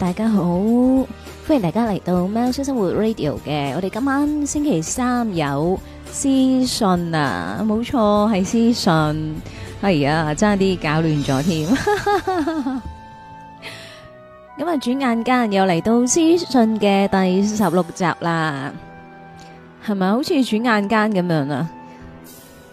大家好，歡迎大家嚟到喵式生活 Radio 嘅。我哋今晚星期三有屍訊啊，冇錯係屍訊，哎呀差啲搞亂咗添。咁啊，轉眼間又嚟到屍訊嘅第十六集啦，係咪好似轉眼間咁樣啊？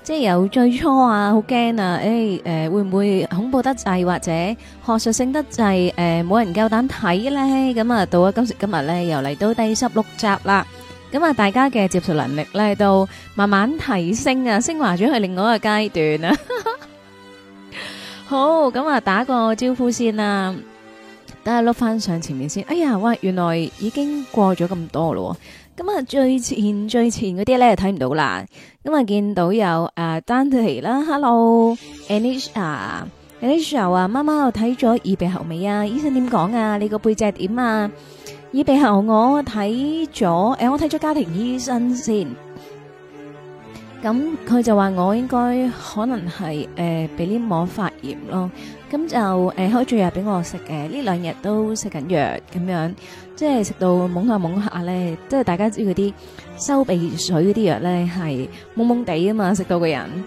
即係由最初啊，好驚啊，誒，誒，會唔會恐怖得滯，或者學術性得滯，誒，冇人夠膽睇咧？咁啊，到今時今日咧，又嚟到第十六集啦。咁啊，大家嘅接受能力咧，都慢慢提升啊，昇華咗去另外一個階段啦。好，咁啊，打個招呼先啦，等下碌翻上前面先。哎呀，哇，原來已經過咗咁多咯。咁啊，最前最前嗰啲咧睇唔到啦。咁啊，見到有誒 Dante 啦，Hello，Anish 啊，Anish 又啊，媽媽我睇咗耳鼻喉未啊？醫生點講啊？你個背脊點啊？耳鼻喉我睇咗，誒，我睇咗家庭醫生先。咁佢就話我應該可能係誒鼻黏膜發炎咯。咁就誒開住藥俾我食嘅，呢兩日都食緊藥咁樣。即係食到懵下懵下咧，即係大家知嗰啲收鼻水嗰啲藥咧係懵懵地啊嘛，食到個人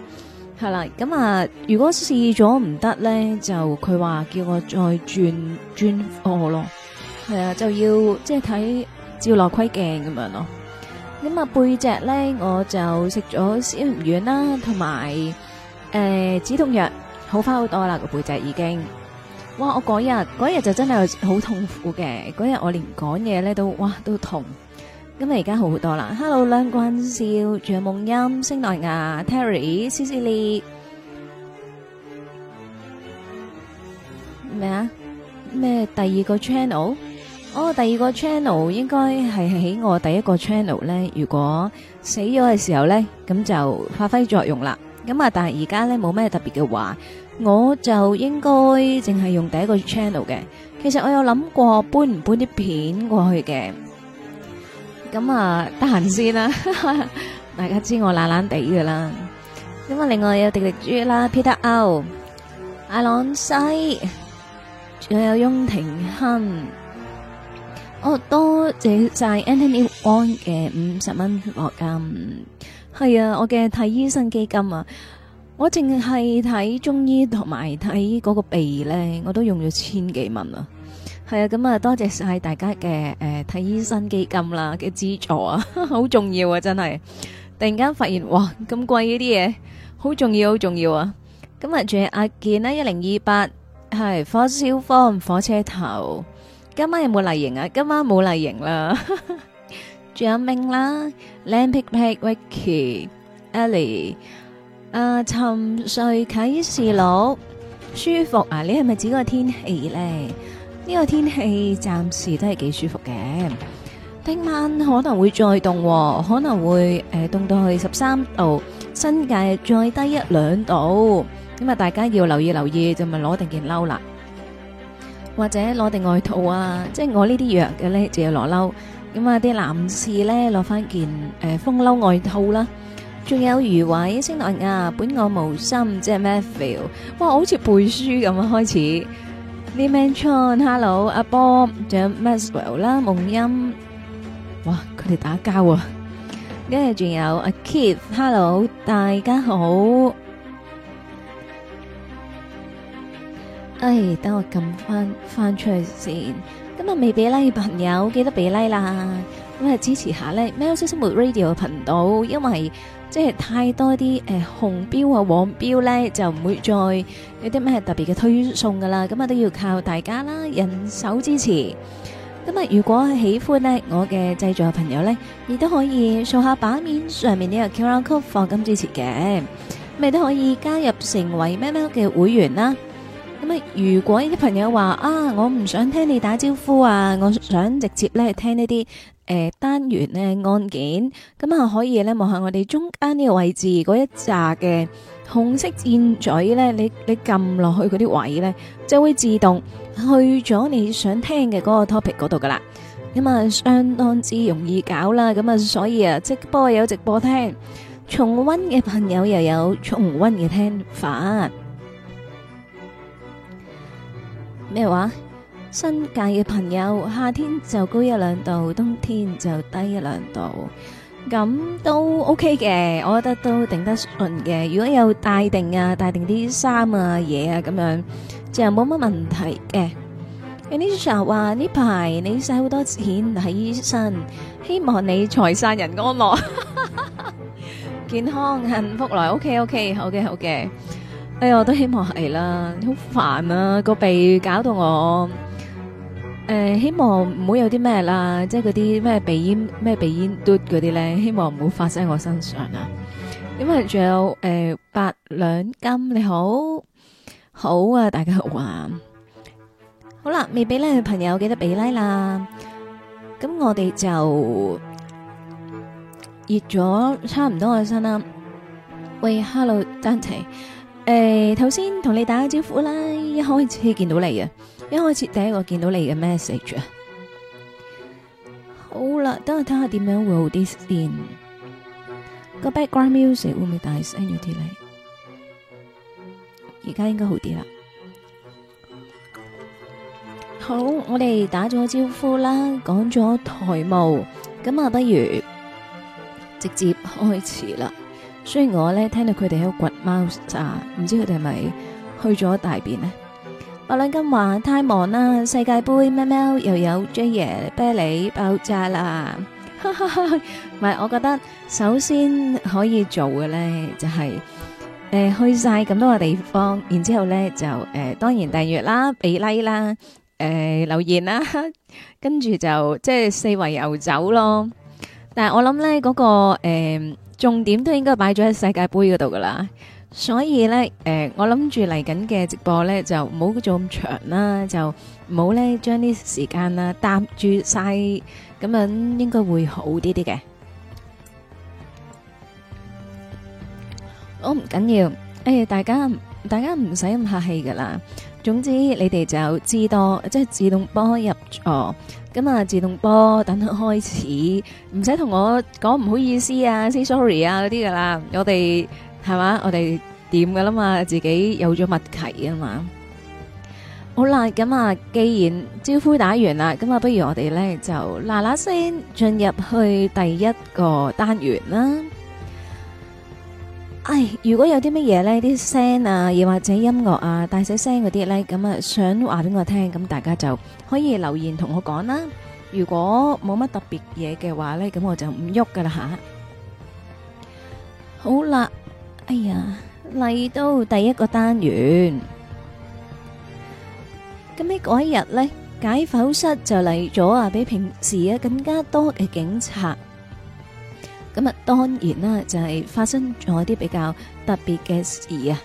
係啦。咁啊，如果試咗唔得咧，就佢話叫我再轉專科咯。係、哦、啊，就要即係睇照內窺鏡咁樣咯。咁啊，背脊咧我就食咗消炎丸啦，同埋誒止痛藥，好翻好多啦個背脊已經。哇！我嗰日嗰日就真係好痛苦嘅，嗰日我連講嘢咧都哇都痛，咁啊而家好好多啦。Hello，梁君笑、仲有夢音、星奈牙、Terry、西西利，咩啊？咩第二個 channel？哦，第二個 channel 應該係喺我第一個 channel 咧。如果死咗嘅時候咧，咁就發揮作用啦。咁啊，但係而家咧冇咩特別嘅話。我就應該淨係用第一個 channel 嘅，其實我有諗過搬唔搬啲片過去嘅，咁啊得閒先啦，大家知我懶懶地噶啦。咁啊，另外有迪力珠啦、Peter O、阿朗西，仲有翁庭亨。我多謝晒 Anthony Wong 嘅五十蚊血汗金，係啊，我嘅睇醫生基金啊。我淨係睇中醫同埋睇嗰個鼻咧，我都用咗千幾蚊啊！係啊，咁啊多謝晒大家嘅誒睇醫生基金啦嘅資助啊，好重要啊真係！突然間發現哇咁貴呢啲嘢，好重要好重要啊！今日仲有阿健啦，一零二八係火燒方火車頭，今晚有冇例型啊？今晚冇例型啦，仲有明啦，Lampicake、Vicky、Ellie。誒、啊，沉睡啟示錄舒服啊！你係咪指個天氣咧？呢、這個天氣暫時都係幾舒服嘅。聽晚可能會再凍、哦，可能會誒凍、呃、到去十三度，新界再低一兩度。咁啊，大家要留意留意，就咪攞定件褸啦，或者攞定外套啊。即係我這些的呢啲弱嘅咧，就要攞褸。咁啊，啲男士咧，攞翻件誒、呃、風褸外套啦。仲有余偉、星諾亞、本我無心，即係 Matthew。哇，我好似背書咁啊！開始，Lee Man Chun，Hello，阿波，James Maxwell 啦，夢音。哇，佢哋打交啊！跟住仲有阿 Keith，Hello， 大家好。唉，等我撳翻翻出去先。今日未俾拉嘅朋友，記得俾拉、like、啦。咁、嗯、啊，支持一下咧，喵式生活 Radio 頻道，因為，即係太多啲誒、呃、紅標啊、黃標咧，就唔會再有啲咩特別嘅推送噶啦。咁啊都要靠大家啦，人手支持。咁啊，如果喜歡呢，我嘅製作嘅朋友咧，亦都可以掃下版面上面呢個 QR code 放金支持嘅。咁亦都可以加入成為喵喵嘅會員啦。咁啊，如果呢啲朋友話啊，我唔想聽你打招呼啊，我想直接咧聽呢啲。誒、呃，單元咧案件，咁啊可以咧望下我哋中間呢個位置嗰一紮嘅紅色箭嘴咧，你你撳落去嗰啲位咧，就會自動去咗你想聽嘅嗰個 topic 嗰度噶啦。咁啊，相當之容易搞啦。咁啊，所以啊，直播有直播聽，重温嘅朋友又有重温嘅聽法。咩話？新界嘅朋友，夏天就高一兩度，冬天就低一兩度，咁都 OK 嘅，我覺得都頂得順嘅。如果有帶定啊，帶定啲衫啊嘢啊咁樣，就冇乜問題嘅。Anisha 話呢排你使好多錢喺醫生，希望你財散人安樂，健康幸福來。OK OK，好嘅好嘅。哎呀，我都希望係啦，好煩啊，個鼻搞到我。誒、呃，希望唔好有啲咩啦，即係嗰啲咩鼻煙咩鼻煙嘟嗰啲咧，希望唔好發生喺我身上啊！因為仲有誒、呃、八兩金，你好，好啊，大家好啊！好啦，未俾嘅朋友記得俾拉、like、啦。咁我哋就熱咗差唔多嘅身啦。喂，Hello，Dante，誒，頭先同你打個招呼啦，一開始見到你啊。一開始第一個見到你嘅 message 啊，好啦，等我睇下點樣會好啲先。個 background music 會唔會大聲咗啲咧？而家應該好啲啦。好，我哋打咗招呼啦，講咗台務，咁啊，不如直接開始啦。雖然我咧聽到佢哋喺度掘貓砂，唔知佢哋係咪去咗大便咧？我諗今晚太忙啦，世界杯喵喵又有 J 爺、啤梨爆炸啦，唔 係我覺得首先可以做嘅咧就係、是、誒、呃、去晒咁多個地方，然之後咧就誒、呃、當然訂閱啦、俾、like、啦、誒、呃、留言啦，跟住就即係四圍遊走咯。但係我諗咧嗰個誒、呃、重點都應該擺咗喺世界杯嗰度噶啦。所以咧，誒、呃，我諗住嚟緊嘅直播咧就唔好做咁長啦，就唔好咧將啲時間啦搭住晒，咁樣應該會好啲啲嘅。我唔緊要，誒、哎，大家大家唔使咁客氣噶啦。總之你哋就知多，即係自動波入座，咁啊自動波等佢開始，唔使同我講唔好意思啊 ，say sorry 啊嗰啲噶啦，我哋。係嘛？我哋點噶啦嘛？自己有咗默契啊嘛！好啦，咁啊，既然招呼打完啦，咁啊，不如我哋咧就嗱嗱聲進入去第一個單元啦。哎，如果有啲乜嘢咧，啲聲啊，又或者音樂啊，大細聲嗰啲咧，咁啊，想話俾我聽，咁大家就可以留言同我講啦。如果冇乜特別嘢嘅話咧，咁我就唔喐噶啦吓。好啦。哎呀，嚟到第一個單元，咁喺嗰一日呢，解剖室就嚟咗啊，比平時啊更加多嘅警察。咁啊，當然啦，就係發生咗啲比較特別嘅事啊。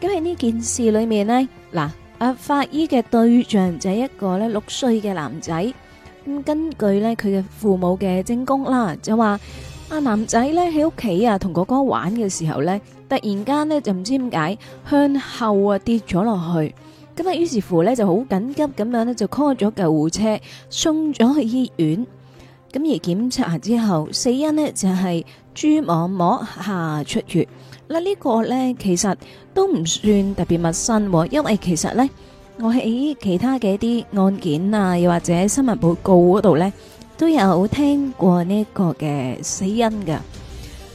咁喺呢件事裏面呢，嗱，阿法醫嘅對象就係一個呢六歲嘅男仔。咁根據呢佢嘅父母嘅證供啦，就話。阿男仔咧，喺屋企啊，同哥哥玩嘅時候呢，突然間呢就唔知點解向後啊跌咗落去，咁啊於是乎呢就好緊急咁樣呢，就 call 咗救護車送咗去醫院，咁而檢查之後死因呢就係蛛網膜下出血。嗱、這、呢個呢，其實都唔算特別陌生，因為其實呢，我喺其他嘅一啲案件啊，又或者新聞報告嗰度呢。都有聽過呢個嘅死因噶，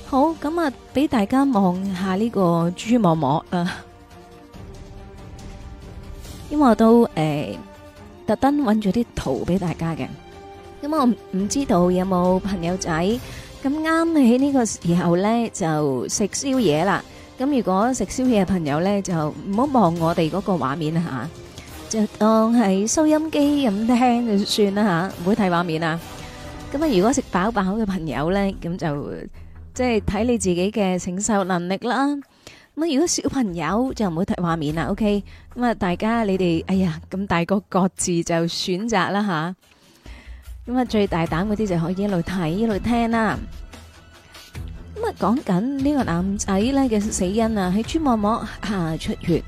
好咁啊，俾大家望下呢個蛛網膜啊，因為我都誒、欸、特登揾咗啲圖俾大家嘅，咁我唔知道有冇朋友仔咁啱喺呢個時候咧就食宵夜啦，咁如果食宵夜嘅朋友咧就唔好望我哋嗰個畫面啊。就當係收音機咁聽就算啦，吓，唔好睇畫面啊！咁啊，如果食飽飽嘅朋友咧，咁就即係睇你自己嘅承受能力啦。咁啊，如果小朋友就唔好睇畫面啦，OK。咁啊，大家你哋，哎呀，咁大個各自就選擇啦吓。咁啊，最大膽嗰啲就可以一路睇一路聽啦。咁啊，講緊呢個男仔咧嘅死因啊，喺蛛網膜下出血。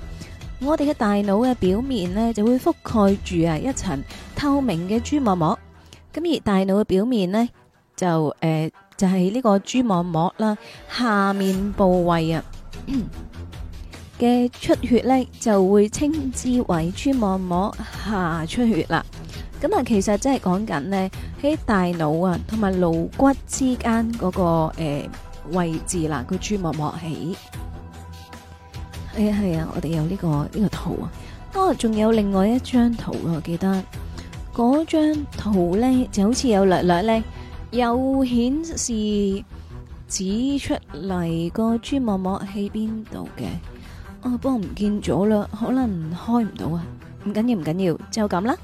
我哋嘅大腦嘅表面呢，就會覆蓋住啊一層透明嘅蛛網膜，咁而大腦嘅表面呢，就誒就係呢、呃就是、個蛛網膜啦，下面部位啊嘅出血呢，就會稱之為蛛網膜，膜下出血啦。咁啊，其實真係講緊呢，喺大腦啊同埋顱骨之間嗰、那個誒、呃、位置啦，個蛛網膜起。誒，係啊，我哋有呢個呢個圖啊，哦，仲有另外一張圖啊，我記得嗰張圖咧就好似有略略咧，又顯示指出嚟個蛛網膜喺邊度嘅，啊，不過唔見咗啦，可能開唔到啊，唔緊要，唔緊要，就咁啦。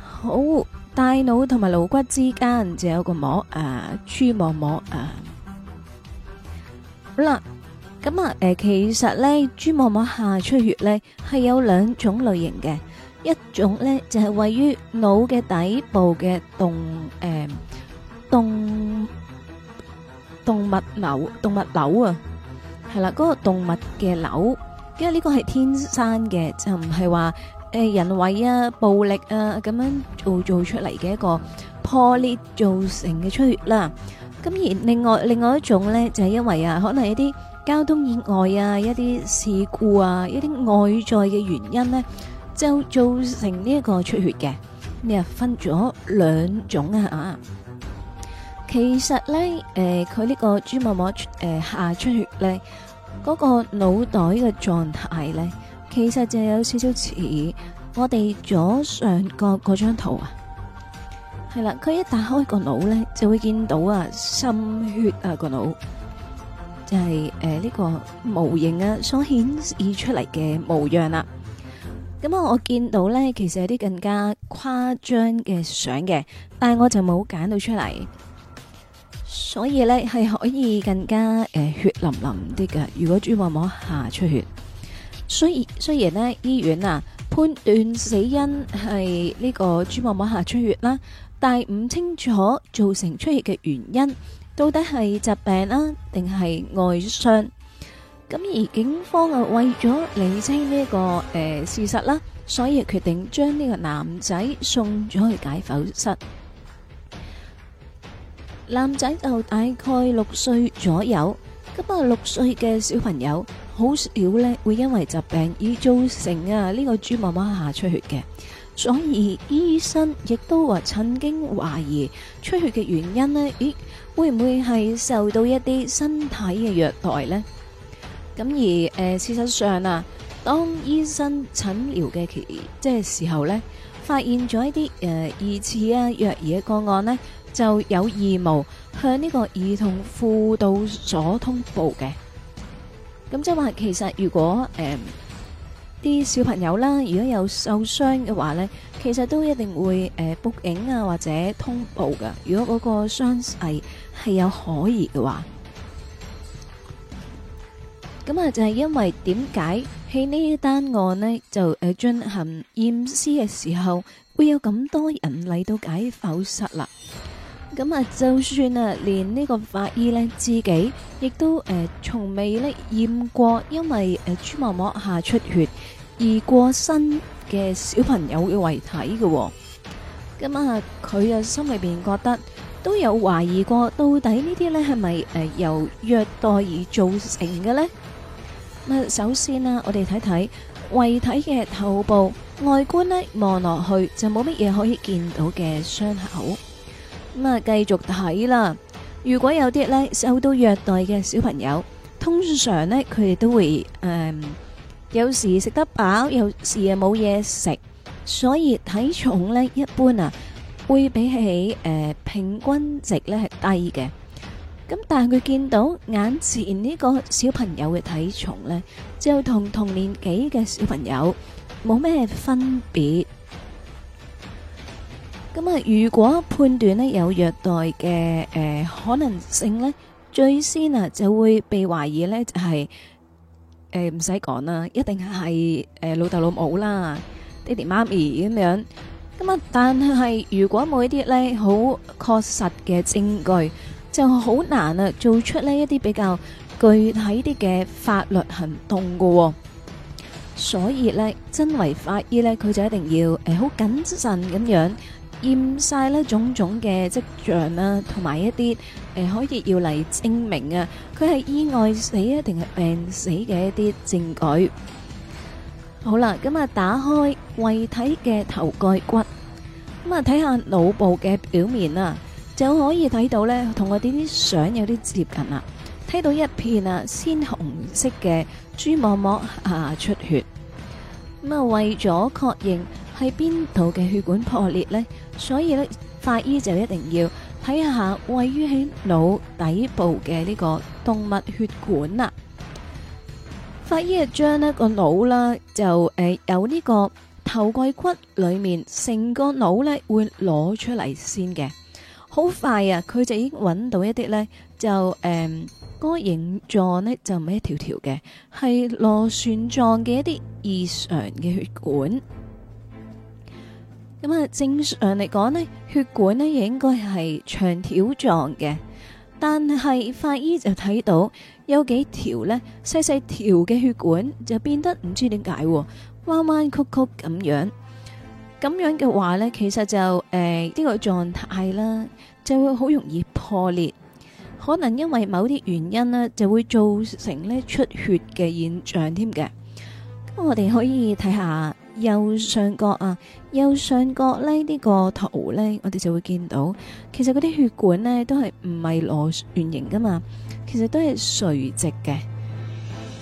好，大腦同埋腦骨之間就有個膜啊，蛛網膜啊，好啦。咁啊，誒，其實咧，蛛網膜下出血咧係有兩種類型嘅，一種咧就係位於腦嘅底部嘅動誒動動物瘤動物瘤啊，係啦，嗰個動物嘅瘤，因為呢個係天生嘅，就唔係話誒人為啊暴力啊咁樣做做出嚟嘅一個破裂造成嘅出血啦。咁而另外另外一種咧就係因為啊，可能一啲，交通意外啊，一啲事故啊，一啲外在嘅原因咧，就造成呢一個出血嘅。你啊分咗兩種啊吓，其實咧，誒、呃，佢呢個蛛網膜誒下出血咧，嗰、嗰個腦袋嘅狀態咧，其實就有少少似我哋左上角嗰張圖啊。係啦，佢一打開個腦咧，就會見到啊，心血啊、嗰個腦。係誒呢個模型啊所顯示出嚟嘅模樣啦，啊，咁、嗯、啊我見到呢，其實有啲更加誇張嘅相嘅，但係我就冇揀到出嚟，所以呢，係可以更加誒、呃、血淋淋啲㗎。如果蛛網膜下出血，雖然雖然呢醫院啊判斷死因係呢個蛛網膜下出血啦，但係唔清楚造成出血嘅原因。到底係疾病啦，定係外傷？咁而警方啊，為咗理清呢個誒事實啦，所以決定將呢個男仔送咗去解剖室。男仔就大概六歲左右。咁啊，六歲嘅小朋友好少呢，會因為疾病而造成啊呢個蛛網膜下出血嘅。所以醫生亦都話曾經懷疑出血嘅原因呢，咦？會唔會係受到一啲身體嘅虐待呢？咁而誒、呃、事實上啊，當醫生診療嘅期即係時候咧，發現咗一啲誒、呃、疑似啊虐兒嘅個案呢，就有義務向呢個兒童輔導所通報嘅。咁即係話，其實如果誒啲、呃、小朋友啦，如果有受傷嘅話呢，其實都一定會誒、呃、報警啊或者通報嘅。如果嗰個傷勢，係有可疑嘅話，咁啊就係、是、因為點解喺呢一單案呢，就誒進行驗屍嘅時候會有咁多人嚟到解剖室啦？咁啊就算啊連呢個法醫呢，自己亦都誒、呃、從未咧驗過因為誒蛛網膜下出血而過身嘅小朋友嘅遺體嘅，哦，咁啊佢啊心裏面覺得。都有懷疑過，到底呢啲呢係咪由虐待而造成嘅呢？咁首先啦，我哋睇睇遺體嘅頭部外觀呢，望落去就冇乜嘢可以見到嘅傷口。咁啊，繼續睇啦。如果有啲呢受到虐待嘅小朋友，通常呢，佢哋都會誒、呃，有時食得飽，有時又冇嘢食，所以體重呢一般啊，會比起誒、呃、平均值咧係低嘅，咁但係佢見到眼前呢個小朋友嘅體重咧，就同同年紀嘅小朋友冇咩分別。咁啊，如果判斷咧有虐待嘅誒、呃、可能性呢，最先啊就會被懷疑呢就係誒，唔使講啦，一定係誒、呃、老豆老母啦，爹哋媽咪咁樣。咁啊，但係如果冇一啲呢好確實嘅證據，就好難啊，做出呢一啲比較具體啲嘅法律行動噶。所以呢，真為法醫呢，佢就一定要誒好謹慎咁樣驗晒呢種種嘅跡象啦，同埋一啲誒可以要嚟證明啊，佢係意外死啊，定係病死嘅一啲證據。好啦，咁啊，打開遺體嘅頭蓋骨。咁啊，睇下腦部嘅表面啊，就可以睇到呢，同我哋啲相有啲接近啦。睇到一片啊，鮮紅色嘅蛛網膜下出血。咁啊，為咗確認係邊度嘅血管破裂呢，所以呢，法醫就一定要睇下位於喺腦底部嘅呢個動脈血管啦。法醫啊，將呢個腦啦，就誒有呢個。頭蓋骨裏面成個腦咧會攞出嚟先嘅，好快啊！佢就已經揾到一啲呢，就誒、呃嗰個形狀呢，就唔係一條條嘅，係螺旋狀嘅一啲異常嘅血管。咁、嗯、啊，正常嚟講呢，血管呢亦應該係長條狀嘅，但係法醫就睇到有幾條呢細細條嘅血管就變得唔知點解、啊。彎彎曲曲咁樣，咁樣嘅話呢，其實就誒呢、呃這個狀態啦，就會好容易破裂，可能因為某啲原因呢，就會造成出血嘅現象添嘅。咁我哋可以睇下右上角啊，右上角呢，呢個圖呢，我哋就會見到，其實嗰啲血管呢，都係唔係螺旋形噶嘛，其實都係垂直嘅，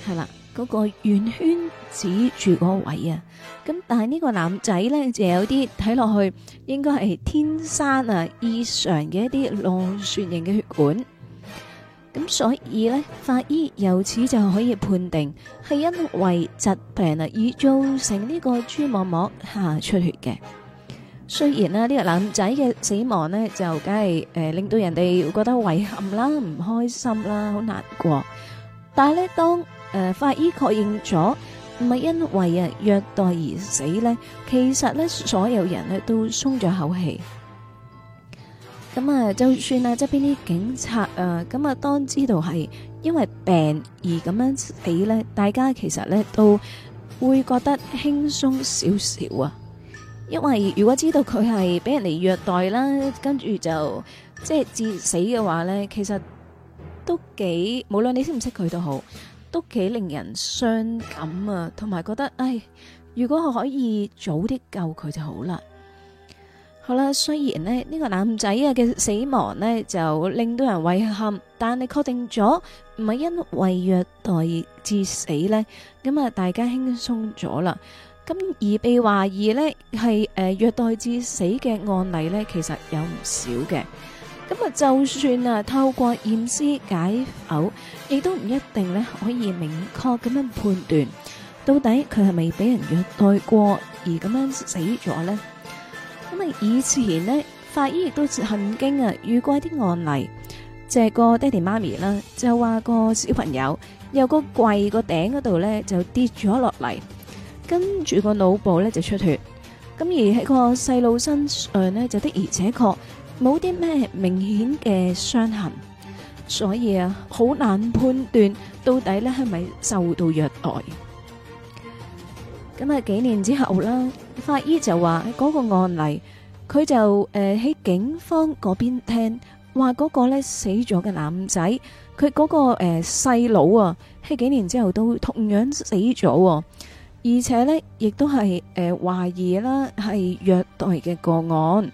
係啦。嗰個圓圈指住嗰位啊，咁但係呢個男仔呢，就有啲睇落去應該係天生啊異常嘅一啲螺旋形嘅血管，咁所以呢，法醫由此就可以判定係因為疾病啊而造成呢個蛛網膜下出血嘅。雖然啦、啊、呢、呢個男仔嘅死亡呢，就梗係誒令到人哋覺得遺憾啦、啊、唔開心啦、啊、好難過，但係呢，當呃、法醫確認咗唔係因為啊虐待而死呢，其實呢所有人呢都鬆咗口氣。咁啊，就算啊，側邊啲警察啊，咁啊當知道係因為病而咁樣死呢，大家其實呢都會覺得輕鬆少少啊。因為如果知道佢係俾人嚟虐待啦，跟住就即係、就是、致死嘅話呢其實都幾，無論你識唔識佢都好。都幾令人傷感啊，同埋覺得，唉，如果可以早啲救佢就好啦。好啦，雖然咧呢、呢個男仔啊嘅死亡呢就令到人遺憾，但你確定咗唔係因為被虐待致死呢？咁啊大家輕鬆咗啦。咁而被懷疑呢係誒、呃、虐待致死嘅案例呢，其實有唔少嘅。咁啊，就算啊，透過驗屍解剖，亦都唔一定咧，可以明確咁樣判斷到底佢係咪俾人虐待過而咁樣死咗呢？咁啊，以前呢，法醫亦都曾經啊遇過一啲案例，即係個爹哋媽咪啦，就話個小朋友由個櫃個頂嗰度咧就跌咗落嚟，跟住個腦部咧就出血，咁而喺個細路身上呢，就的而且確，冇啲咩明顯嘅傷痕，所以啊，好難判斷到底咧係咪受到虐待。咁啊，幾年之後啦，法醫就話嗰個案例，佢就誒喺警方嗰邊聽話嗰個咧死咗嘅男仔，佢嗰個誒細佬啊，喺幾年之後都同樣死咗，而且呢亦都係誒懷疑啦係虐待嘅個案。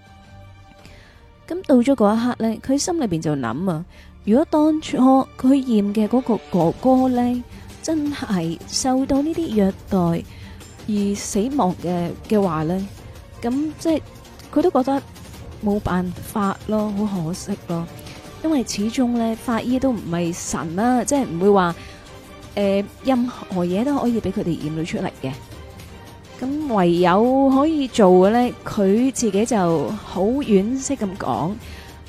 咁到咗嗰一刻咧，佢心裏邊就諗啊，如果當初佢驗嘅嗰個哥哥咧，真係受到呢啲虐待而死亡嘅嘅話咧，咁即係佢都覺得冇辦法咯，好可惜咯，因為始終咧法醫都唔係神啦，即係唔會話誒任何嘢都可以俾佢哋驗到出嚟嘅。咁唯有可以做嘅呢，佢自己就好惋惜咁講，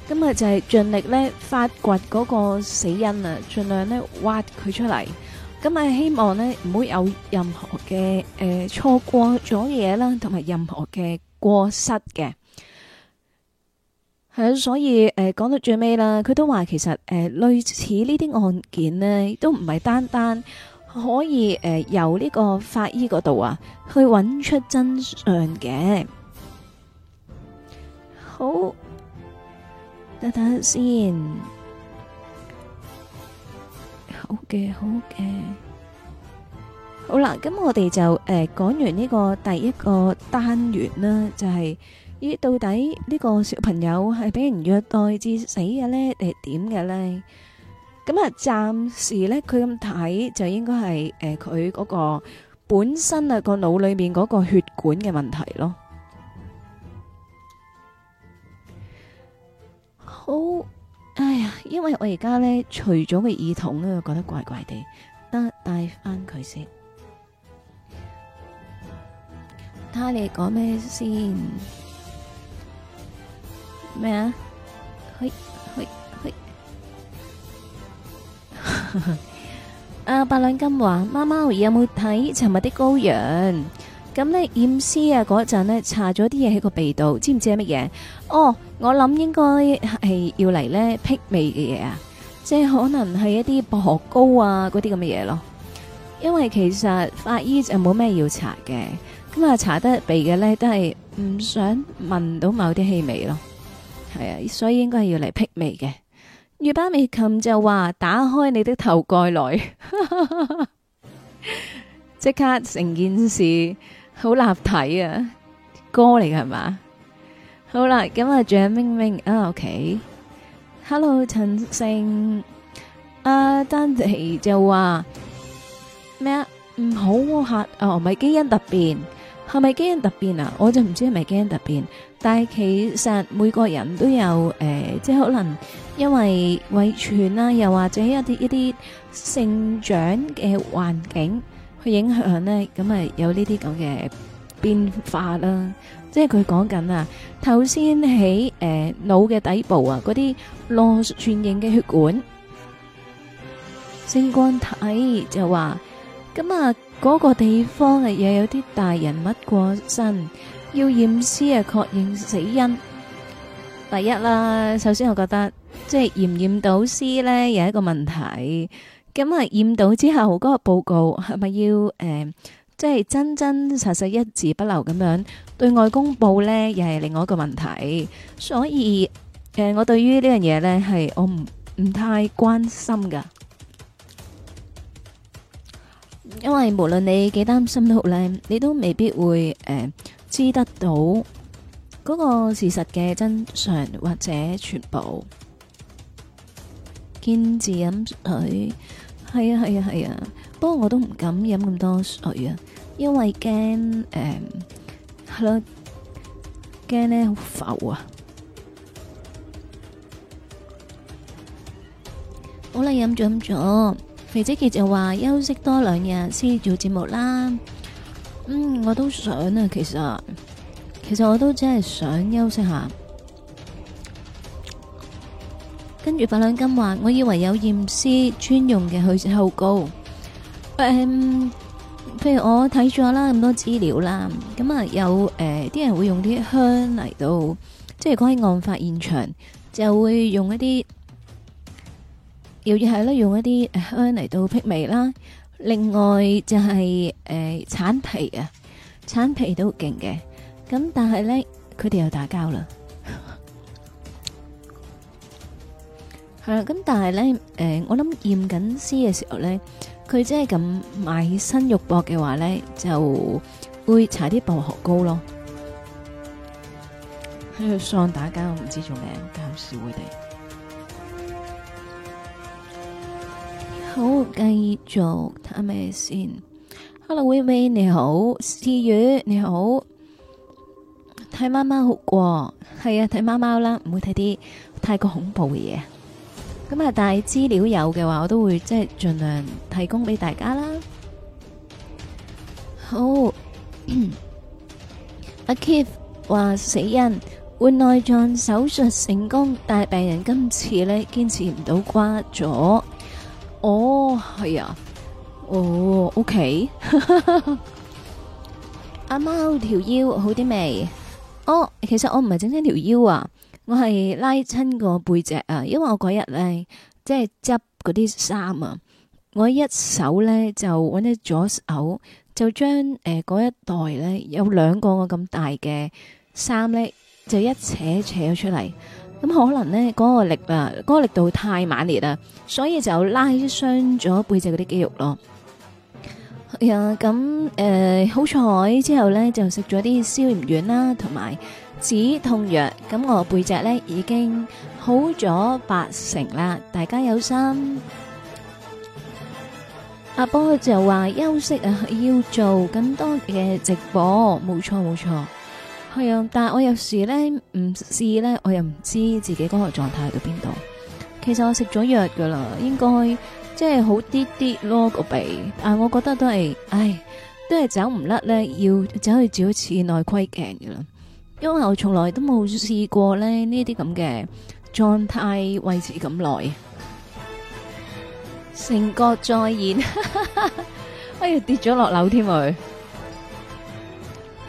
咁啊就係盡力呢發掘嗰個死因啊，盡量呢挖佢出嚟，咁啊希望呢唔會有任何嘅誒錯過咗嘢啦，同埋任何嘅過失嘅。係啊，所以誒講、呃、到最尾啦，佢都話其實誒、呃、類似呢啲案件呢，都唔係單單。可以誒，由呢個法醫嗰度啊，去揾出真相嘅。好，等等先。好嘅，好嘅。好啦，咁我哋就誒講完呢個第一個單元啦，就係呢到底呢個小朋友係俾人虐待至死嘅呢，定係點嘅呢？咁啊，暫時咧，佢咁睇就應該係誒，佢嗰個本身啊個腦裏面嗰個血管嘅問題咯。好，哎呀，因為我而家咧除咗個耳筒啊，覺得怪怪地，得戴翻佢先。睇下你講咩先？咩啊？係係。啊！ 白亮金話：貓貓有冇睇《尋日的羔羊》？咁呢驗屍啊嗰陣呢，搽咗啲嘢喺個鼻度，知唔知係乜嘢？哦，我諗應該係要嚟呢辟味嘅嘢啊！即係可能係一啲薄荷膏啊，嗰啲咁嘅嘢咯。因為其實法醫就冇咩要搽嘅，咁啊搽得鼻嘅呢，都係唔想聞到某啲氣味咯。係啊，所以應該係要嚟辟味嘅。月巴美琴就話：打開你的頭蓋來，即刻成件事好難睇啊！歌嚟㗎係嘛？好啦，咁啊，仲有明明啊，OK，Hello 陳勝，啊，丹迪就話咩啊？唔好吓哦，唔係基因突變，係咪基因突變啊？我就唔知係咪基因突變，但係其實每個人都有誒，即係可能。因為遺傳啦，又或者一啲一啲成長嘅環境去影響咧，咁啊有呢啲咁嘅變化啦。即係佢講緊啊，頭先喺誒腦嘅底部啊，嗰啲螺旋形嘅血管，星光體就話，咁啊嗰個地方啊又有啲大人物過身，要驗屍啊確認死因。第一啦，首先我覺得。即係驗驗到屍咧，有一個問題。咁啊，驗到之後嗰個報告係咪要誒，即係真真實實一字不漏咁樣對外公布咧？又係另外一個問題。所以誒，我對於呢樣嘢咧，係我唔唔太關心噶。因為無論你幾擔心都好咧，你都未必會誒知得到嗰個事實嘅真相或者全部。堅持飲水，係啊係啊係啊，啊，不過我都唔敢飲咁多水啊，因為驚誒，係、嗯、咯，驚咧好浮啊。好啦，飲咗飲咗，肥仔傑就話休息多兩日先做節目啦。嗯，我都想啊，其實，其實我都真係想休息下。跟住發兩金話，我以為有驗屍專用嘅去臭膏。誒、嗯，譬如我睇咗啦咁多資料啦，咁啊有誒，啲、呃、人會用啲香嚟,到，即係講喺案發現場就會用一啲，要係咯用一啲香嚟到闢味啦。另外就係誒橙皮啊，橙皮都勁嘅。咁但係咧，佢哋又打交啦。係啦，咁但係咧，誒，我諗驗緊屍嘅時候咧，佢真係咁賣身肉搏嘅話咧，就會搽啲薄荷膏咯。喺度喪打交，我唔知做咩，暫時佢哋。好，繼續睇下咩先？Hello，妹妹你好，思月你好。睇貓貓好過，係啊，睇貓貓啦，唔會睇啲太過恐怖嘅嘢。咁啊！大資料有嘅話，我都會即係盡量提供俾大家啦。好，阿 Kif 話死人換內臟手術成功，但係病人今次咧，堅持唔到瓜咗。哦，係啊，哦，OK、 啊。阿貓條腰好啲未？哦，其實我唔係整親條腰啊。我係拉親個背脊啊，因為我嗰日咧即係執嗰啲衫啊，我一手咧就搵咗左手，就將誒嗰一袋咧有兩個我咁大嘅衫咧，就一扯扯咗出嚟，咁可能咧嗰、嗰個力啊，嗰個力度太猛烈啊，所以就拉傷咗背脊嗰啲肌肉咯。哎、呀，咁誒、呃、好彩之後咧就食咗啲消炎丸啦，同埋，止痛藥咁，我背脊咧已經好咗八成啦。大家有心阿波就話休息啊，要做更多嘅直播，冇錯冇錯係啊。但係我有時咧唔試咧，我又唔知自己嗰個狀態喺到邊度。其實我食咗藥噶啦，應該即係好啲啲咯，個鼻，但係我覺得都係唉，都係走唔甩咧，要走去照一次內窺鏡噶啦。因為我從來都冇試過咧呢啲咁嘅狀態維持咁耐， 成國再現，哎 呀跌咗落樓添佢。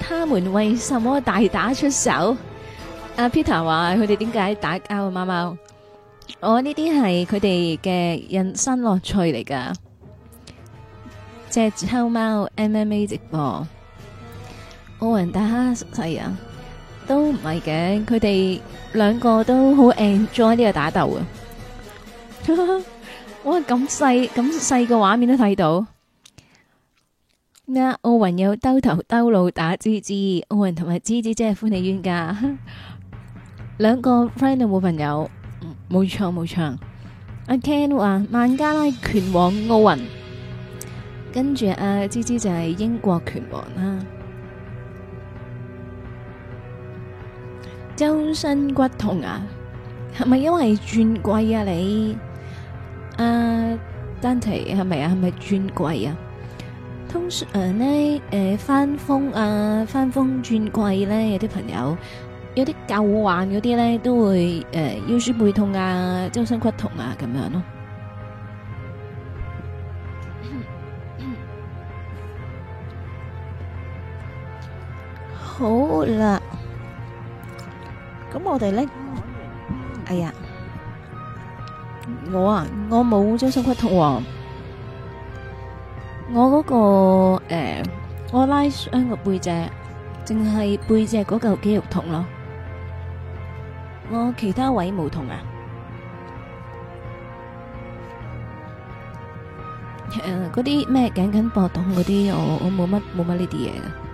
他們為什麼大打出手？阿 Peter 話佢哋點解打交啊？貓貓， 我呢啲係佢哋嘅人生樂趣嚟噶。隻 貓貓 MMA 直播，奧運大蝦係啊！都唔係嘅，佢哋兩個都好 enjoy 呢個打鬥啊！哇，咁細咁細個畫面都睇到。咩啊？奧運有兜頭兜路打芝芝，奧運同埋芝芝真係歡喜冤家。兩個 friend 都冇朋友，冇錯冇錯。阿 Ken 話孟加拉拳王奧運，跟住阿芝芝就係英國拳王啦。周身骨痛啊，係咪因為轉季啊你？誒，丹提係咪啊？係咪轉季啊？通常誒咧，誒翻風啊，翻風轉季咧，有啲朋友，有啲舊患嗰啲咧，都會誒腰酸背痛啊，周身骨痛啊，咁樣咯。好啦。咁我哋咧，哎呀，我啊，我冇張傷骨痛，我嗰個誒，我拉傷個背脊，淨係背脊嗰嚿肌肉痛咯，我其他位冇痛啊，誒，嗰啲咩頸頸膊痛嗰啲，我我冇乜冇乜呢啲嘢。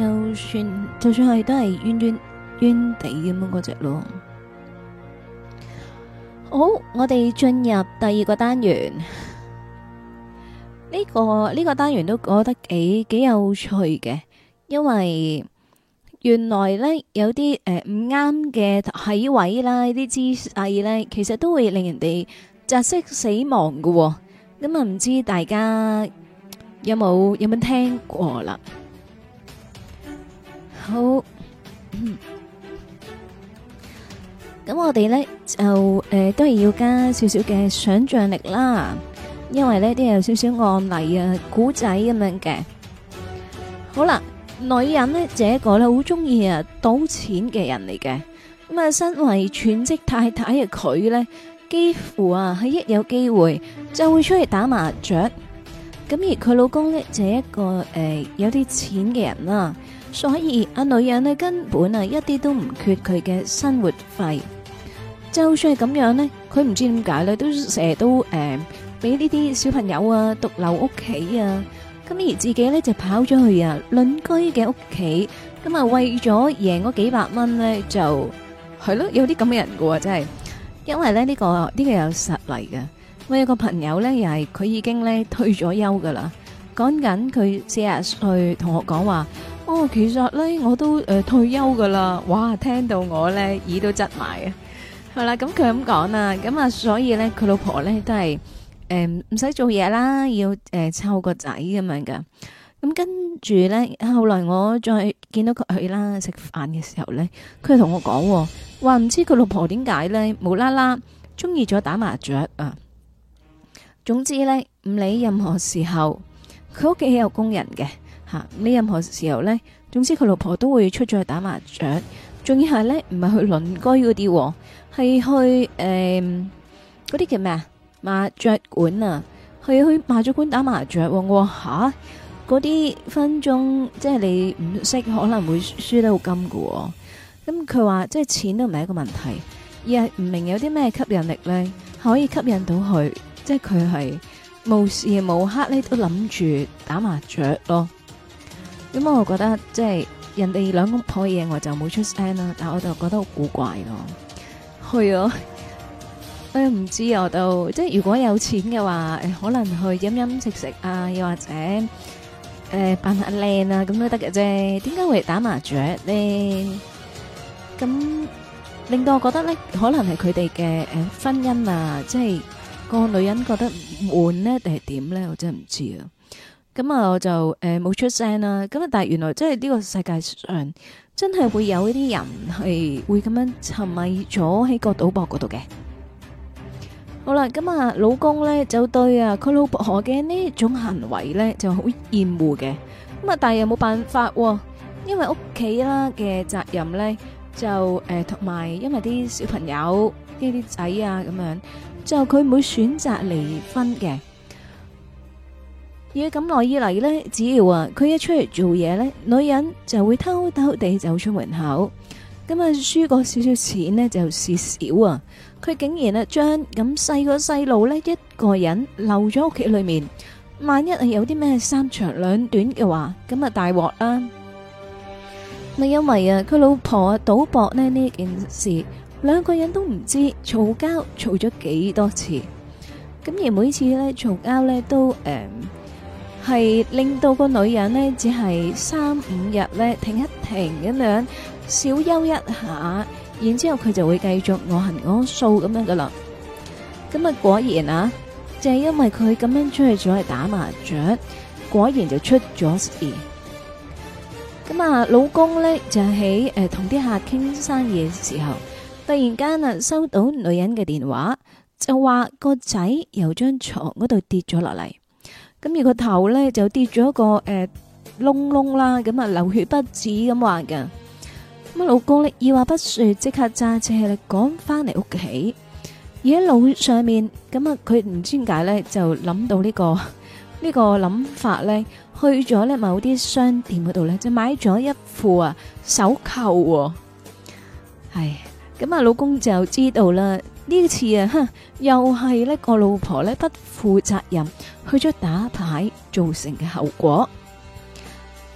就算就算係都係冤冤冤地咁樣嗰隻咯。好，我哋進入第二個單元。呢個呢個單元都覺得幾幾有趣嘅，因為原來呢，有啲誒唔啱嘅體位啦、啲姿勢呢，其實都會令人哋窒息死亡㗎喎。咁、嗯、啊，唔知大家有冇有冇聽過啦？好，咁、嗯、我哋咧就誒，當、呃、然要加少少嘅想象力啦，因為呢啲有少少案例啊、古仔咁樣嘅。好啦，女人咧，這個咧好中意啊賭錢嘅人嚟嘅。咁啊，身為全職太太嘅佢咧，幾乎啊係一有機會就會出嚟打麻雀。咁而佢老公咧就係、一個誒、呃、有啲錢嘅人啦、啊。所以阿女人咧，根本啊一啲都唔缺佢嘅生活費。就算係咁樣咧，佢唔知點解咧，都成日都誒俾呢啲小朋友啊獨留屋企啊。咁而自己咧就跑咗去啊鄰居嘅屋企。咁啊為咗贏嗰幾百蚊咧，就係咯有啲咁嘅人嘅喎，真係。因為咧呢、呢個呢、呢個有實例嘅。我有個朋友咧，又係佢已經咧退咗休噶啦，講緊佢四十歲，同學講話。哦，其實咧我都誒、呃、退休噶啦。哇聽到我咧耳都窒埋啊，係、嗯、啦，咁佢咁講啦，咁啊、嗯、所以咧佢老婆咧都係誒唔使做嘢啦，要誒湊、呃、個仔咁樣噶，咁、嗯、跟住咧後來我再見到佢去啦食飯嘅時候咧，佢同我講，話、呃、唔知佢老婆點解咧無啦啦中意咗打麻雀啊，總之咧唔理任何時候，佢屋企係有工人嘅。吓，任何時候咧，總之佢老婆都會出咗去打麻雀，仲要係咧唔係去鄰居嗰啲，係去誒嗰啲叫咩啊？麻雀館啊，去去麻雀館打麻雀，我話吓嗰啲分鐘即係你唔識可能會輸得好金噶，咁佢話即係錢都唔係一個問題，而係唔明有啲咩吸引力咧可以吸引到佢，即係佢係無時無刻咧都諗住打麻雀咯。咁、嗯、我覺得即係人哋兩公婆嘢，我就冇出聲啦。但我就覺得好古怪咯，係、嗯、啊，誒唔知啊，就即係如果有錢嘅話、呃，可能去飲飲食食啊，又或者誒扮、呃、下靚啊，咁都得嘅啫。點解會打麻雀咧？咁令到我覺得咧，可能係佢哋嘅婚姻啊，即係、個女人覺得悶咧，定係點咧？我真係唔知啊。咁啊，我就誒冇出聲啦。咁啊，但係原來即係呢個世界上真係會有一啲人係會咁樣沉迷咗喺個賭博嗰度嘅。好啦，咁啊，老公咧就對啊佢老婆嘅呢種行為咧就好厭惡嘅。咁啊，但係又冇辦法，因為屋企啦嘅責任咧就誒同埋，因為啲小朋友呢啲仔啊咁樣，就佢唔會選擇離婚嘅。而咁耐以嚟呢，只要啊，佢一出嚟做嘢呢，女人就會偷偷地走出門口。咁啊，輸過少少錢呢，就蝕少啊。佢竟然啊，將咁細個細路呢一個人留咗屋企裏面。萬一係有啲咩三長兩短嘅話，咁啊大鑊啦。咪因為啊，佢老婆啊賭博呢呢件事，兩個人都唔知，嘈交嘈咗幾多次。咁而每次呢，嘈交呢都誒。係令到個女人呢，只係三五日咧停一停咁樣，小休一下，然之後佢就會繼續我行我素咁樣噶啦。咁啊果然啊，就係因為佢咁樣出去咗去打麻雀，果然就出咗事。咁啊，老公呢，就喺誒同啲客傾生意嘅時候，突然間啊收到女人嘅電話，就話個仔由張床嗰度跌咗落嚟。咁而個頭咧就跌咗一個誒窿窿啦，咁啊流血不止咁話嘅。咁啊，老公咧二話不說，即刻揸車咧趕翻嚟屋企。而喺路上面咁啊，佢唔知點解咧就諗到呢個呢個諗法咧，去咗咧某啲商店嗰度咧就買咗一副啊手扣。係咁啊，老公就知道啦。呢次啊，哼，又係呢個老婆咧不負責任。佢出打牌造成嘅後果，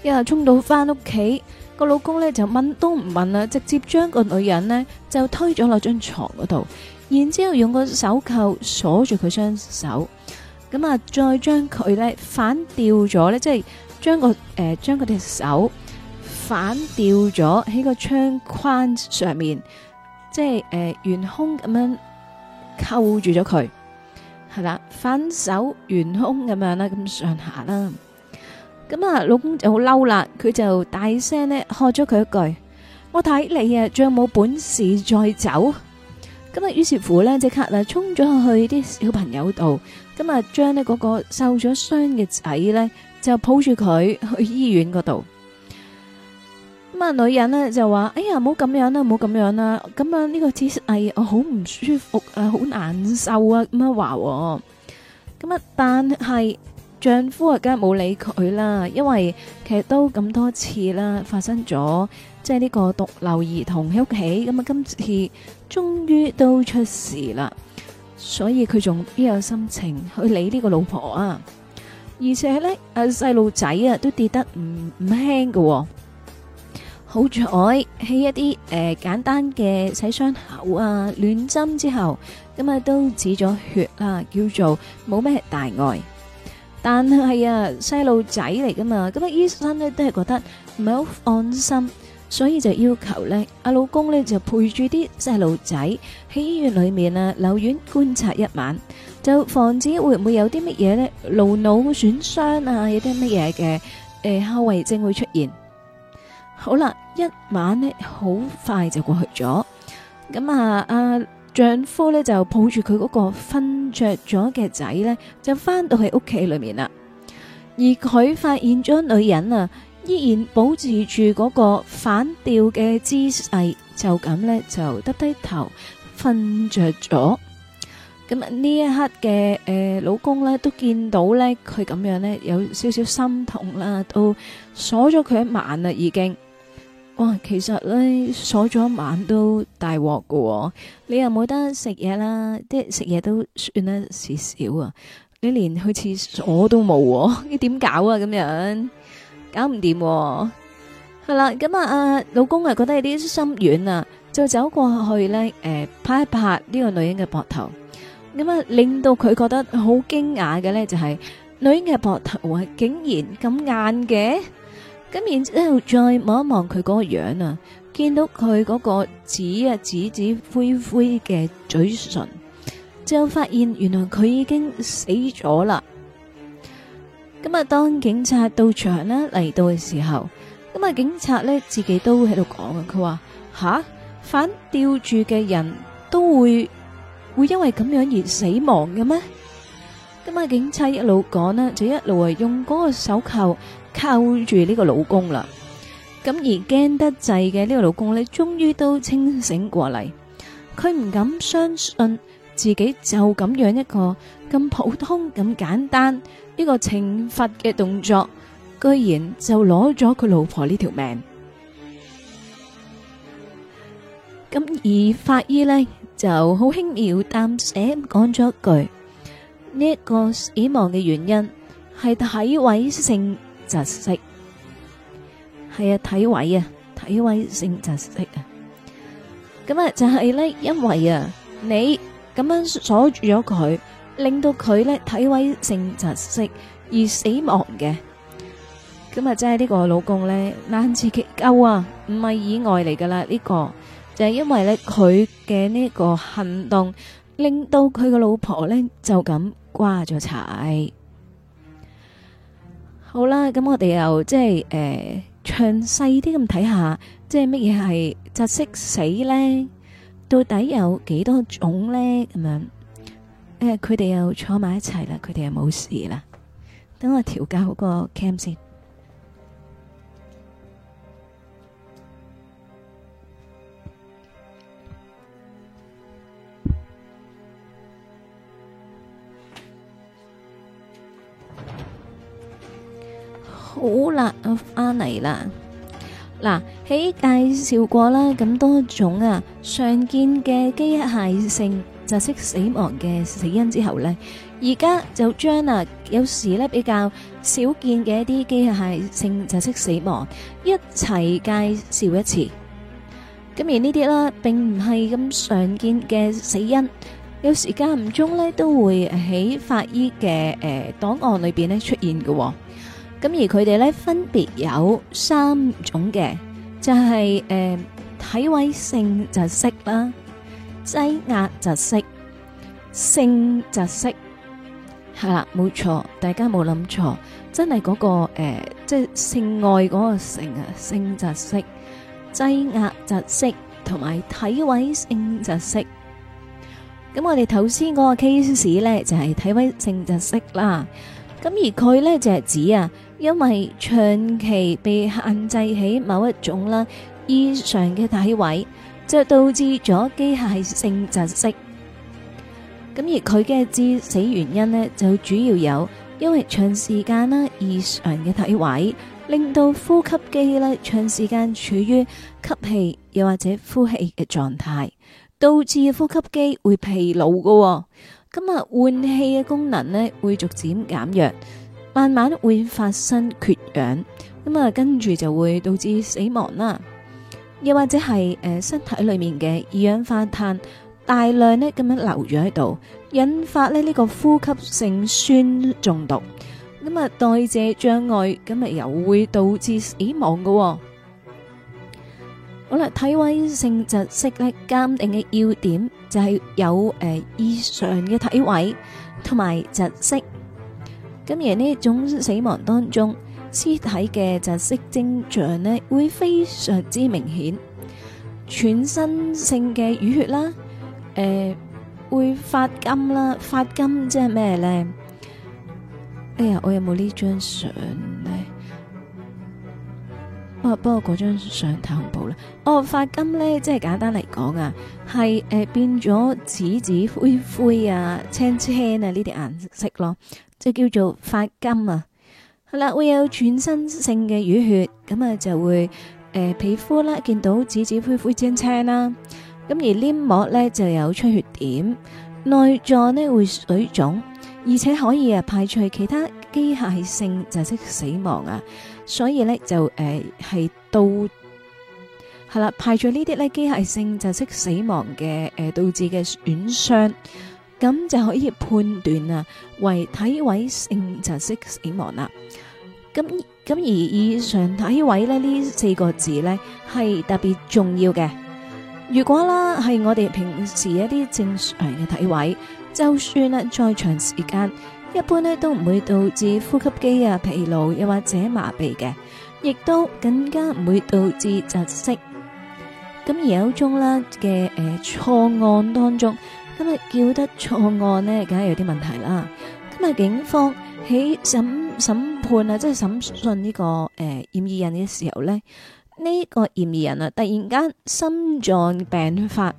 一下衝到返屋企，個老公咧就問都唔問啦，直接將個女人呢就推咗落張床嗰度，然之後用個手扣鎖住佢雙手，咁啊再將佢咧反掉咗咧，即係將個誒將佢隻手反掉咗喺個窗框上面，即係誒懸空咁樣扣住咗佢。係啦，反手懸空咁樣啦，咁上下啦，咁啊老公就好嬲啦，佢就大聲咧喝咗佢一句：我睇你啊，仲有冇本事再走？咁啊，於是乎呢，即刻啊衝咗去啲小朋友度，咁啊，將呢嗰個受咗傷嘅仔呢，就抱住佢去醫院嗰度。女人咧就話：哎呀，唔好咁樣啦，唔好咁樣啦，咁啊呢個姿勢我好唔舒服啊，好難受啊咁樣話。咁啊，但係丈夫啊梗係冇理佢啦，因為其實都咁多次啦，發生咗即係呢個獨留兒童喺屋企，咁啊今次終於都出事啦，所以佢仲邊有心情去理呢個老婆啊？而且咧，誒細路仔啊都跌得唔唔輕噶。好彩喺一啲誒簡單嘅洗傷口啊、亂針之後，咁啊都止咗血啦，叫做冇咩大礙。但係啊細路仔嚟噶嘛，咁啊醫生咧都係覺得唔係好安心，所以就要求咧阿老公咧就陪住啲細路仔喺醫院裏面啊留院觀察一晚，就防止會唔會有啲乜嘢咧顱腦損傷啊，有啲乜嘢嘅誒後遺症會出現。好啦。一晚呢，好快就過去咗。咁啊，阿丈夫呢，就抱住佢嗰個瞓着咗嘅仔呢，就翻到喺屋企裏面啦。而佢發現咗女人啊，依然保持住嗰個反吊嘅姿勢，就咁呢，就耷低頭瞓着咗。咁啊，呢一刻嘅誒、呃，老公呢，都見到呢，佢咁樣呢，有少少心痛啦，都鎖咗佢一晚啦，已經。哇，其實咧，鎖咗一晚都大鑊噶你又冇得食嘢，啦，即係食嘢都算得少少啊，你連去廁所都冇，你點搞啊？咁樣搞唔掂，啊，係啦，咁啊，老公啊覺得有啲心軟啊，就走過去咧，誒，呃，拍一拍呢個女人嘅膊頭，咁啊，令到佢覺得好驚訝嘅咧，就係女人嘅膊頭竟然咁硬嘅。咁然之後再望一望佢嗰個樣啊，見到佢嗰個紫啊紫紫灰灰嘅嘴唇，就發現原來佢已經死咗啦。咁啊，當警察到場咧，嚟到嘅時候，咁啊，警察咧自己都喺度講啊，佢話吓，反吊住嘅人都會會因為咁樣而死亡嘅咩？咁啊，警察一路講咧，就一路啊用嗰個手扣。靠住呢個老公啦，咁而驚得滯嘅呢個老公咧，終於都清醒過嚟。佢唔敢相信自己就咁樣一個咁普通咁簡單呢個懲罰嘅動作，居然就攞咗佢老婆呢條命。咁而法醫咧就好輕描淡寫咁講咗一句：呢一個死亡嘅原因係體位性。窒息，係啊，體位啊，體位性窒息啊，咁啊就係咧，因為啊你咁樣鎖住咗佢，令到佢咧體位性窒息而死亡嘅，咁啊即係呢個老公咧難辭其咎啊，唔係意外嚟噶啦，呢個就係因為咧佢嘅呢個行動，令到佢個老婆咧就咁掛咗柴。好啦，咁我哋又即係誒，詳細啲咁睇下，即係乜嘢係窒息死咧？到底有幾多種咧？咁樣誒，佢哋又坐埋一齊啦，佢哋又冇事啦。等我調教好個 cam 先。好啦，翻嚟啦。嗱，喺介紹過啦咁多種啊常見嘅機械性窒息死亡嘅死因之後呢，而家就將啊有時呢比較少見嘅一啲機械性窒息死亡一齊介紹一次。咁而呢啲啦，並唔係咁常見嘅死因，有時間唔中呢都會喺法醫嘅誒檔案裏邊呢出現嘅。咁而佢哋咧，分別有三種嘅，就係誒體位性窒息啦，擠壓窒息，性窒息，係啦，冇錯，大家冇諗錯，真係嗰個誒，即係性愛嗰個性啊，性窒息、擠壓窒息同埋體位性窒息。咁我哋頭先嗰個 case 咧，就係體位性窒息啦。咁而佢咧，就係指啊。因為長期被限制喺某一種啦異常嘅體位，就導致咗機械性窒息。咁而佢嘅致死原因呢，就主要有因為長時間啦異常嘅體位，令到呼吸機呢長時間處於吸氣又或者呼氣嘅狀態，導致呼吸機會疲勞噶，咁啊換氣嘅功能呢會逐漸減弱。慢慢會發生缺氧，咁啊跟住就會導致死亡啦。又或者係誒，身體裏面嘅二氧化碳大量咧，咁樣留咗喺度，引發咧呢個呼吸性酸中毒，咁啊代謝障礙，咁啊又會導致死亡噶。好啦，體位性窒息咧鑑定嘅要點就係有誒異常嘅體位同埋窒息。今日呢種死亡當中，屍體嘅窒息症象呢會非常之明顯。全身性嘅淤血啦，誒、呃、會發金啦，發金即係咩呢？哎呀，我有冇呢張相呢？啊，不過嗰張相太恐怖啦。哦，發金呢，即係簡單嚟講啊，係誒、呃、變咗紫紫灰灰啊、青青啊呢啲顏色咯。就叫做發金啊，係啦，會有全身性嘅淤血，咁啊就會誒、呃、皮膚啦，見到紫紫灰灰青青啦，咁而黏膜，咧就有出血點，內臟呢會水腫，而且可以啊排除其他機械性窒息死亡啊，所以咧就誒係到係啦排除呢啲咧機械性窒息死亡嘅誒導致嘅損傷。咁就可以判斷啊，為體位性窒息死亡啦。咁咁而以上體位呢，呢四個字呢係特別重要嘅。如果啦係我哋平時一啲正常嘅體位，就算呢再長時間，一般呢都唔會導致呼吸肌啊疲勞，又或者麻痺嘅，亦都更加唔會導致窒息。咁而有種啦嘅誒錯案當中。今日叫得錯案呢，梗係有啲問題啦。今日警方喺審審判啊，即係審訊呢個誒嫌、呃、疑人嘅時候呢，呢、這個嫌疑人啊，突然間心臟病發，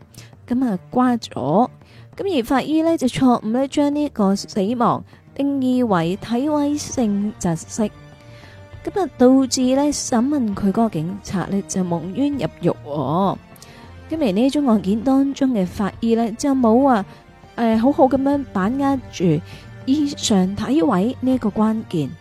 咁啊瓜咗。咁、呃呃、而法醫呢，就錯誤呢將呢個死亡定義為體位性窒息，咁啊導致呢審問佢嗰個警察呢，就蒙冤入獄喎。今日呢一宗案件當中嘅法醫咧，就冇啊誒、呃、好好咁樣把握住異常體位呢一個關鍵，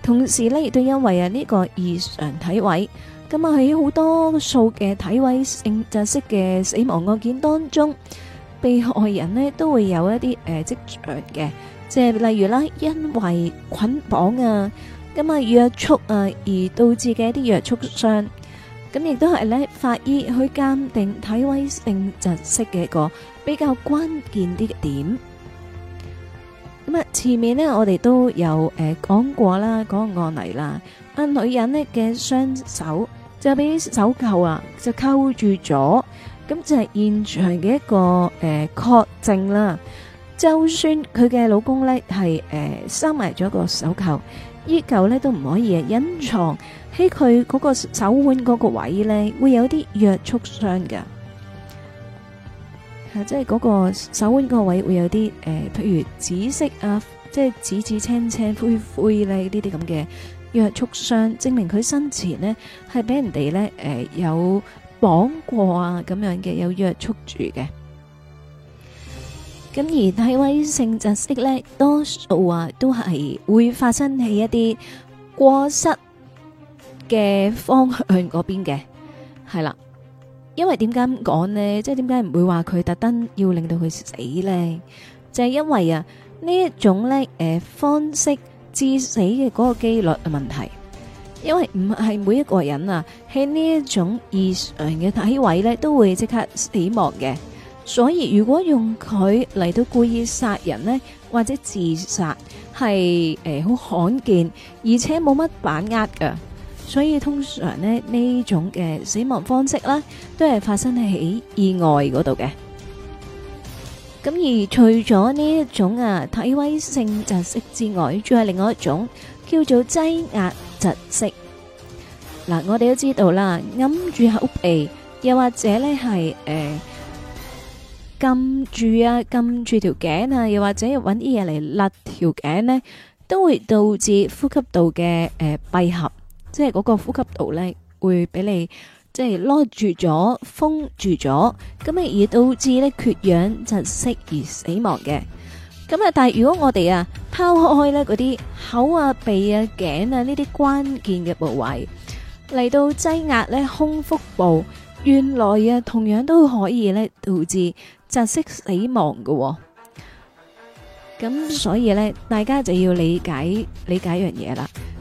同時咧亦都因為啊呢、這個異常體位，咁啊喺好多數嘅體位性窒息嘅死亡案件當中，被害人呢都會有一啲誒、呃、跡象嘅，即係例如啦、啊，因為捆綁啊，咁、嗯、啊約束啊而導致嘅一啲約束傷。咁亦都係咧，法醫去鑒定體位性窒息嘅一個比較關鍵啲點。咁啊，前面呢我哋都有誒講過啦，嗰個案例啦，啊女人呢嘅雙手就俾手扣啊，就扣住咗，咁就係現場嘅一個誒確證啦。就算佢嘅老公咧係誒收埋咗個手扣，依舊咧都唔可以隱藏，喺佢嗰個手腕嗰個位咧，會有啲約束傷嘅、啊，即係嗰個手腕嗰個位會有啲誒、呃，譬如紫色啊，即係紫紫青青灰灰咧，呢啲咁嘅約束傷，證明佢生前呢係俾人哋咧誒有綁過啊咁樣嘅，有約束住嘅。咁而體位性窒息咧，多數話、啊、都係會發生起一啲過失，嘅方向嗰邊嘅係啦，因為點解咁講呢？即係點解唔會話佢特登要令到佢死呢？就係因為啊呢一種呢誒方式致死嘅嗰個幾率嘅問題，因為唔係每一個人啊喺呢一種異常嘅體位呢都會即刻死亡嘅。所以如果用佢嚟到故意殺人呢或者自殺係誒好罕見，而且冇乜把握㗎。所以通常咧呢種嘅死亡方式啦，都係發生喺意外嗰度嘅。咁而除咗呢一種啊體位性窒息之外，仲有另外一種叫做擠壓窒息。嗱，我哋都知道啦，揞住口鼻，又或者咧係誒撳住啊撳住條頸啊，又或者搵啲嘢嚟勒條頸咧，都會導致呼吸道嘅誒閉合。即係嗰個呼吸道咧，會俾你即係攞住咗、封住咗，咁啊而導致咧缺氧窒息而死亡嘅。咁啊，但係如果我哋啊拋開咧嗰啲口啊、鼻啊、頸啊呢啲關鍵嘅部位，嚟到擠壓咧胸腹部，原來啊同樣都可以咧導致窒息死亡嘅喎。咁所以咧，大家就要理解理解一樣嘢啦。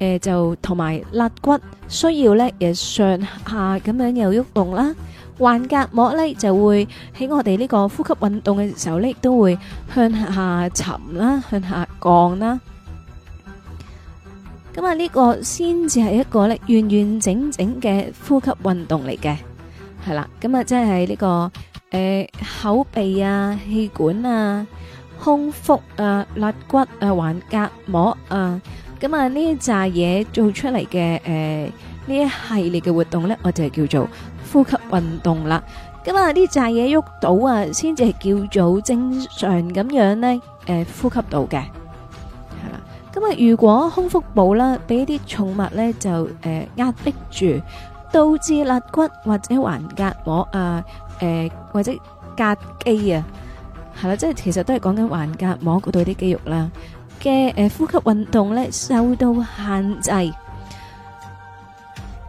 誒，就同埋肋骨需要咧，亦上下咁樣又喐動啦。橫膈膜咧就會喺我哋呢個呼吸運動嘅時候咧，都會向下沉啦，向下降啦。咁啊，呢個先至係一個咧完完整整嘅呼吸運動嚟嘅，係啦。咁啊，即係呢個誒口鼻啊、氣管啊、胸腹啊、肋骨啊、橫膈膜啊。咁啊，呢一紮嘢，做出嚟嘅，誒、呃，呢一系列嘅活動咧，我就係叫做呼吸運動啦。咁啊，呢紮嘢喐到啊，先至係叫做正常咁樣咧，誒、呃，呼吸到嘅，係啦。咁啊，如果胸腹部啦，俾啲重物咧就誒、呃、壓迫住，導致肋骨或者橫膈膜啊，誒、呃，或者隔肌啊，係啦，即係其實都係講緊橫膈膜嗰度啲肌肉啦。嘅誒，呼吸運動咧受到限制，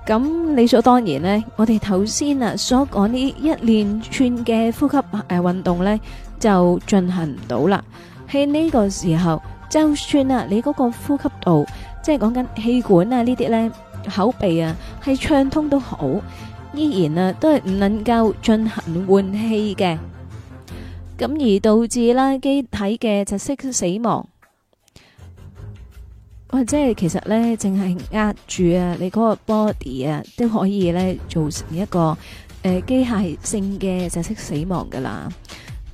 咁理所當然咧，我哋頭先啊所講呢一連串嘅呼吸誒運動咧就進行唔到啦。喺呢個時候，就算啊你嗰個呼吸道，即係講緊氣管啊呢啲咧、口鼻啊係暢通都好，依然啊都係唔能夠進行換氣嘅，咁而導致啦機體嘅窒息死亡。我即係其實咧，淨係壓住啊，你嗰個 body 啊，都可以咧造成一個誒機、呃、械性嘅窒息死亡噶啦。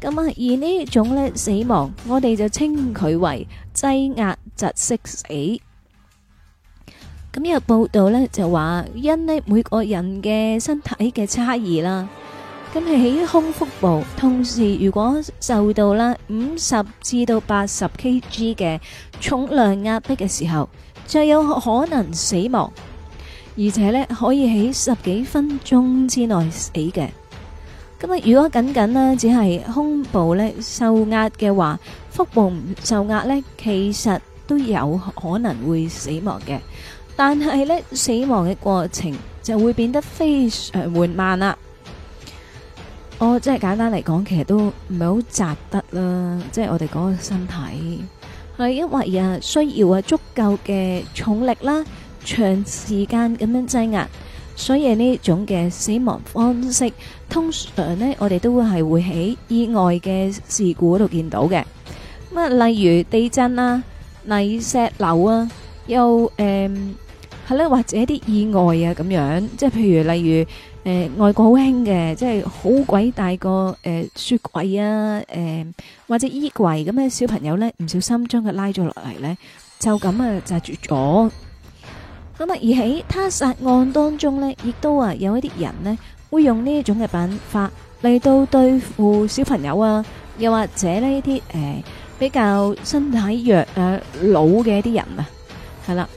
咁啊，而這呢一種咧死亡，我哋就稱佢為擠壓窒息死。咁有報道咧就話，因呢，因每個人嘅身體嘅差異啦。咁係喺胸腹部，同時如果受到啦五十至到八十 Kg 嘅重量壓迫嘅時候，就有可能死亡，而且呢可以喺十幾分鐘之內死嘅。咁啊，如果僅僅呢只係胸部呢受壓嘅話，腹部唔受壓呢，其實都有可能會死亡嘅，但係呢死亡嘅過程就會變得非常緩慢啦。我、oh, 即係簡單嚟講，其實都唔係好扎得啦。即係我哋講個身體，係因為啊需要啊足夠嘅重力啦，長時間咁樣擠壓，所以呢種嘅死亡方式，通常呢，我哋都會係會喺意外嘅事故嗰度見到嘅。咁啊，例如地震啊、泥石流啊，又誒係啦，或者啲意外啊咁樣，即係譬如例如。誒、呃，外國好興嘅，即係好鬼大個誒、呃、雪櫃啊，誒、呃、或者衣櫃咁嘅小朋友咧，唔小心將佢拉咗落嚟咧，就咁啊窒住咗，咁啊而喺他殺案當中咧，亦都啊有一啲人呢會用呢種嘅辦法嚟到對付小朋友啊，又或者呢啲誒比較身體弱誒、啊、老嘅啲人啊，係啦，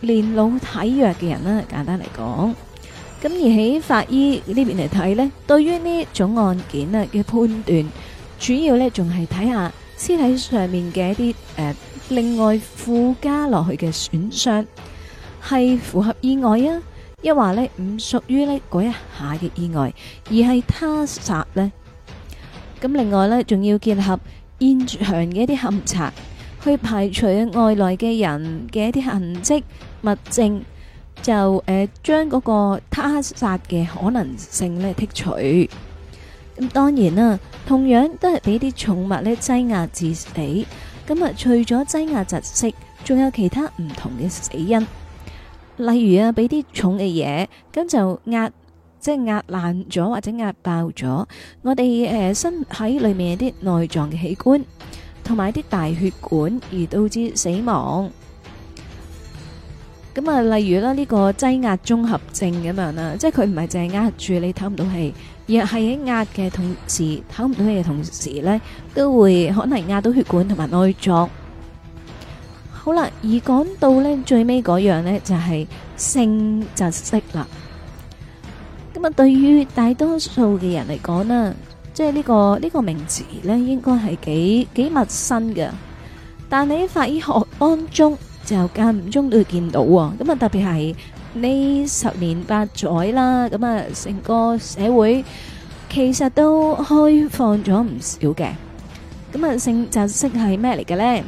年老體弱嘅人啦，簡單嚟講。咁而喺法醫呢邊嚟睇咧，對於呢種案件啊嘅判斷，主要咧仲係睇下屍體上面嘅一啲誒，另外附加落去嘅損傷係符合意外啊，抑或咧唔屬於咧嗰一下嘅意外，而係他殺咧。咁另外咧，仲要結合現場嘅一啲勘查，去排除外來嘅人嘅一啲痕跡物證。就誒，將、呃、嗰個他殺嘅可能性呢剔除。咁當然啦、啊，同樣都係俾啲重物呢擠壓致死。咁日、啊、除咗擠壓窒息，仲有其他唔同嘅死因，例如啊，俾啲重嘅嘢，咁就壓，即係壓爛咗或者壓爆咗，我哋誒、啊、身體裏面啲內臟嘅器官，同埋啲大血管，而導致死亡。咁啊，例如啦，呢個擠壓綜合症咁樣啦，即係佢唔係淨係壓住你唞唔到氣，而係喺壓嘅同時唞唔到氣嘅同時咧，都會可能壓到血管同埋內臟。好啦，而講到咧最尾嗰樣咧就係性窒息啦。咁啊，對於大多數嘅人嚟講咧，即係呢個呢個名詞咧，應該係幾幾陌生嘅。但你喺法醫學當中，就間唔中都會見到咁啊。特別係呢十年八載啦，咁啊，成個社會其實都開放咗唔少嘅。咁啊，性窒息係咩嚟嘅呢？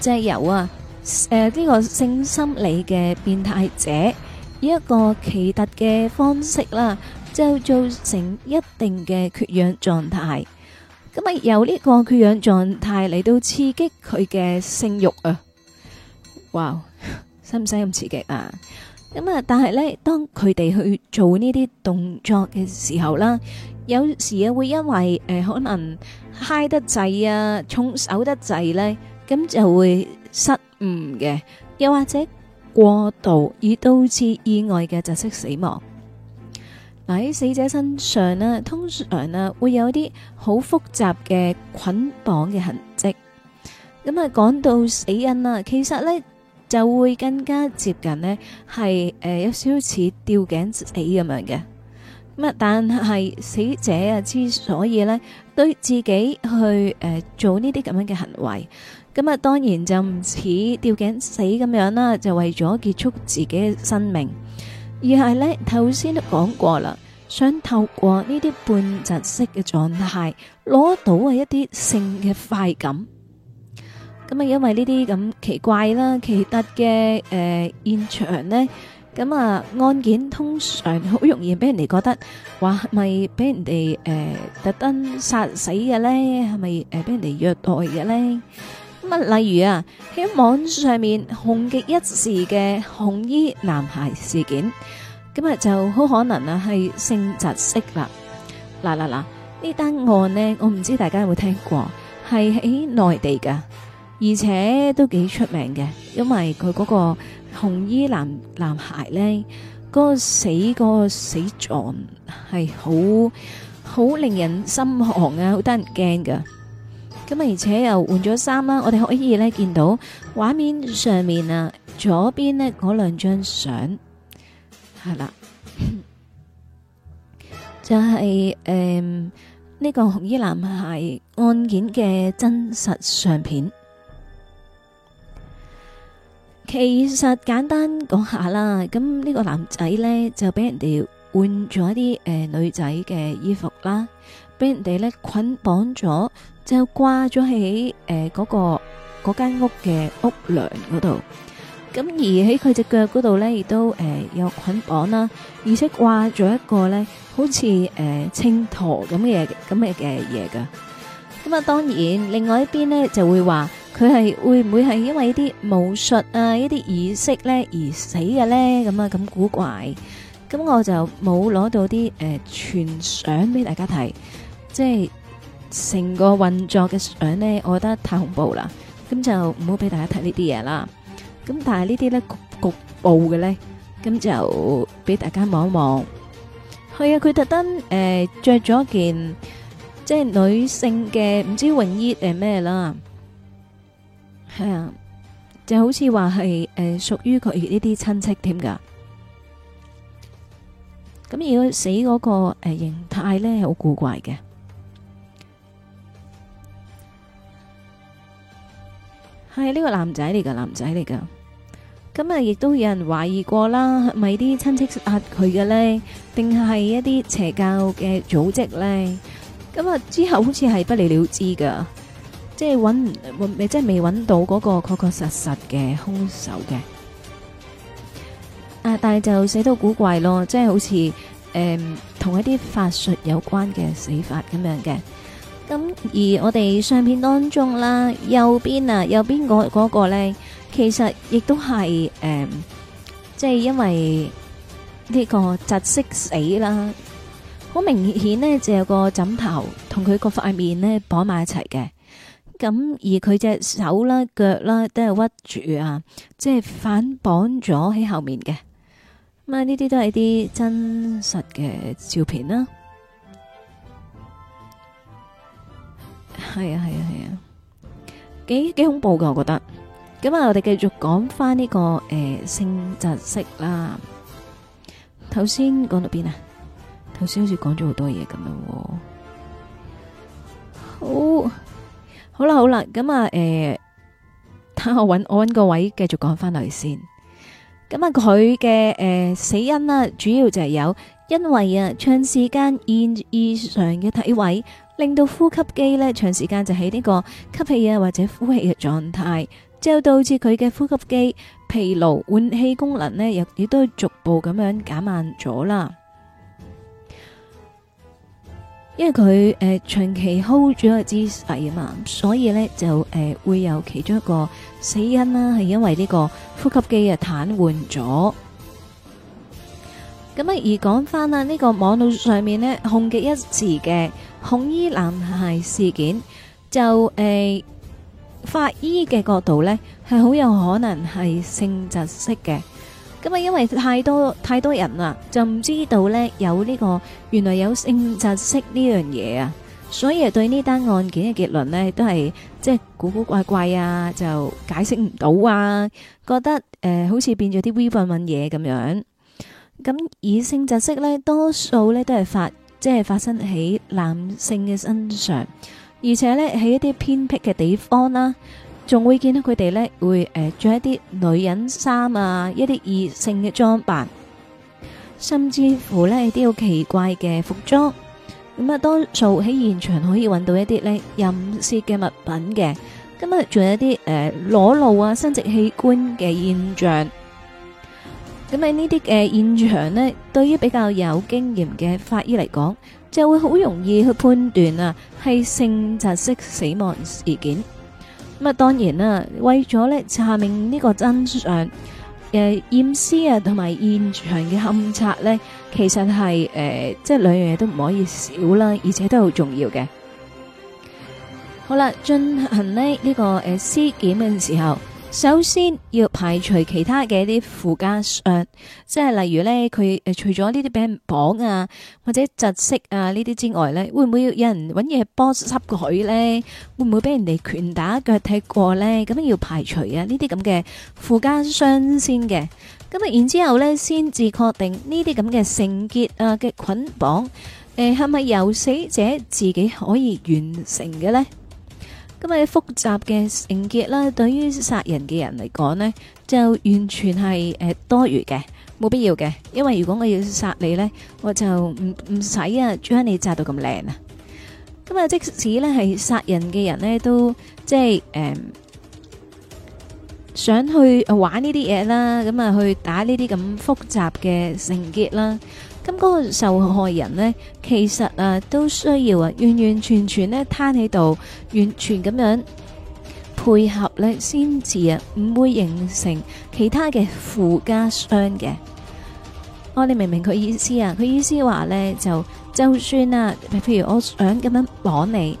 即係由啊，誒呢個性心理嘅變態者以一個奇特嘅方式啦，就造成一定嘅缺氧狀態。咁啊，由呢個缺氧狀態嚟到刺激佢嘅性慾啊。哇，使唔使咁刺激啊？咁啊，但係咧，當佢哋去做呢啲動作嘅時候啦，有時也會因為誒可能揩得滯啊，重手得滯咧，咁就會失誤嘅，又或者過度而導致意外嘅窒息死亡。嗱，喺死者身上咧，通常啊會有啲好複雜嘅捆綁嘅痕跡。咁啊，講到死因啦，其實咧。就會更加接近咧，係誒有少少似吊頸死咁樣嘅咁啊！但係死者啊之所以咧對自己去誒做呢啲咁樣嘅行為，咁啊當然就唔似吊頸死咁樣啦，就為咗結束自己嘅生命，而係咧頭先都講過啦，想透過呢啲半窒息嘅狀態攞到啊一啲性嘅快感。咁啊，因為呢啲咁奇怪啦，奇特嘅誒現場咧，咁啊案件通常好容易俾人哋覺得話係咪俾人哋誒特登殺死嘅咧，係咪誒俾人哋虐待嘅咧？咁啊，例如啊喺網上面紅極一時嘅紅衣男孩事件，咁啊就好可能啊係性窒息啦！嗱嗱嗱，呢單案咧，我唔知大家有冇聽過，係喺內地噶。而且都幾出名嘅，因為佢嗰個紅衣男男孩呢，嗰個死個死狀係好好令人心寒啊，好得人驚㗎。咁啊，而且又換咗衫啦。我哋可以呢見到畫面上面啊，左邊呢嗰兩張相係啦，就係誒呢個紅衣男孩案件嘅真實相片。其實簡單講下啦，咁呢個男仔咧就俾人哋換咗一啲誒、呃、女仔嘅衣服啦，俾人哋咧捆綁咗，就掛咗喺誒嗰個嗰間屋嘅屋梁嗰度。咁而喺佢隻腳嗰度咧，亦都誒有捆綁啦，而且掛咗一個咧，好似誒青駝咁嘅咁嘅嘅嘢噶。咁、呃、啊，當然另外一邊咧就會話。佢係會唔會係因為一啲武術啊，一啲儀式咧而死嘅咧？咁啊咁古怪，咁我就冇攞到啲誒全相俾大家睇，即係成個運作嘅相咧，我覺得太恐怖啦，咁就唔好俾大家睇呢啲嘢啦。咁但係呢啲咧局局部嘅咧，咁就俾大家望一望。係啊，佢特登誒着咗件即係女性嘅唔知泳衣定咩啦。係啊，就好似話係誒，屬於佢呢啲親戚添噶？咁如果死嗰、那個誒、呃、形態咧，好古怪嘅，係呢、這個男仔嚟噶，男仔嚟噶。咁啊，亦都有人懷疑過啦，係咪啲親戚壓佢嘅咧？定係一啲邪教嘅組織咧？咁啊，之後好似係不了了之噶。即係揾揾，即係未揾到嗰、嗰個確確、嗰個、實實嘅凶手嘅。啊，但係就死到古怪咯，即係好似誒同一啲法術有關嘅死法咁樣嘅。咁而我哋相片當中啦，右邊啊，右邊嗰、嗰個咧、嗰個，其實亦都係誒，即係因為呢個窒息死啦，好明顯咧，就有個枕頭同佢個塊面咧綁埋一齊嘅。咁而佢隻手啦、腳啦都係屈住啊，即係反綁咗喺後面嘅。咁啊，呢啲都係啲真實嘅照片啦。係啊，係啊，係啊，幾幾恐怖噶，我覺得。咁啊，我哋繼續講返呢個誒、呃、性窒息啦。頭先講到邊啊？頭先好似講咗好多嘢咁樣喎。好。好啦，好啦，咁、嗯、啊，誒，等我搵我搵個位繼續講翻嚟先。咁、嗯、啊，佢嘅誒死因啦，主要就係有因為啊長時間異異常嘅體位，令到呼吸機咧長時間就喺呢個吸氣啊或者呼氣嘅狀態，之後導致佢嘅呼吸機疲勞換氣功能咧，又亦都逐步咁樣減慢咗啦。因為佢誒、呃、長期 hold 咗個姿勢啊嘛，所以咧就誒、呃、會有其中一個死因啦、啊，係因為呢個呼吸機嘅癱瘓咗。咁啊而講翻啊呢個網絡上面咧紅極一時嘅紅衣男孩事件，就誒、呃、法醫嘅角度咧係好有可能係性窒息嘅。咁啊，因為太多太多人啦，就唔知道咧有呢個原來有性窒息呢樣嘢啊，所以啊，對呢單案件嘅結論咧，都係即係古古怪怪啊，就解釋唔到啊，覺得誒好似變咗啲 v 品嘢咁樣。咁以性窒息咧，多數咧都係發即係發生喺男性嘅身上，而且咧喺一啲偏僻嘅地方啦。仲會見到佢哋咧，會誒着一啲女人衫啊，一啲異性嘅裝扮，甚至乎呢啲好奇怪嘅服裝。咁啊，多數喺現場可以揾到一啲呢淫褻嘅物品嘅。咁啊，仲有一啲誒裸露啊、生殖器官嘅現象。咁喺呢啲嘅現場呢，對於比較有經驗嘅法醫嚟講，就會好容易去判斷啊，係性窒息死亡事件。當然啦，為咗咧查明呢個真相，誒、呃，驗屍啊同埋現場嘅勘查咧，其實係誒、呃，即係兩樣嘢都唔可以少啦，而且都好重要嘅。好啦，進行咧呢、呢個誒屍檢嘅時候。首先要排除其他嘅一啲附加傷，即係例如咧、啊，佢誒除咗呢啲俾人綁啊或者窒息啊呢啲之外咧，會唔會有人揾嘢綁實佢咧？會唔會俾人哋拳打腳踢過咧？咁樣要排除啊，呢啲咁嘅附加傷先嘅。咁啊，然之後咧，先至確定呢啲咁嘅繩結啊嘅捆綁，誒係咪由死者自己可以完成嘅咧？咁啊，複雜嘅成結啦，對於殺人嘅人嚟講咧，就完全係誒多餘嘅，冇必要嘅。因為如果我要殺你咧，我就唔唔使啊，將你紮到咁靚啊。咁啊，即使咧係殺人嘅人咧，都即係誒想去玩呢啲嘢啦，咁啊去打呢啲咁複雜嘅成結啦。咁嗰個受害人呢，其實啊，都需要啊，完完全全呢，攤喺度，完全咁樣配合呢，先至啊，唔會形成其他嘅附加傷嘅。我哋明唔明佢意思啊？佢意思話呢，就就算啊，譬如我想咁樣綁你。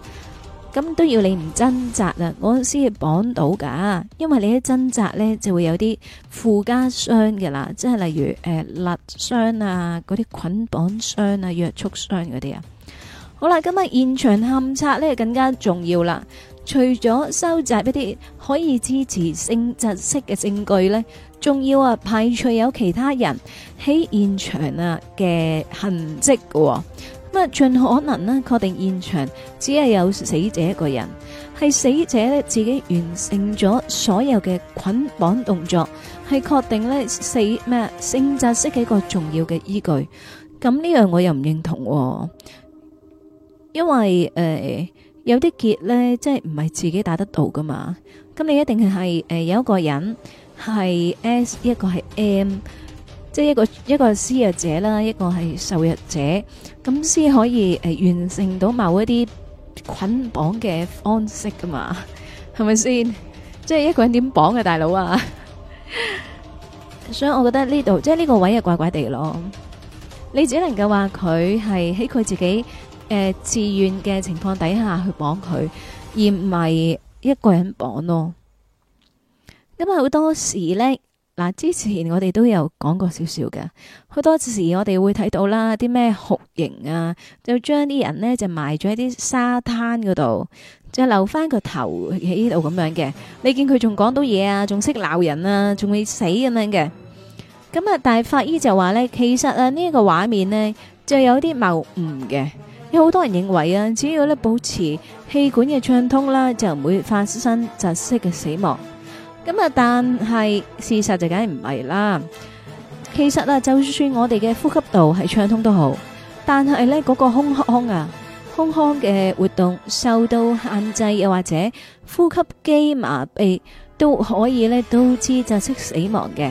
咁都要你唔掙扎啦，我先至綁到噶，因為你一掙扎呢，就會有啲附加傷㗎啦，即係例如誒勒、呃、傷啊，嗰啲捆綁傷啊，約束傷嗰啲啊。好啦，咁、嗯、啊現場勘測呢，更加重要啦，除咗收集一啲可以支持性窒息嘅證據呢，仲要啊排除有其他人喺現場啊嘅痕跡喎、哦。咁啊，盡可能呢，確定現場只係有死者一個人，係死者咧自己完成咗所有嘅捆綁動作，係確定呢死咩性窒息嘅一個重要嘅依據。咁呢樣我又唔認同、哦，因為誒、呃、有啲結呢，即係唔係自己打得到噶嘛，咁你一定係誒、呃、有一個人係 S 一個係 M。即係一個一個施虐者啦，一個係受虐者，咁先可以誒、呃、完成到某一啲捆綁嘅方式噶嘛？係咪先？即係一個人點綁嘅大佬啊！啊 所以我覺得呢度即係呢個位又怪怪地咯。你只能夠話佢係喺佢自己誒、呃、自願嘅情況底下去綁佢，而唔係一個人綁咯。咁啊，好多時咧。嗱，之前我哋都有講過少少嘅。好多時我哋會睇到啦，啲咩酷刑啊，就將啲人呢就埋咗喺啲沙灘嗰度，就留翻個頭喺呢度咁樣嘅。你見佢仲講到嘢啊，仲識鬧人啊，仲會死咁樣嘅。咁啊，大法醫就話呢，其實啊，呢個畫面呢就有啲謬誤嘅，有好多人認為啊，只要呢保持氣管嘅暢通啦，就唔會發生窒息嘅死亡。咁啊！但係事實就梗係唔係啦。其實啊，就算我哋嘅呼吸道係暢通都好，但係咧嗰個胸腔啊，胸腔嘅活動受到限制，又或者呼吸肌麻痹，都可以咧導致窒息死亡嘅。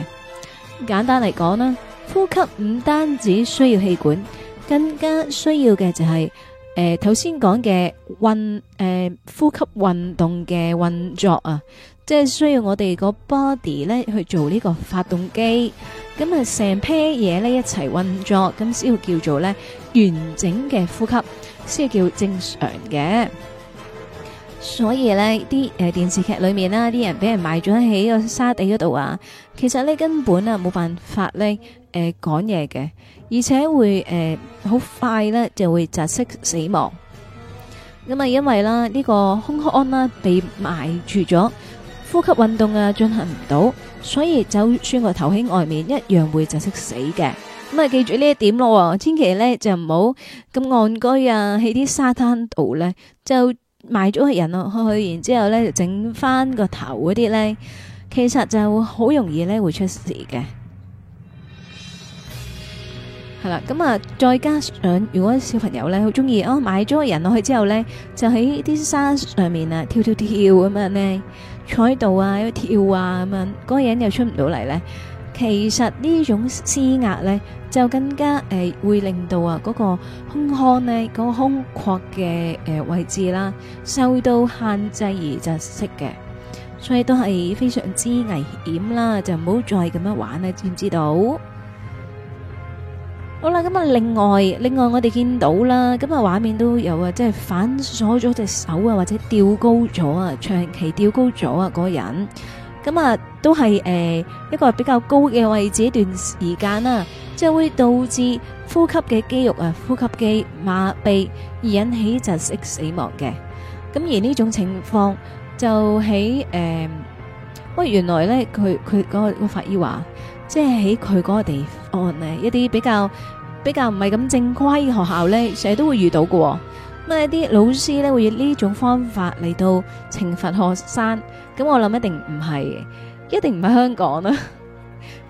簡單嚟講啦，呼吸唔單止需要氣管，更加需要嘅就係誒頭先講嘅運誒呼吸運動嘅運作啊。即係需要我哋個 body 咧去做呢個發動機，咁啊成批嘢咧一齊運作，咁先叫做咧完整嘅呼吸，先叫正常嘅。所以咧啲誒電視劇裏面啦，啲人俾人埋咗喺個沙地嗰度啊，其實咧根本啊冇辦法咧誒講嘢嘅，而且會誒好快咧就會窒息死亡。咁啊，因為啦呢個胸腔啦，被埋住咗。呼吸運動啊進行唔到，所以就算個頭喺外面，一樣會窒息死嘅。咁啊，記住呢一點咯，千祈咧就唔好咁戇居啊，喺啲沙灘度咧就買咗個人落去，然之後咧整翻個頭嗰啲咧，其實就好容易咧會出事嘅。係啦，咁啊，再加上如果小朋友咧好中意哦，買咗個人落去之後咧，就喺啲沙上面啊跳跳跳咁樣呢。坐喺度啊，要跳啊咁樣，嗰個人又出唔到嚟咧。其實呢種施壓咧，就更加誒會令到啊嗰個胸腔咧，嗰個胸廓嘅誒位置啦，受到限制而窒息嘅，所以都係非常之危險啦。就唔好再咁樣玩啦，知唔知道？好啦，咁啊，另外，另外，我哋見到啦，咁啊，畫面都有啊，即係反鎖咗隻手啊，或者吊高咗啊，長期吊高咗啊，個人，咁啊，都係誒一個比較高嘅位置一段時間啦，即係會導致呼吸嘅肌肉啊、呼吸肌麻痹而引起窒息死亡嘅。咁而呢種情況就喺誒，喂，原來咧，佢佢嗰個法醫話，即係喺佢嗰個地方咧，一啲比較。比較唔係咁正規嘅學校咧，成日都會遇到嘅。咁啊，啲老師咧會用呢種方法嚟到懲罰學生。咁我諗一定唔係，一定唔係香港啦。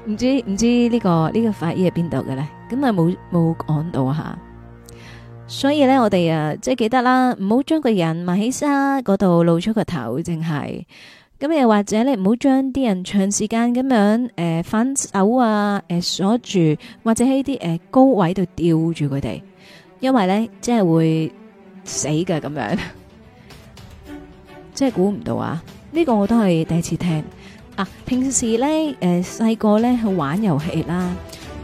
唔知唔知呢個呢個法醫係邊度嘅咧？咁啊冇冇講到吓。所以咧，我哋啊，即係記得啦，唔好將個人埋喺沙嗰度，露出個頭，淨係。咁又或者咧，唔好將啲人長時間咁樣誒、呃、反手啊，誒、呃、鎖住，或者喺啲誒高位度吊住佢哋，因為咧即係會死嘅咁樣，即係估唔到啊！呢、個我都係第一次聽啊！平時咧誒細個咧去玩遊戲啦，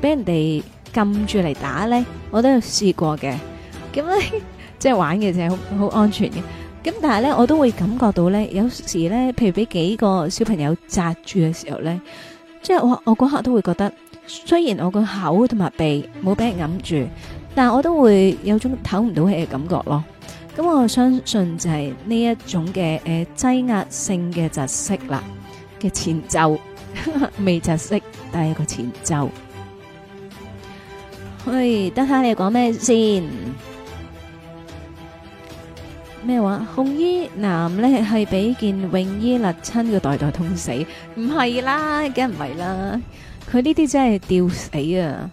俾人哋撳住嚟打咧，我都有試過嘅。咁咧即係玩嘅就係好安全嘅。咁但係咧，我都會感覺到咧，有時咧，譬如俾幾個小朋友紮住嘅時候咧，即係我我嗰刻都會覺得，雖然我個口同埋鼻冇俾人揞住，但係我都會有種唞唔到氣嘅感覺咯。咁我相信就係呢一種嘅誒擠壓性嘅窒息啦嘅前奏，未窒息，但係個前奏。喂，等下你講咩先？咩話？紅衣男咧，係俾件泳衣勒親個袋袋痛死？唔係啦，梗唔係啦，佢呢啲真係吊死啊，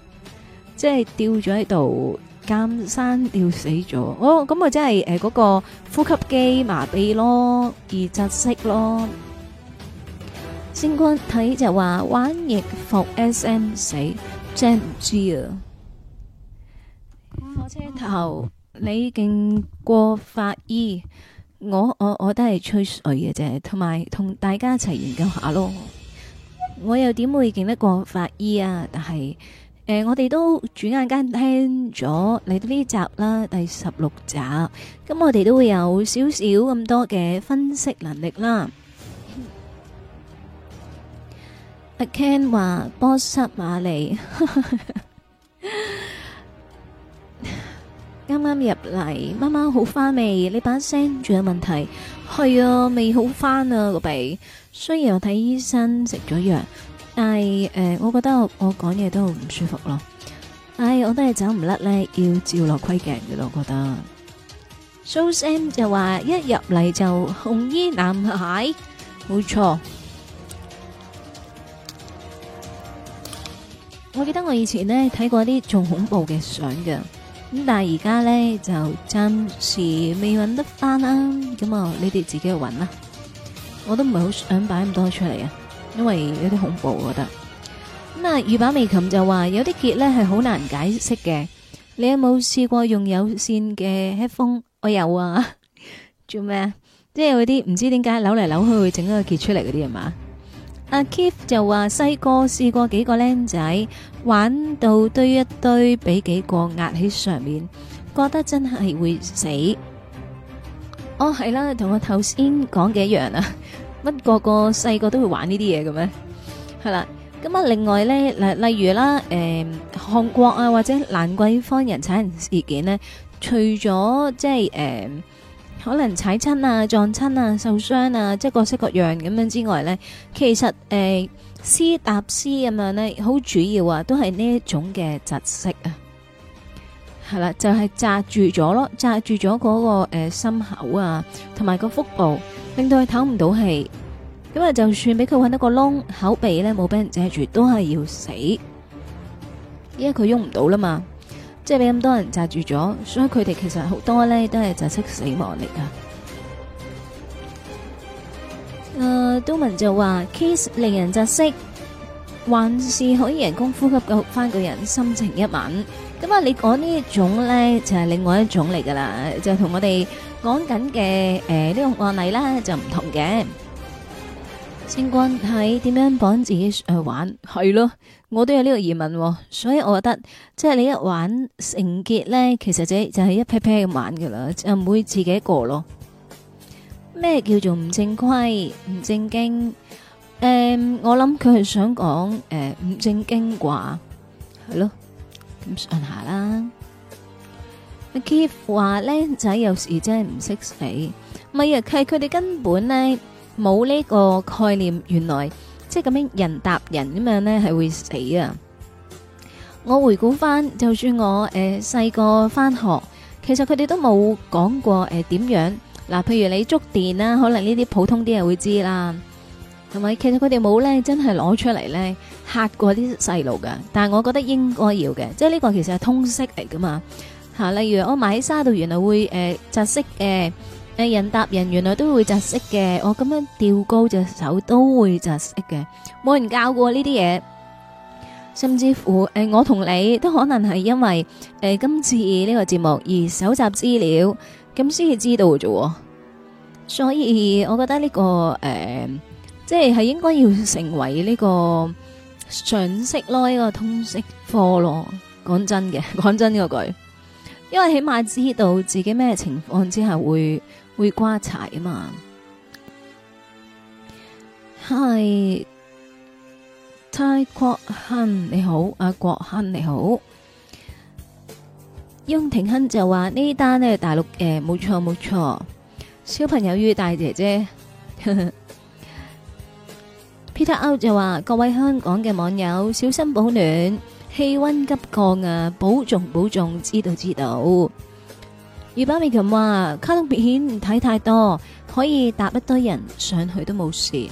即係吊咗喺度監生吊死咗。哦，咁咪真係誒嗰個呼吸機麻痹咯，而窒息咯。星君睇就話玩翼伏 S M 死，真唔知啊。火車頭。你勁過法醫，我我我都係吹水嘅啫，同埋同大家一齊研究下咯。我又點會勁得過法醫啊？但係誒、呃，我哋都轉眼間聽咗你呢集啦，第十六集，咁我哋都會有少少咁多嘅分析能力啦。 阿 Ken 話波塞馬里。 啱啱入嚟，啱啱好翻未？你把聲仲有問題？係啊，未好翻啊，個鼻。雖然我睇醫生食咗藥，但係誒、呃，我覺得我講嘢都唔舒服咯。唉、哎，我都係走唔甩咧，要照落窺鏡嘅，我覺得。蘇 Sam 就話一入嚟就紅衣男孩，冇錯。我記得我以前咧睇過啲仲恐怖嘅相嘅。咁但係而家咧就暫時未揾得翻啦、啊，咁啊，你哋自己去揾啦，我都唔係好想擺咁多出嚟啊，因為有啲恐怖我覺得。咁啊，預罷未琴就話有啲結咧係好難解釋嘅，你有冇試過用有綫嘅 headphone？我有啊， 做咩啊麼？即係嗰啲唔知點解扭嚟扭去會整一個結出嚟嗰啲係嘛？阿、ah, Keith 就話細個試過幾個僆仔玩到堆一堆，俾幾個壓喺上面，覺得真係會死。哦、oh,，係啦，同我頭先講嘅一樣啊。乜 個個細個都會玩 呢啲嘢嘅咩？係啦，咁、呃、啊，另外咧，例例如啦，誒，韓國啊或者蘭桂坊人踩人事件咧，除咗即係誒。呃可能踩親啊、撞親啊、受傷啊，即係各式各樣咁樣之外呢，其實誒，屍搭屍咁樣咧，好主要啊，都係呢一種嘅窒息啊，係啦，就係、是、扎住咗咯，扎住咗嗰、那個誒、呃、心口啊，同埋個腹部，令到佢唞唔到氣，咁啊，就算俾佢搵到個窿口鼻呢，冇俾人遮住，都係要死，因為佢喐唔到啦嘛。即係俾咁多人罩住咗，所以佢哋其實好多咧都係窒息死亡嚟噶。誒、呃，都文就話 Kiss 令人窒息，還是可以人工呼吸救翻個人，心情一晚。咁啊，你講呢一種咧就係、是、另外一種嚟噶啦，就同我哋講緊嘅誒呢個案例啦就唔同嘅。先關係點樣綁自己去玩係咯，我都有呢個疑問、哦，所以我覺得即係你一玩成結咧，其實即係就係一批批咁玩噶啦，就唔會自己一個咯。咩叫做唔正規、唔正經？誒、嗯，我諗佢係想講誒唔正經啩，係咯，咁上下啦。阿 Key 話咧，仔有時真係唔識死，咪係佢哋根本呢。冇呢個概念，原來即係咁樣人搭人咁樣咧係會死啊！我回顧翻，就算我誒細個翻學，其實佢哋都冇講過誒點、呃、樣嗱、啊，譬如你觸電啦，可能呢啲普通啲人會知啦，係咪？其實佢哋冇咧，真係攞出嚟咧嚇過啲細路噶。但係我覺得應該要嘅，即係呢個其實係通識嚟噶嘛嚇、啊。例如我埋喺沙度，原來會誒窒息誒。呃誒，人答人原來都會窒息嘅，我咁樣吊高隻手都會窒息嘅，冇人教過呢啲嘢，甚至乎誒、呃，我同你都可能係因為誒、呃、今次呢個節目而搜集資料，咁先至知道喎。所以我覺得呢、這個誒，即係係應該要成為呢、這個常識咯，呢、這個通識科咯，講真嘅，講真嗰句，因為起碼知道自己咩情況之下會。會刮柴啊嘛！係泰國亨你好，阿國亨你好。翁廷亨就話呢單呢，大陸誒，冇錯冇錯。小朋友與大姐姐，Peter 歐就話各位香港嘅網友小心保暖，氣溫急降啊，保重保重，知道知道。葉寶美咁話：卡通片睇太多，可以搭一堆人上去都冇事。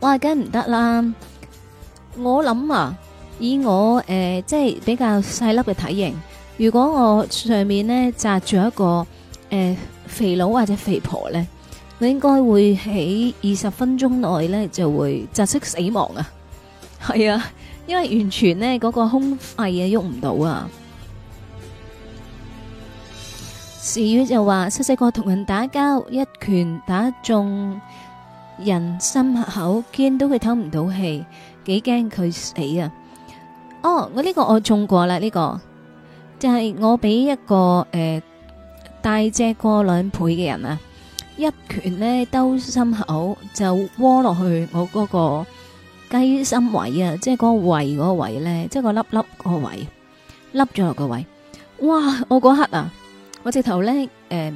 哇，梗唔得啦！我諗啊，以我誒、呃、即係比較細粒嘅體型，如果我上面呢，扎住一個誒、呃、肥佬或者肥婆咧，我應該會喺二十分鐘內咧就會窒息死亡啊！係啊，因為完全咧嗰個胸肺啊喐唔到啊！時雨就話細細個同人打交，一拳打中人心口，見到佢唞唔到氣，幾驚佢死啊！哦，我呢個我中過啦，呢個就係我俾一個誒大隻過兩倍嘅人啊，一拳咧兜心口就窩落去我嗰個雞心位啊，即係嗰個胃嗰個位咧，即係個粒粒嗰個位，凹咗落個位。哇！我嗰刻啊～我直頭咧誒，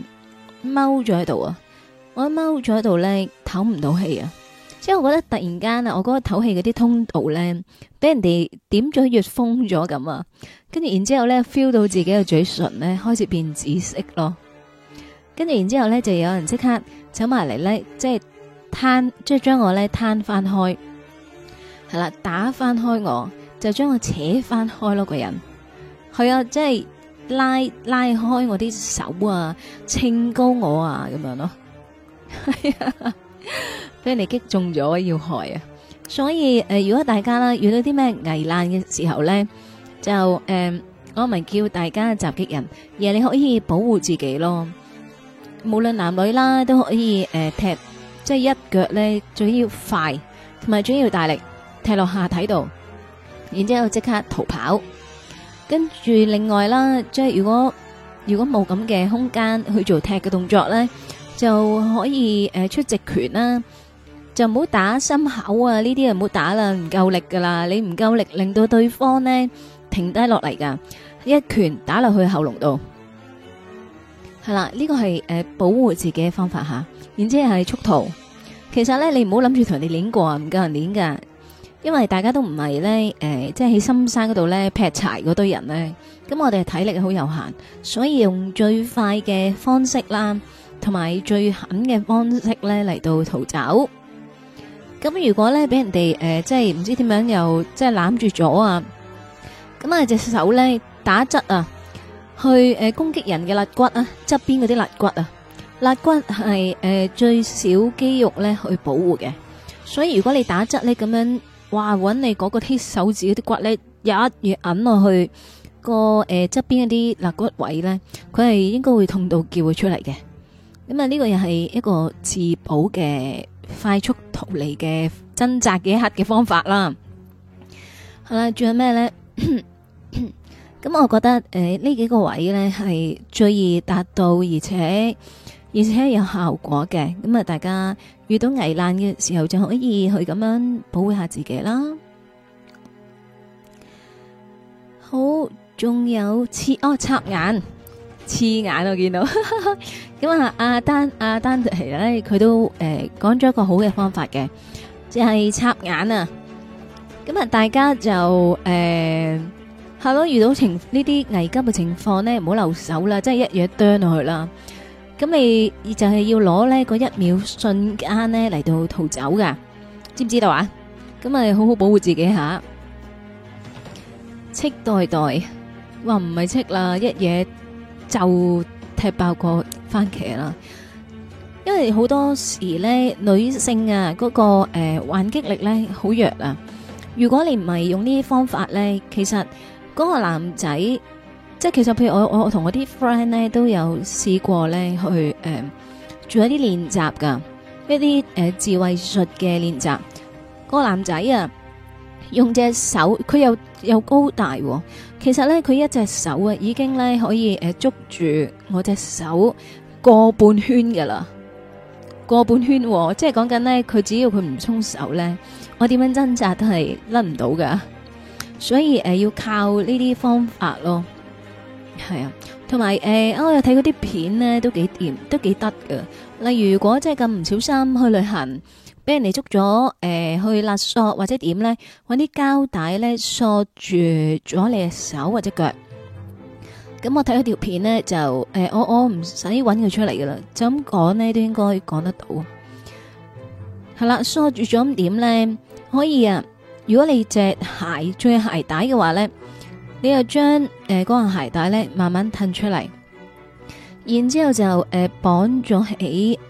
踎咗喺度啊！我踎咗喺度咧，唞唔到氣啊！所以我覺得突然間啊，我嗰個唞氣嗰啲通道咧，俾人哋點咗穴封咗咁啊！跟住然之後咧，feel 到自己嘅嘴唇咧開始變紫色咯。跟住然之後咧，就有人即刻走埋嚟，咧，即係攤即係將我咧攤翻開，係啦，打翻開我就將我扯翻開咯。個人係啊，即係。拉拉開我啲手啊，撐高我啊，咁樣咯。俾 你擊中咗要害啊，所以誒、呃，如果大家啦遇到啲咩危難嘅時候咧，就誒、呃，我咪叫大家襲擊人，而你可以保護自己咯。無論男女啦，都可以誒、呃、踢，即係一腳咧，最緊要快，同埋最要大力踢落下體度，然之後即刻逃跑。跟住另外啦，即係如果如果冇咁嘅空間去做踢嘅動作咧，就可以誒出直拳啦，就唔好打心口啊，呢啲啊唔好打啦，唔夠力噶啦，你唔夠力令到對方咧停低落嚟噶，一拳打落去喉嚨度，係啦，呢個係誒保護自己嘅方法吓，然之後係速逃，其實咧你唔好諗住同人哋擰過啊，唔夠人擰噶。因為大家都唔係咧，誒，即係喺深山嗰度咧劈柴嗰堆人咧，咁我哋體力好有限，所以用最快嘅方式啦，同埋最狠嘅方式咧嚟到逃走。咁如果咧俾人哋，誒、呃，即係唔知點樣又即係攬住咗啊，咁啊隻手咧打側啊，去誒攻擊人嘅肋骨啊，側邊嗰啲肋骨啊，肋骨係誒、呃、最少肌肉咧去保護嘅，所以如果你打側咧咁樣。哇！搵你嗰個啲手指嗰啲骨咧，你有一越揞落去，嗰個誒側邊嗰啲肋骨位咧，佢係應該會痛到叫佢出嚟嘅。咁啊，呢個又係一個自保嘅快速逃離嘅掙扎嘅一刻嘅方法啦。好啦，仲有咩咧？咁 我覺得誒呢、呃、幾個位咧係最易達到，而且而且有效果嘅。咁啊，大家。遇到危難嘅時候就可以去咁樣保護下自己啦。好，仲有刺哦，插眼，刺眼我見到。咁、 嗯、啊，阿丹阿、啊、丹其實咧佢都誒講咗一個好嘅方法嘅，就係、是、插眼啊。咁、嗯、啊，大家就誒係咯，遇到情呢啲危急嘅情況呢，唔好留手啦，即係一嘢啄落去啦。咁你就係要攞咧嗰一秒瞬間咧嚟到逃走噶，知唔知道啊？咁咪好好保護自己吓。戚代代，哇唔係戚啦，一嘢就踢爆個番茄啦。因為好多時咧，女性啊嗰個誒反擊力咧好弱啊。如果你唔係用呢啲方法咧，其實嗰個男仔。即係其實譬如，我我同我啲 friend 咧都有試過咧去誒、呃、做一啲練習噶，一啲誒、呃、智慧術嘅練習，個男仔啊用隻手，佢又又高大，其實咧佢一隻手啊、哦、已經咧可以誒捉住我隻手過半圈噶啦，過半圈、哦、即係講緊咧佢只要佢唔鬆手咧，我點樣掙扎都係甩唔到噶，所以誒、呃、要靠呢啲方法咯。係啊，同埋誒，我又睇嗰啲片呢，都幾掂，都幾得噶。例如，如果真係咁唔小心去旅行，俾人哋捉咗誒去勒索或者點呢？揾啲膠帶咧，索住咗你嘅手或者腳。咁我睇咗條片、欸、呢，就誒，我我唔使揾佢出嚟噶啦，就咁講咧都應該講得到。係啦、啊，索住咗點呢？可以啊，如果你隻鞋中鞋帶嘅話咧。你又將誒嗰個鞋帶咧慢慢褪出嚟，然之後就誒、呃、綁咗起，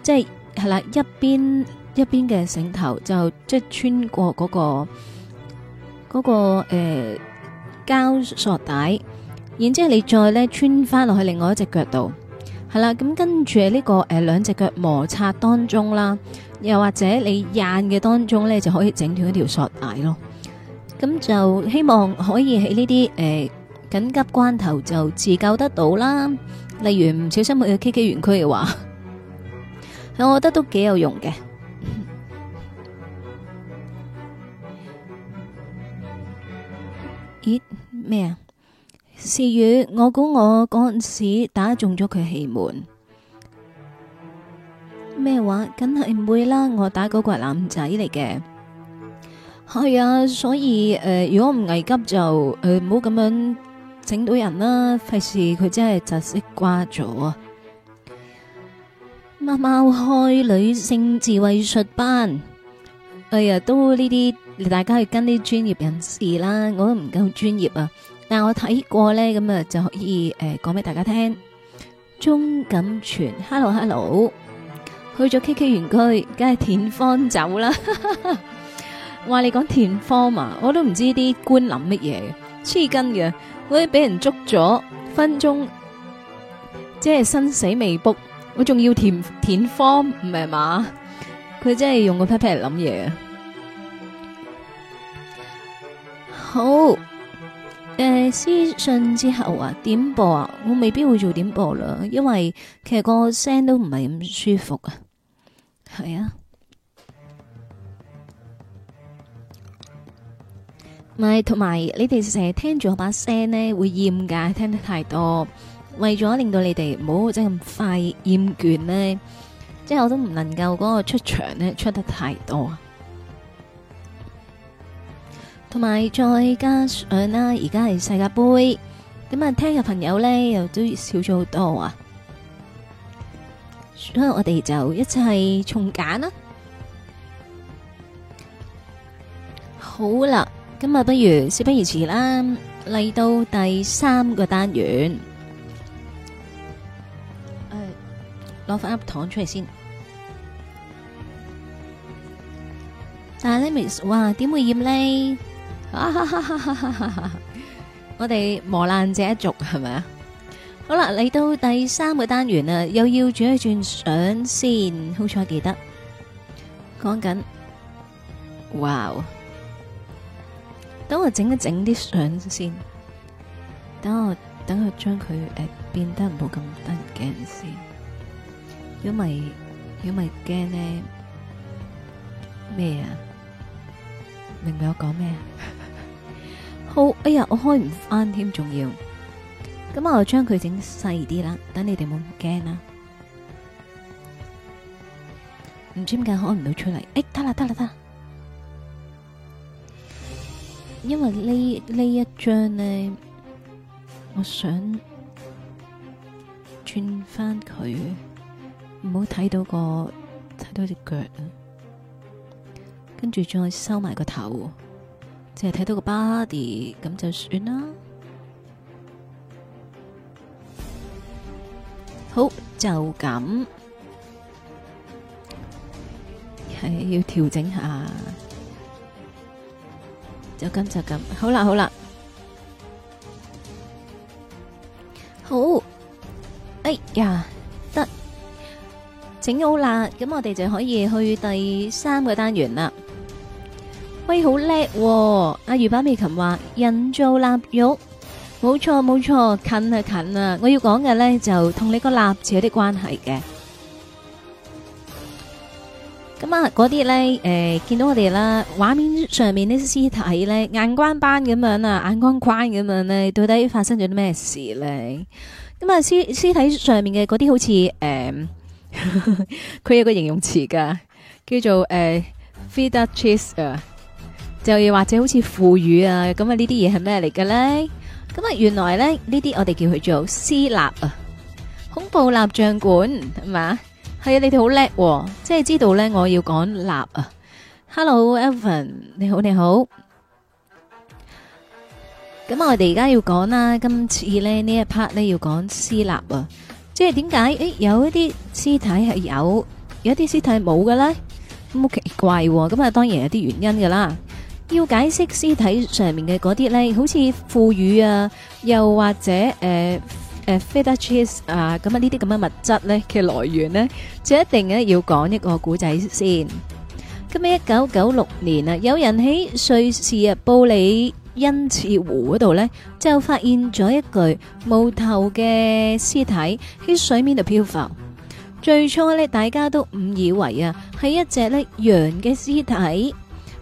即係係啦一邊一邊嘅繩頭就即係、就是、穿過嗰、那個膠、那個誒、呃、膠索帶，然之後你再咧穿翻落去另外一隻腳度，係啦，咁跟住呢、這個誒、呃、兩隻腳摩擦當中啦，又或者你硬嘅當中咧就可以整斷一條索帶咯。咁就希望可以喺呢啲誒緊急關頭就自救得到啦。例如唔小心去 KK 園區嘅話，我覺得都幾有用嘅。咦？咩啊？是雨？我估我嗰陣時打中咗佢氣門。咩話？梗係唔會啦！我打嗰個係男仔嚟嘅。係啊，所以誒、呃，如果唔危急就誒，唔好咁樣整到人啦，費事佢真係窒息瓜咗啊！貓貓開女性自衛術班，哎呀，都呢啲大家去跟啲專業人士啦，我都唔夠專業啊，但係我睇過咧，咁啊就可以誒講俾大家聽。鍾錦泉 h e l l o hello，, hello 去咗 K K 園區，梗係田方走啦。 話你講填方嘛、啊，我都唔知啲官諗乜嘢黐筋嘅，我啲俾人捉咗，分鐘即係生死未卜，我仲要填填方，唔係嘛？佢真係用個 pat pat 嚟諗嘢啊！好，誒、呃，私信之後啊，點播啊，我未必會做點播啦，因為其實個聲都唔係咁舒服啊，係啊。咪同埋，你哋成日聽住我把聲呢，會厭噶，聽得太多，為咗令到你哋唔好即係咁快厭倦呢，即係我都唔能夠嗰個出場呢出得太多。同埋再加上啦，而家係世界杯，咁啊聽嘅朋友呢又都少咗好多啊，所以我哋就一齊重揀啦。好啦。今日不如事不宜遲啦，嚟到第三個單元，攞翻粒糖出嚟先。但係呢面，哇，點會染咧、啊？我哋磨難者一族係咪啊？好啦，嚟到第三個單元啦，又要轉一轉相先，好彩記得講緊。哇！等我整一整啲相先，等我等我將佢誒變得冇咁得人驚先。如果唔係，如果唔係驚咧咩啊？明唔明我講咩啊？好，哎呀，我開唔翻添，仲要。咁我就將佢整細啲啦，等你哋冇咁驚啦。唔知點解開唔到出嚟？哎，得啦得啦得啦！因為呢呢一張呢，我想轉翻佢，唔好睇到個睇到隻腳啊，跟住再收埋個頭，淨係睇到個 body 咁就算啦。好，就咁，係要調整下。就咁就咁，好啦好啦，好，哎呀得整好啦，咁我哋就可以去第三個單元啦。喂，好叻喎，阿魚巴美琴話人造臘肉，冇錯冇錯，近啊近啊，我要講嘅呢，就同你個臘字有啲關係嘅。咁啊，嗰啲咧，誒、呃，見到我哋啦，畫面上面的屍呢啲屍體咧，眼光斑咁樣啊，眼光框咁樣咧，到底發生咗啲咩事咧？咁、嗯、啊，屍屍體上面嘅嗰啲好似誒，佢、呃、 有個形容詞噶，叫做誒、呃、feta cheese 啊，就又、是、或者好似腐乳啊，咁啊呢啲嘢係咩嚟嘅咧？咁、嗯、啊，原來咧呢啲我哋叫佢做屍蠟啊，恐怖蠟像館係嘛？是係啊，你哋好叻，即係知道咧，我要講立啊。Hello，Evan，你好你好。咁啊，我哋而家要講啦，今次咧呢一 part 咧要講屍蠟啊，即係點解誒有一啲屍體係有，有一啲屍體冇嘅咧，咁好奇怪，咁啊當然有啲原因噶啦，要解釋屍體上面嘅嗰啲咧，好似腐乳啊，又或者誒。誒，費達切斯啊，咁啊呢啲咁嘅物質咧嘅來源咧，就一定咧要講一個古仔先。咁喺一九九六年啊，有人喺瑞士啊布里恩茨湖嗰度咧，就發現咗一具無頭嘅屍體喺水面度漂浮。最初咧，大家都誤以為啊係一隻咧羊嘅屍體，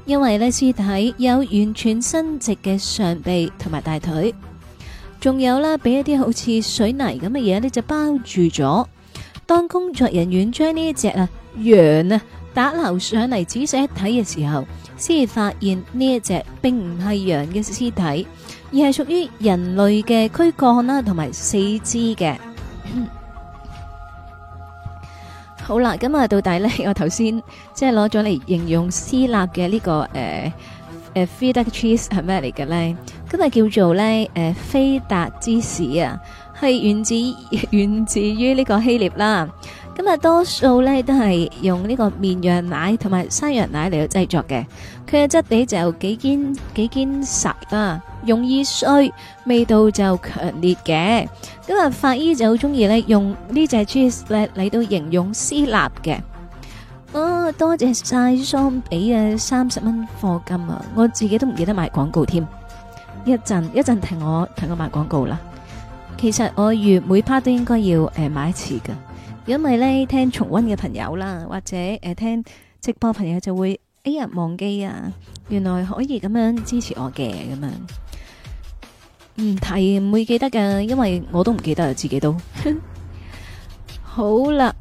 因為咧屍體有完全伸直嘅上臂同埋大腿。仲有啦，俾一啲好似水泥咁嘅嘢呢，就包住咗。當工作人員將呢一隻啊羊啊打撈上嚟仔細一睇嘅時候，先至發現呢一隻並唔係羊嘅屍體，而係屬於人類嘅軀幹啦，同埋四肢嘅 。好啦，咁啊，到底呢？我頭先即係攞咗嚟形容屍蠟嘅呢個誒誒 t h e e duck trees 係咩嚟嘅呢咁啊，叫做咧誒，菲達芝士啊，係源自源自於呢個希臘啦。咁啊，多數咧都係用呢個綿羊奶同埋山羊奶嚟到製作嘅。佢嘅質地就幾堅幾堅實啊，容易碎，味道就強烈嘅。咁啊，法醫就好中意咧用呢隻 cheese 咧嚟到形容屍蠟嘅。啊，多謝晒桑比啊，三十蚊課金啊，我自己都唔記得買廣告添。一陣一陣停我停我賣廣告啦，其實我月每 part 都應該要誒、呃、買一次噶，因為呢聽重溫嘅朋友啦，或者誒、呃、聽直播朋友就會一日、哎、忘記啊，原來可以咁樣支持我嘅咁樣，唔提唔會記得噶，因為我都唔記得自己都 好啦。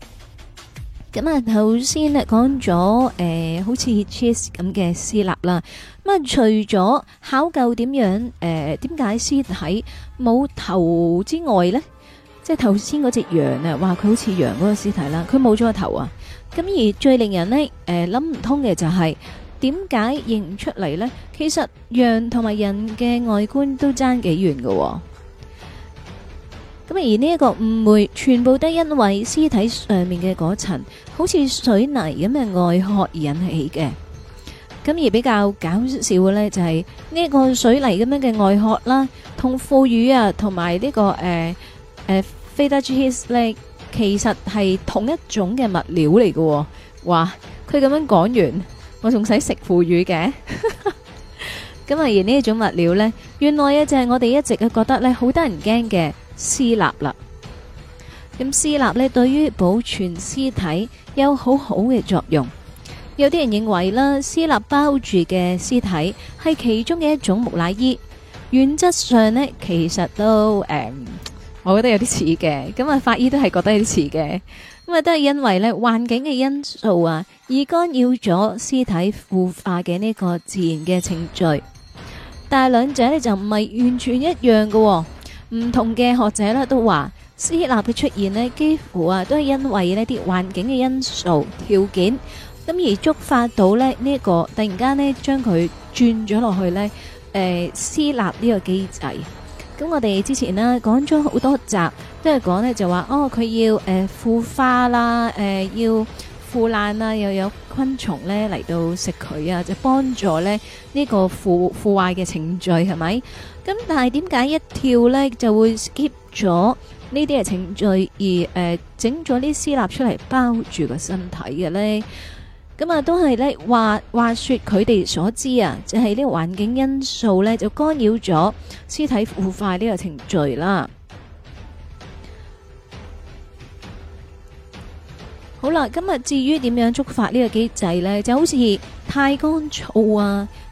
咁啊，頭先咧講咗誒，好似 cheese 咁嘅屍蠟啦。咁啊，除咗考究點樣，誒、呃，點解屍體冇頭之外咧，即係頭先嗰隻羊啊，話佢好似羊嗰個屍體啦，佢冇咗個頭啊。咁而最令人咧誒諗唔通嘅就係點解認唔出嚟咧？其實羊同埋人嘅外觀都爭幾遠噶。咁而呢一個誤會，全部都因為屍體上面嘅嗰層好似水泥咁嘅外殼而引起嘅。咁而比較搞笑嘅呢，就是，就係呢個水泥咁樣嘅外殼啦，同腐乳啊，同埋呢個誒誒 feta 芝士，其實係同一種嘅物料嚟嘅。哇，佢咁樣講完，我仲使食腐乳嘅？咁 啊而呢一種物料呢，原來啊就係我哋一直都覺得呢，好得人驚嘅屍蠟啦，咁屍蠟呢對於保存屍體有好好嘅作用。有啲人認為啦，屍蠟包住嘅屍體係其中嘅一種木乃伊。原則上呢，其實都誒、嗯，我覺得有啲似嘅。咁啊，法醫都係覺得有啲似嘅。咁啊，都係因為呢環境嘅因素啊，而干擾咗屍體腐化嘅呢個自然嘅程序。但係兩者呢，就唔係完全一樣嘅。唔同嘅學者咧都話，屍蠟嘅出現呢幾乎啊都係因為呢啲環境嘅因素條件，咁而觸發到呢、這、呢個突然間呢將佢轉咗落去呢誒、呃、屍蠟呢個機制。咁我哋之前啦講咗好多集，都係講呢就話、是、哦佢要誒、呃、腐化啦，誒、呃、要腐爛啊，又有昆蟲呢嚟到食佢啊，就幫助呢呢個腐腐壞嘅程序係咪？咁但係點解一跳呢就會 skip 咗呢啲嘅程序，而誒整咗啲屍蠟出嚟包住個身體嘅呢？咁、嗯、啊都係呢話話說佢哋所知啊，就係呢個環境因素呢，就干擾咗屍體腐化呢個程序啦。好啦，咁啊至於點樣觸發呢個機制呢？就好似太乾燥啊。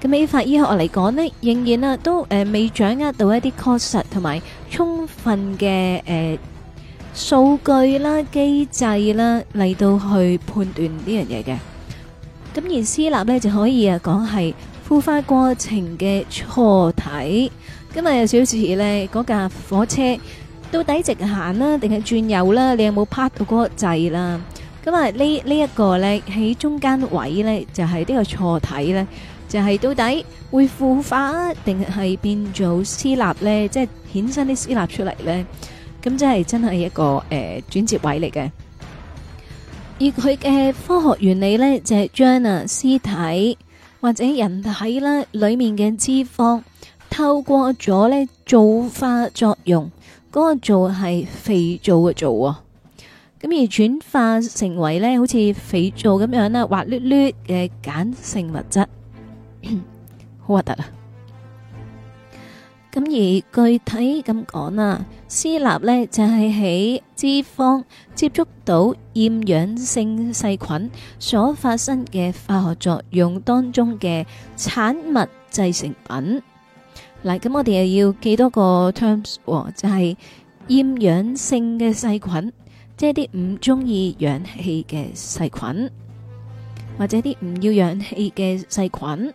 咁喺法醫學嚟講呢仍然啦都未、呃、掌握到一啲確實同埋充分嘅誒、呃、數據啦、機制啦，嚟到去判斷呢樣嘢嘅。咁而屍蠟咧就可以啊講係腐化過程嘅錯體。咁啊，有少少似呢，咧嗰架火車，到底直行啦定係轉右啦？你有冇拍到個掣啦？咁啊，這個、呢呢一個咧喺中間位咧，就係、是、呢個錯體咧。就係到底會腐化定係變做屍蠟呢？即係衍生啲屍蠟出嚟呢？咁即係真係一個誒轉折位嚟嘅。而佢嘅科學原理呢，就係將啊屍體或者人體啦裏面嘅脂肪透過咗咧皂化作用，嗰個皂係肥皂嘅皂啊，咁而轉化成為咧好似肥皂咁樣啦滑捋捋嘅鹼性物質。好核突啊！咁而具體咁講啦，屍蠟呢就係喺脂肪接觸到厭氧性細菌所發生嘅化學作用當中嘅產物製成品。嗱，咁我哋又要記多個 terms？就係厭氧性嘅細菌，即係啲唔中意氧氣嘅細菌，或者啲唔要氧氣嘅細菌。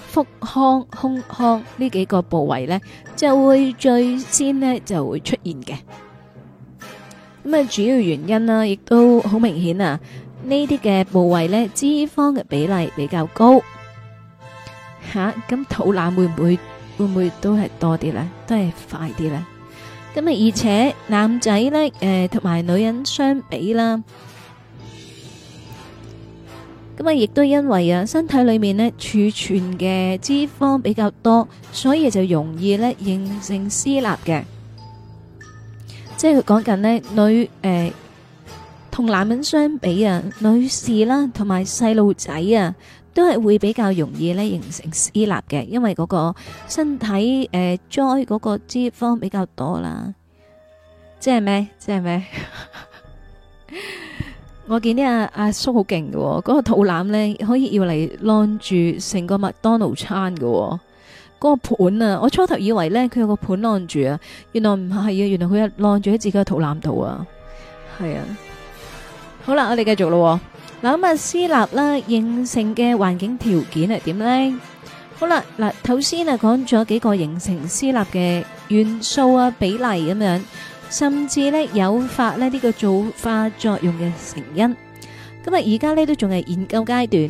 腹腔、胸腔呢幾個部位咧，就會最先咧就會出現嘅。咁啊，主要原因啦，亦都好明顯啊。呢啲嘅部位咧，脂肪嘅比例比較高。吓，咁肚腩會唔會會唔會都係多啲咧，都係快啲咧？咁啊，而且男仔咧，誒，同埋女人相比啦。也因為亦都因為啊，身體裏面咧儲存嘅脂肪比較多，所以就容易咧形成屍蠟嘅。即係講緊咧女、誒、同、呃、男人相比啊，女士啦同埋細路仔啊，都係會比較容易咧形成屍蠟嘅，因為嗰個身體誒載嗰個脂肪比較多啦。即係咩？即係咩？ 我見啲阿阿叔好勁㗎，嗰個肚腩咧可以要嚟，晾住成個麥當勞餐㗎，嗰個盤啊！我初頭以為咧佢有個盤晾住啊，原來唔係啊，原來佢係攞住喺自己嘅肚腩度啊，係啊！好啦，我哋繼續咯。嗱，咁啊，屍蠟啦，形成嘅環境條件係點咧？好啦，嗱，頭先啊講咗幾個形成屍蠟嘅元素啊比例咁樣。甚至咧，誘發咧呢個皂化作用嘅成因。咁啊，而家咧都仲係研究階段。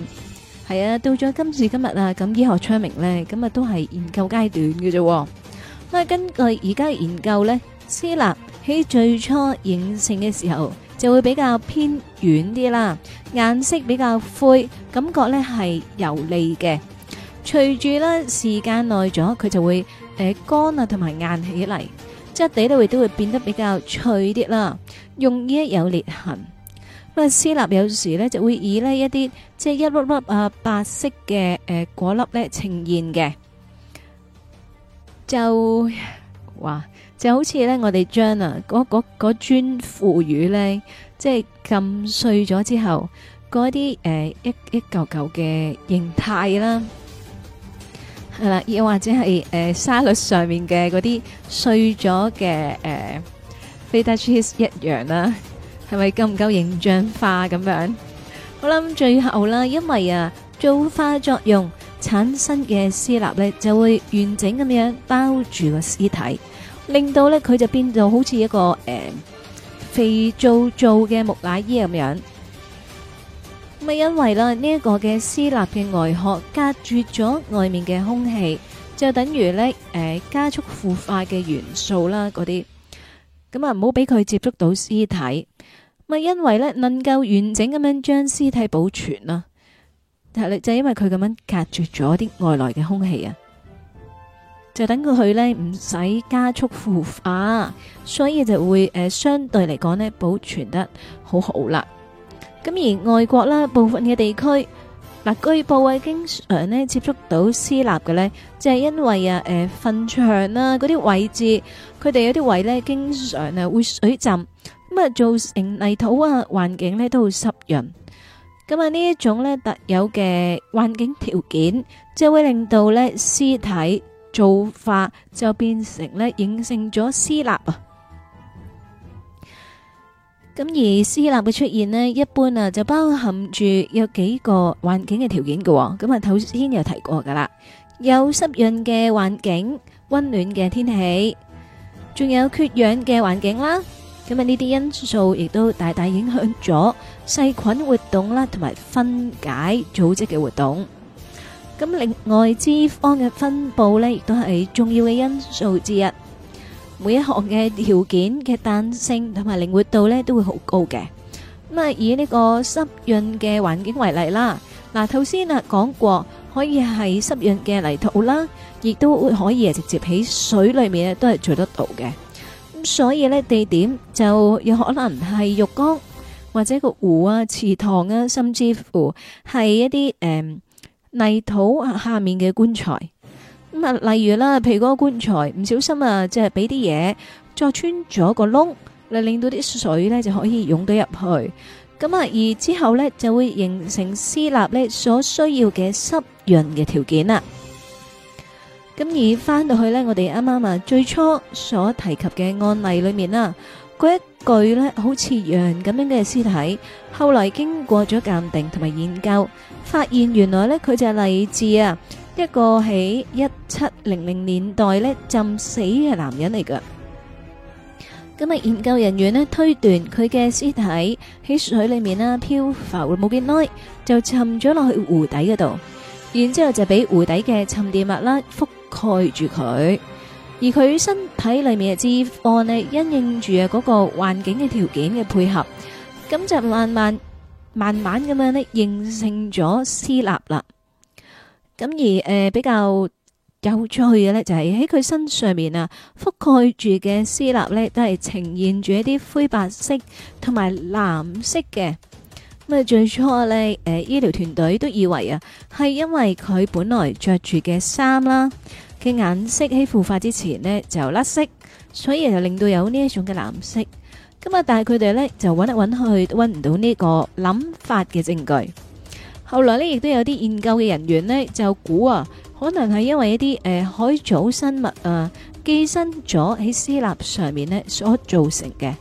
係啊，到咗今時今日啊，咁醫學昌明咧，咁啊都係研究階段嘅啫。咁啊，根據而家研究咧，屍蠟喺最初形成嘅時候，就會比較偏軟啲啦，顏色比較灰，感覺咧係油膩嘅。隨住咧時間耐咗，佢就會誒乾啊，同埋硬起嚟。質地咧亦都會變得比較脆啲啦，容易有裂痕。咁啊，屍蠟有時咧就會以咧一啲即係一粒粒啊白色嘅誒果粒咧呈現嘅，就話就好似咧我哋將啊嗰嗰嗰磚腐乳咧即係咁碎咗之後，嗰啲誒一一嚿嚿嘅形態啦。係啦，又或者係誒、呃、沙律上面嘅嗰啲碎咗嘅誒飛達芝士一樣啦，啊，係咪 夠唔夠形象化咁樣？ 我諗最後啦，因為啊皂化作用產生嘅屍蠟咧，就會完整咁樣包住個屍體，令到咧佢就變到好似一個誒、呃、肥皂做嘅木乃伊咁樣。咪因為啦呢一個嘅屍蠟嘅外殼隔絕咗外面嘅空氣，就等於咧誒、呃、加速腐化嘅元素啦嗰啲，咁啊唔好俾佢接觸到屍體。咪因為咧能夠完整咁樣將屍體保存啦，就係、是、就因為佢咁樣隔絕咗啲外來嘅空氣啊，就等佢去呢唔使加速腐化，所以就會誒、呃、相對嚟講呢保存得好好啦。咁而外國啦，部分嘅地區，嗱居部位經常咧接觸到屍蠟嘅咧，就係因為啊，誒墳場啦，嗰啲位置，佢哋有啲位咧，經常啊會水浸，咁啊造成泥土啊環境咧都會濕潤，咁啊呢一種咧特有嘅環境條件，就會令到咧屍體皂化就變成咧形成咗屍蠟啊。咁而屍蠟嘅出現咧，一般啊就包含住有幾個環境嘅條件嘅。咁啊，頭先有提過噶啦，有濕潤嘅環境、溫暖嘅天氣，仲有缺氧嘅環境啦。咁啊，呢啲因素亦都大大影響咗細菌活動啦，同埋分解組織嘅活動。咁另外脂肪嘅分布咧，亦都係重要嘅因素之一。每一項嘅條件嘅彈性同埋靈活度咧，都會好高嘅。咁啊，以呢個濕潤嘅環境為例啦，嗱，頭先啊講過，可以係濕潤嘅泥土啦，亦都可以啊直接喺水裏面啊都係做得到嘅。咁所以咧，地點就有可能係浴缸或者個湖啊、池塘啊，甚至乎係一啲誒泥土下面嘅棺材。咁啊，例如啦，譬如嗰個棺材唔小心啊，即係俾啲嘢鑿穿咗個窿，嚟令到啲水咧就可以湧到入去。咁啊，而之後咧就會形成屍蠟咧所需要嘅濕潤嘅條件啦。咁而翻到去咧，我哋啱啱啊最初所提及嘅案例裏面啦，嗰一具咧好似羊咁樣嘅屍體，後來經過咗鑑定同埋研究，發現原來咧佢就係屍蠟啊。一個喺一七零零年代咧浸死嘅男人嚟噶，咁啊研究人員咧推斷佢嘅屍體喺水裏面啦漂浮冇幾耐，就沉咗落去湖底嗰度，然之後就俾湖底嘅沉澱物啦覆蓋住佢，而佢身體裏面嘅脂肪咧因應住啊嗰個環境嘅條件嘅配合，咁就慢慢慢慢咁樣咧形成咗屍蠟啦。咁而誒比較有趣嘅咧，就係喺佢身上面啊，覆蓋住嘅屍蠟咧，都係呈現住一啲灰白色同埋藍色嘅。咁啊，最初咧誒醫療團隊都以為啊，係因為佢本來著住嘅衫啦嘅顏色喺腐化之前咧就甩色，所以就令到有呢一種嘅藍色。咁啊，但係佢哋咧就揾嚟揾去都揾唔到呢個諗法嘅證據。後來呢，亦都有啲研究嘅人員呢，就估啊，可能係因為一啲誒、呃、海藻生物啊、呃、寄生咗喺屍蠟上面呢，所造成嘅。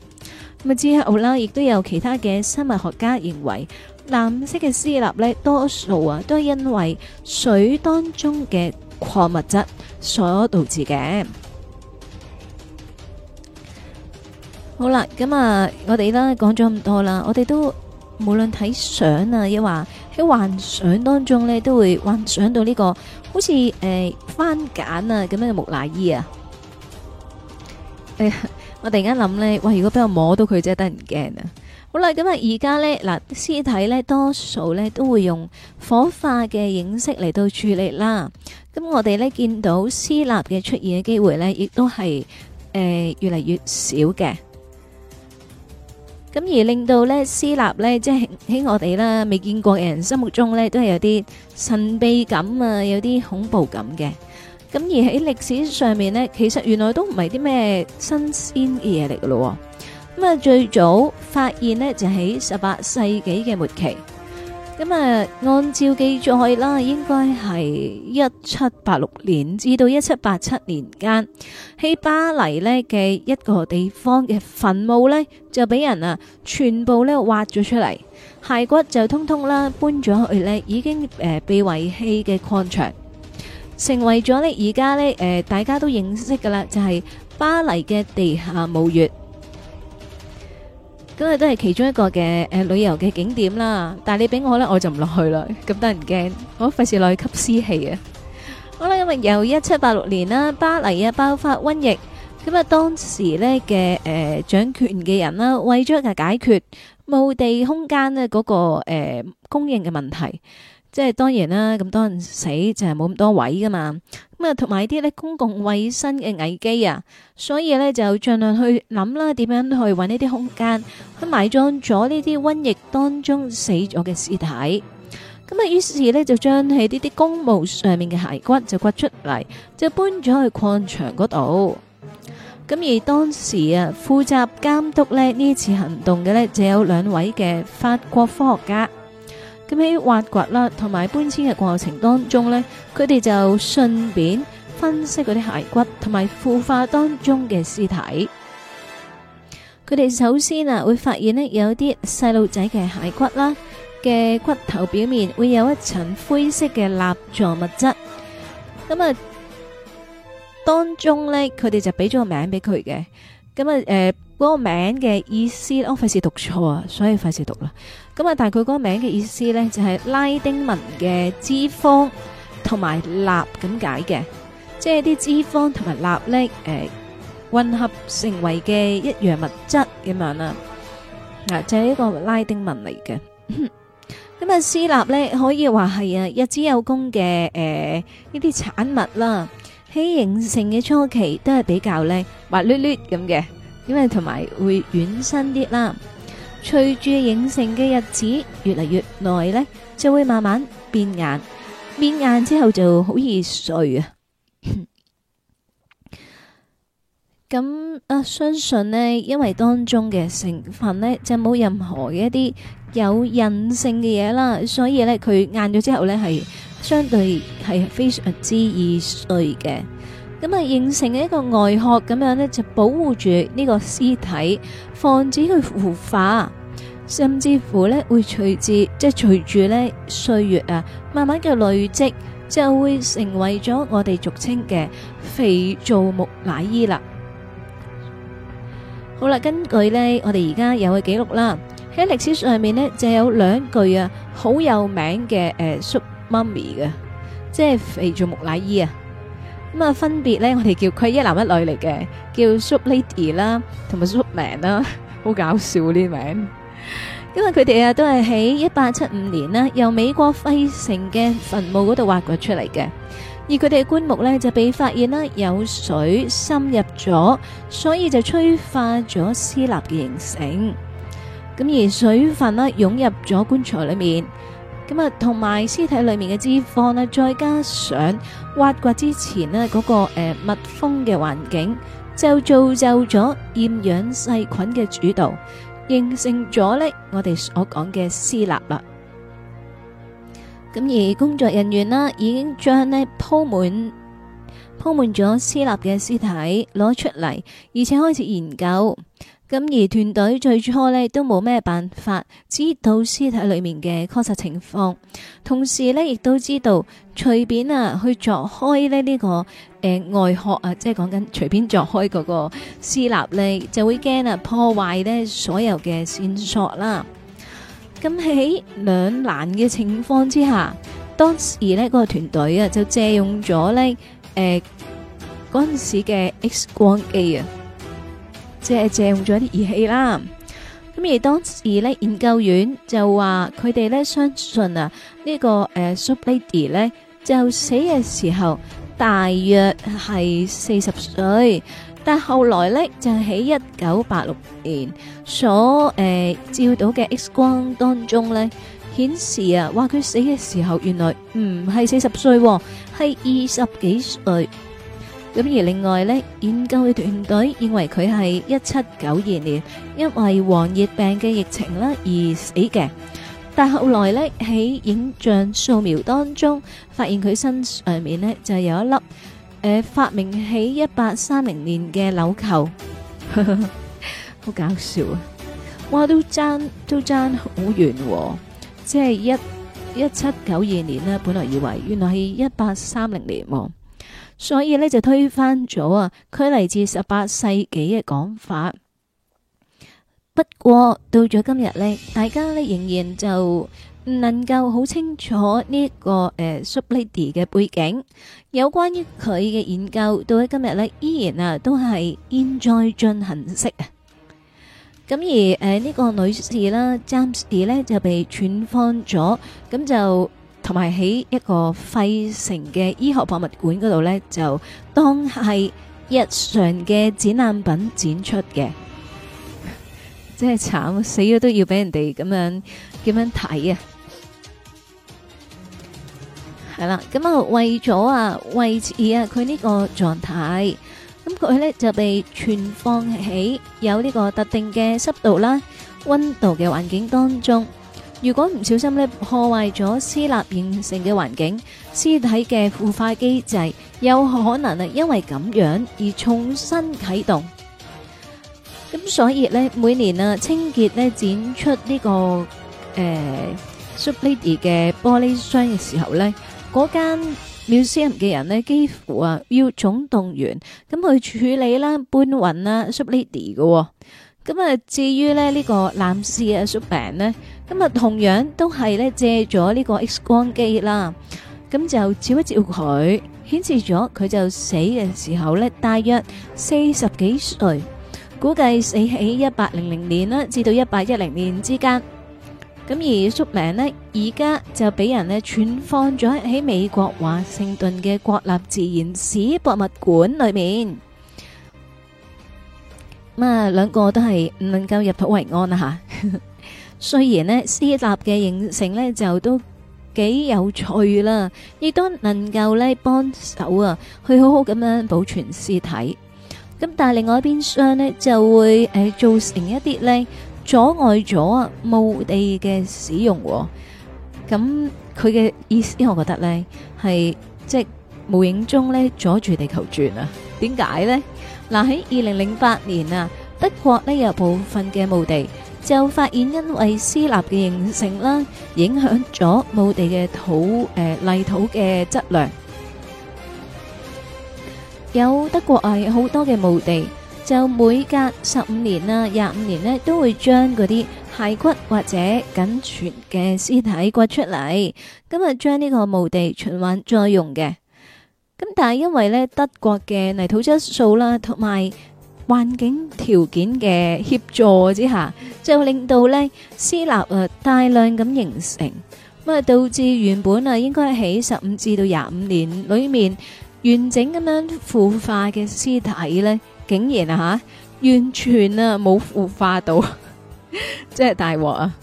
咁啊，之後啦，亦都有其他嘅生物學家認為，藍色嘅屍蠟呢，多數啊都係因為水當中嘅礦物質所導致嘅。好啦，咁啊，我哋啦講咗咁多啦，我哋都。無論睇相啊，亦或喺幻想當中咧，都會幻想到呢、這個好似誒翻簡啊咁樣嘅木乃伊啊！哎、呀我突然間諗呢：「喂，如果俾我摸到佢，真係得人驚啊！」好啦，咁啊，而家呢，嗱、呃，屍體呢，多數呢都會用火化嘅形式嚟到處理啦。咁我哋呢，見到屍蠟嘅出現嘅機會呢，亦都係誒、呃、越嚟越少嘅。咁而令到咧屍蠟咧，即係喺我哋啦，未見過嘅人心目中咧，都係有啲神秘感啊，有啲恐怖感嘅。咁而喺歷史上面咧，其實原來都唔係啲咩新鮮嘅嘢嚟噶咯。咁啊，最早發現咧就喺十八世紀嘅末期。咁啊，按照記載啦，應該係一七八六年至到一七八七年間，喺巴黎呢嘅一個地方嘅墳墓呢，就俾人啊全部呢挖咗出嚟，骸骨就通通啦搬咗去呢已經誒被遺棄嘅礦場，成為咗呢而家呢誒大家都認識噶啦，就係巴黎嘅地下墓穴。咁啊，都係其中一個嘅誒、呃、旅遊嘅景點啦。但係你俾我呢，我就唔落去啦。咁得人驚，我費事落去吸屍氣啊！ 好啦，咁、嗯、因為由一七八六年啦，巴黎啊爆發瘟疫。咁、嗯、啊，當時咧嘅誒掌權嘅人啦，為咗解決墓地空間呢嗰個誒、呃、供應嘅問題。即係當然啦，咁多人死就係冇咁多位噶嘛。咁啊，同埋啲咧公共衛生嘅危機啊，所以咧就盡量去諗啦，點樣去搵呢啲空間去埋葬咗呢啲瘟疫當中死咗嘅屍體。咁啊，於是咧就將喺呢啲公墓上面嘅骸骨就掘出嚟，就搬咗去礦場嗰度。咁而當時啊，負責監督咧呢次行動嘅咧，就有兩位嘅法國科學家。咁喺挖掘啦，同埋搬遷嘅過程當中呢，佢哋就順便分析嗰啲骸骨同埋腐化當中嘅屍體。佢哋首先啊，會發現呢，有啲細路仔嘅骸骨啦，嘅骨頭表面會有一層灰色嘅蠟狀物質。咁啊，當中呢，佢哋就俾咗個名俾佢嘅。咁啊，誒、呃，嗰、那個名嘅意思，我費事讀錯啊，所以費事讀啦。咁啊，但係佢嗰個名嘅意思咧，就係拉丁文嘅脂肪同埋蠟咁解嘅，即係啲脂肪同埋蠟咧誒混合成為嘅一樣物質咁樣啦。嗱，就係一個拉丁文嚟嘅。咁啊，屍蠟咧可以話係啊日子有功嘅誒呢啲產物啦。起形成嘅初期都係比較咧滑捋捋咁嘅，因為同埋會軟身啲啦。隨住形成嘅日子越嚟越耐呢，就會慢慢變硬。變硬之後就好易碎啊。咁 啊，相信呢，因為當中嘅成分呢，就冇任何嘅一啲有韌性嘅嘢啦，所以呢，佢硬咗之後呢，係相對係非常之易碎嘅。咁啊，形成一個外殼咁樣咧，就保護住呢個屍體，防止佢腐化，甚至乎咧會隨住即係隨住咧歲月啊，慢慢嘅累積，就會成為咗我哋俗稱嘅肥皂木乃伊啦。好啦，根據咧我哋而家有嘅記錄啦，喺歷史上面咧就有兩具啊好有名嘅誒，叔媽咪嘅，即係肥皂木乃伊啊。咁啊，分別咧，我哋叫佢一男一女嚟嘅，叫 Soup Lady 啦，同埋 Soup Man 啦，好搞笑呢、啊、啲名。因為佢哋啊，都係喺一八七五年啦，由美國費城嘅墳墓嗰度挖掘出嚟嘅。而佢哋棺木咧，就被發現啦有水深入咗，所以就催化咗屍蠟嘅形成。咁而水分啦，湧入咗棺材裏面。咁啊，同埋屍體裡面嘅脂肪呢，再加上挖掘之前嗰個誒密封嘅環境，就造就咗厭氧細菌嘅主導，形成咗呢我哋所講嘅屍立屍蠟啦。咁而工作人員啦，已經將呢鋪滿鋪滿咗屍蠟嘅屍體攞出嚟，而且開始研究。咁而團隊最初呢，都冇咩辦法知道屍體裡面嘅確實情況，同時呢，亦都知道隨便啊去鑿開呢、這個、呃、外殼、啊、即係講緊隨便鑿開嗰、那個屍蠟呢，就會驚啊破壞咧所有嘅線索啦。咁喺兩難嘅情況之下，當時呢、這個團隊呀，就借用咗呢嗰陣、呃、時嘅 X 光機啊。即係借用咗一啲儀器啦，咁而當時咧，研究院就話佢哋咧相信啊，呢個誒，Soap Lady 咧就死嘅時候大約係四十歲，但係後來咧就喺一九八六年所誒照到嘅 X 光當中咧顯示啊，話佢死嘅時候原來唔係四十歲，係二十幾歲。咁而另外呢，研究嘅團隊認為佢係一七九二年因為黃熱病嘅疫情啦而死嘅，但後來呢喺影像掃描當中發現佢身上面呢就係有一粒誒發明喺一八三零年嘅紐扣，好搞笑啊！哇，都爭都爭好遠喎，即係一一七九二年呢，本來以為原來係一八三零年喎。所以呢，就推翻咗啊，佢嚟自十八世紀嘅講法。不過到咗今日呢，大家呢仍然就唔能夠好清楚呢、這個誒 Soap Lady 嘅背景，有關於佢嘅研究到今日呢依然啊都係現在進行式啊。咁而誒呢、呃這個女士啦，暫時咧就被串放咗，咁就。同埋喺一個費城嘅醫學博物館嗰度咧，就當係日常嘅展覽品展出嘅，真係慘啊！死咗都要俾人哋咁樣，咁樣睇啊！係啦，咁啊為咗啊維持啊佢呢個狀態，咁佢咧就被存放喺有呢個特定嘅濕度啦、溫度嘅環境當中。如果唔小心咧，破壞咗屍蠟形成嘅環境，屍體嘅腐化機制，有可能啊，因為咁樣而重新啟動。咁所以咧，每年啊，清潔咧展出呢、這個誒、呃、Soap Lady 嘅玻璃箱嘅時候咧，嗰間 Museum 嘅人咧，幾乎啊要總動員咁去處理啦、啊、搬運啦、啊、Soap Lady 嘅、哦。咁啊，至於咧呢、這個男士嘅、啊、Soap Man 咧。今日同樣都係咧借咗呢個 X 光機啦，咁就照一照佢，顯示咗佢就死嘅時候咧，大約四十幾歲，估計死喺一八零零年啦，至到一八一零年之間。咁而縮領咧，而家就俾人咧存放咗喺美國華盛頓嘅國立自然史博物館裏面。咁啊，兩個都係唔能夠入土為安啊吓。雖然咧，屍蠟嘅形成咧就都幾有趣啦，亦都能夠咧幫手啊，去好好咁樣保存屍體。咁但係另外一邊廂咧就會誒造成一啲咧阻礙咗墓地嘅使用喎。咁佢嘅意思，我覺得咧係即係無形中咧阻住地球轉啊？點解咧？嗱喺二零零八年啊，德國咧有部分嘅墓地。就發現因為屍蠟嘅形成啦，影響咗墓地嘅土，誒，泥土嘅質量。有德國係好多嘅墓地，就每隔十五年啦、廿五年呢，都會將嗰啲骸骨或者僅存嘅屍體掘出嚟，咁啊將呢個墓地循環再用嘅。咁但係因為呢德國嘅泥土質素啦，同埋，環境條件嘅協助之下，就令到咧，屍蠟誒大量咁形成，咁啊導致原本啊應該喺十五至到廿五年裏面完整咁樣腐化嘅屍體咧，竟然啊吓完全啊冇腐化到，真係大鑊啊！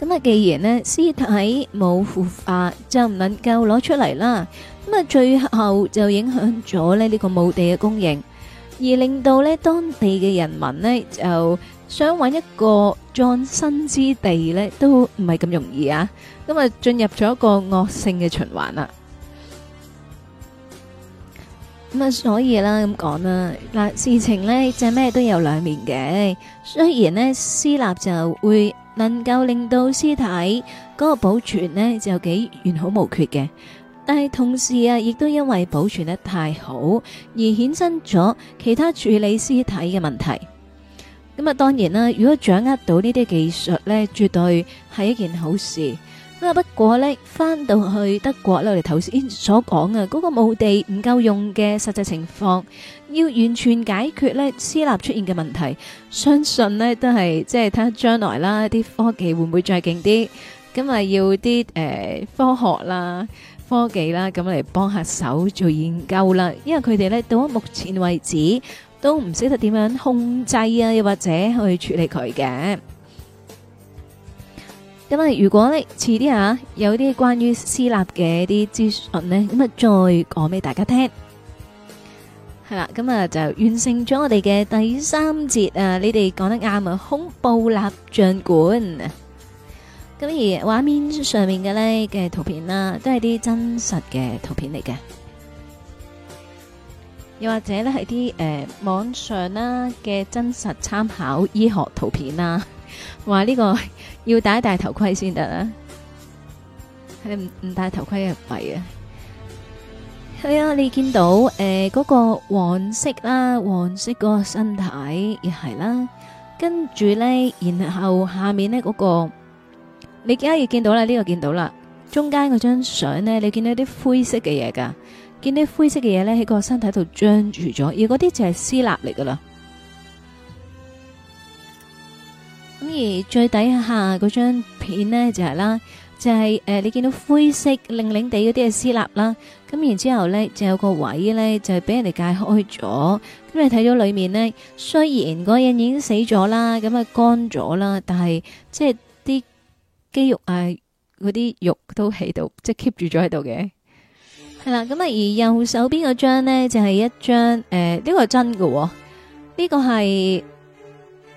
咁啊，既然咧屍體冇腐化，就唔能夠攞出嚟啦。咁啊，最後就影響咗呢呢個墓地嘅供應，而令到呢當地嘅人民呢，就想揾一個葬身之地呢都唔係咁容易啊！咁啊，進入咗一個惡性嘅循環啦。咁啊， 所以啦咁講啦，嗱，事情呢就咩都有兩面嘅。雖然呢，屍蠟就會能夠令到屍體嗰個保存呢，就幾完好無缺嘅。但係同時啊，亦都因為保存得太好，而衍生咗其他處理屍體嘅問題。咁啊，當然啦，如果掌握到呢啲技術咧，絕對係一件好事。咁啊，不過咧，翻到去德國啦，我哋頭先所講嘅嗰個墓地唔夠用嘅實際情況，要完全解決咧，屍蠟出現嘅問題，相信咧都係即係睇下將來啦，啲科技會唔會再勁啲？咁啊，要啲誒科學啦。科技啦，咁嚟幫下手做研究啦，因為佢哋咧到目前為止都唔識得點樣控制啊，又或者去處理佢嘅。咁啊，如果呢遲啲啊有啲關於屍蠟嘅啲資訊呢，咁啊再講俾大家聽。係啦，咁啊就完成咗我哋嘅第三節啊，你哋講得啱啊，恐怖蠟像館。咁而畫面上面嘅咧嘅圖片啦，都係啲真實嘅圖片嚟嘅，又或者咧係啲誒網上啦嘅真實參考醫學圖片啦，話、這、呢個要戴戴頭盔先得啦，係唔唔戴頭盔嘅弊啊，係啊，你見到誒嗰、呃那個黃色啦，黃色個身體亦係啦，跟住咧，然後下面咧嗰、那個。你而家亦見到啦，呢個見到啦，中間嗰張相呢，你見到啲灰色嘅嘢噶，見到啲灰色嘅嘢呢，喺個身體度張住咗，而嗰啲就係屍蠟嚟噶啦。咁而最底下嗰張片呢，就係啦，就係誒你見到灰色、零零地嗰啲係屍蠟啦。咁然之後呢，就有個位呢，就係俾人哋界開咗。咁你睇到裏面呢，雖然嗰人已經死咗啦，咁啊乾咗啦，但係即係，就是肌肉啊，嗰啲肉都喺度，即係 keep 住咗喺度嘅。係啦，咁啊，而右手邊嗰張呢，就係、是、一張誒，呢、呃這個係真嘅、哦，呢、這個係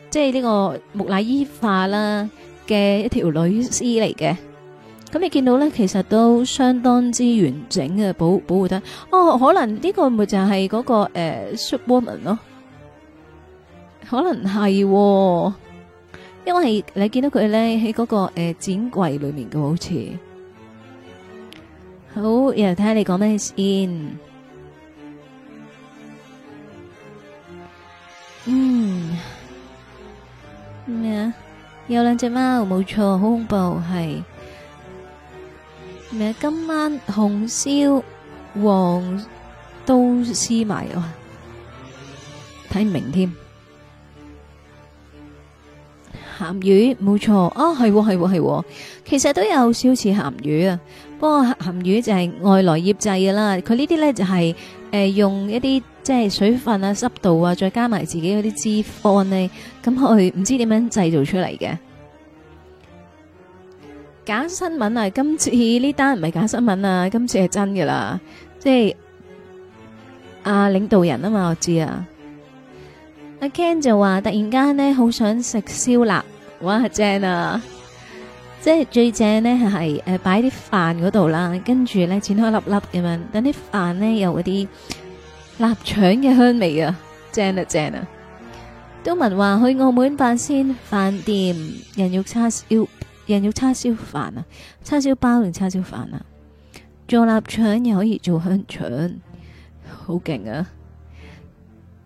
即係呢個木乃伊化啦嘅一條女屍嚟嘅。咁你見到咧，其實都相當之完整嘅保保護得。哦，可能呢個咪就係嗰、那個誒、呃，soap woman 咯、哦，可能係、啊。因為係你見到佢咧喺嗰個誒展櫃裏面嘅，好似好，又睇下你講咩先。嗯咩？有兩隻貓冇錯，好恐怖係咩？今晚紅燒黃都絲埋啊，睇唔明添。鹹魚冇錯。哦，係喎係喎係喎，其實都有少似鹹魚啊，不過鹹魚就係外來醃製嘅啦，佢呢啲咧就係、是、誒、呃、用一啲即係水分啊濕度啊，再加埋自己嗰啲脂肪呢，咁去唔知點樣製造出嚟嘅。假新聞啊！今次呢單唔係假新聞啊，今次係真噶啦，即係啊領導人啊嘛，我知啊，阿 Ken 就話突然間呢，好想食燒臘。哇正啊！即係最正呢係誒，擺啲飯嗰度啦，跟住呢，剪開粒粒咁樣，等啲飯呢有嗰啲臘腸嘅香味啊，正啊正啊！都聞話去澳門八仙飯，飯店人肉叉燒人肉叉燒飯啊，叉燒包定叉燒飯啊？做臘腸又可以做香腸，好勁啊！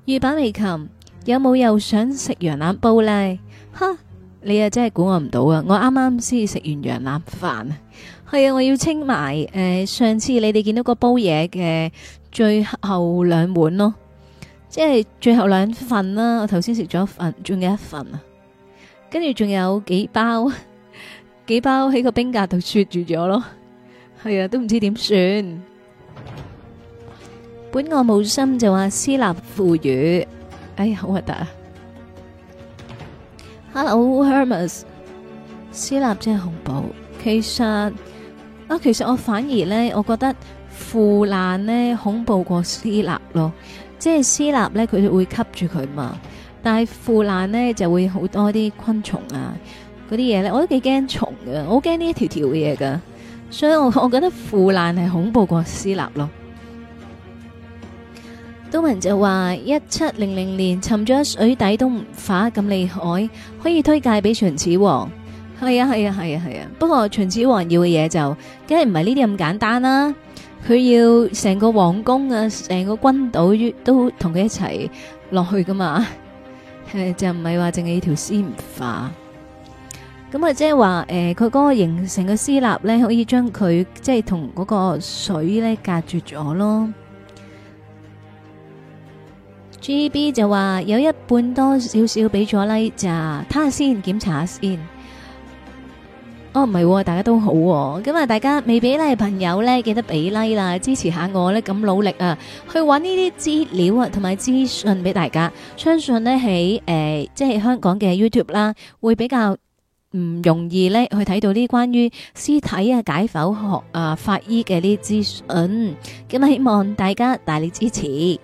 欲罷味琴，有冇又想食羊腩煲呢？哈！你啊，真係估我唔到啊！我啱啱先食完羊腩飯，係啊！我要清埋誒，上次你哋見到個煲嘢嘅，最後兩碗咯，即係最後兩份啦。我頭先食咗一份，仲有一份啊，跟住仲有幾包幾包喺個冰格度雪住咗咯。係啊，都唔知點算。本我冇心就話私立腐乳，哎呀，好核突啊！Hello，Hermes，屍蠟真係恐怖。其實啊，其實我反而咧，我覺得腐爛咧恐怖過屍蠟咯。即係屍蠟咧，佢會吸住佢嘛。但係腐爛咧就會好多啲昆蟲啊，嗰啲嘢咧，我都幾驚蟲噶，我好驚呢一條條嘢噶。所以我我覺得腐爛係恐怖過屍蠟咯。都文就話一七零零年沉咗水底都唔化咁厲害，可以推介俾秦始皇。係啊係啊係啊係啊，不過秦始皇要嘅嘢，就梗係唔係呢啲咁簡單啦。佢要成個皇宮啊，成個軍隊，都同佢一齊落去噶嘛。誒，就唔係話淨係條屍唔化。咁啊，即係話誒，佢嗰個形成嘅屍蠟咧，可以將佢即係同嗰個水咧隔絕咗咯。G B 就話有一半多少少俾咗 like 咋，睇下先，檢查下先。哦，唔係，大家都好。咁啊，大家未俾 like 朋友咧，記得俾 like 啦，支持下我咧，咁努力啊，去揾呢啲資料啊，同埋資訊俾大家。相信呢喺誒，即係香港嘅 YouTube 啦，會比較唔容易咧去睇到啲關於屍體啊解剖學啊法醫嘅呢啲資訊。咁啊，希望大家大力支持。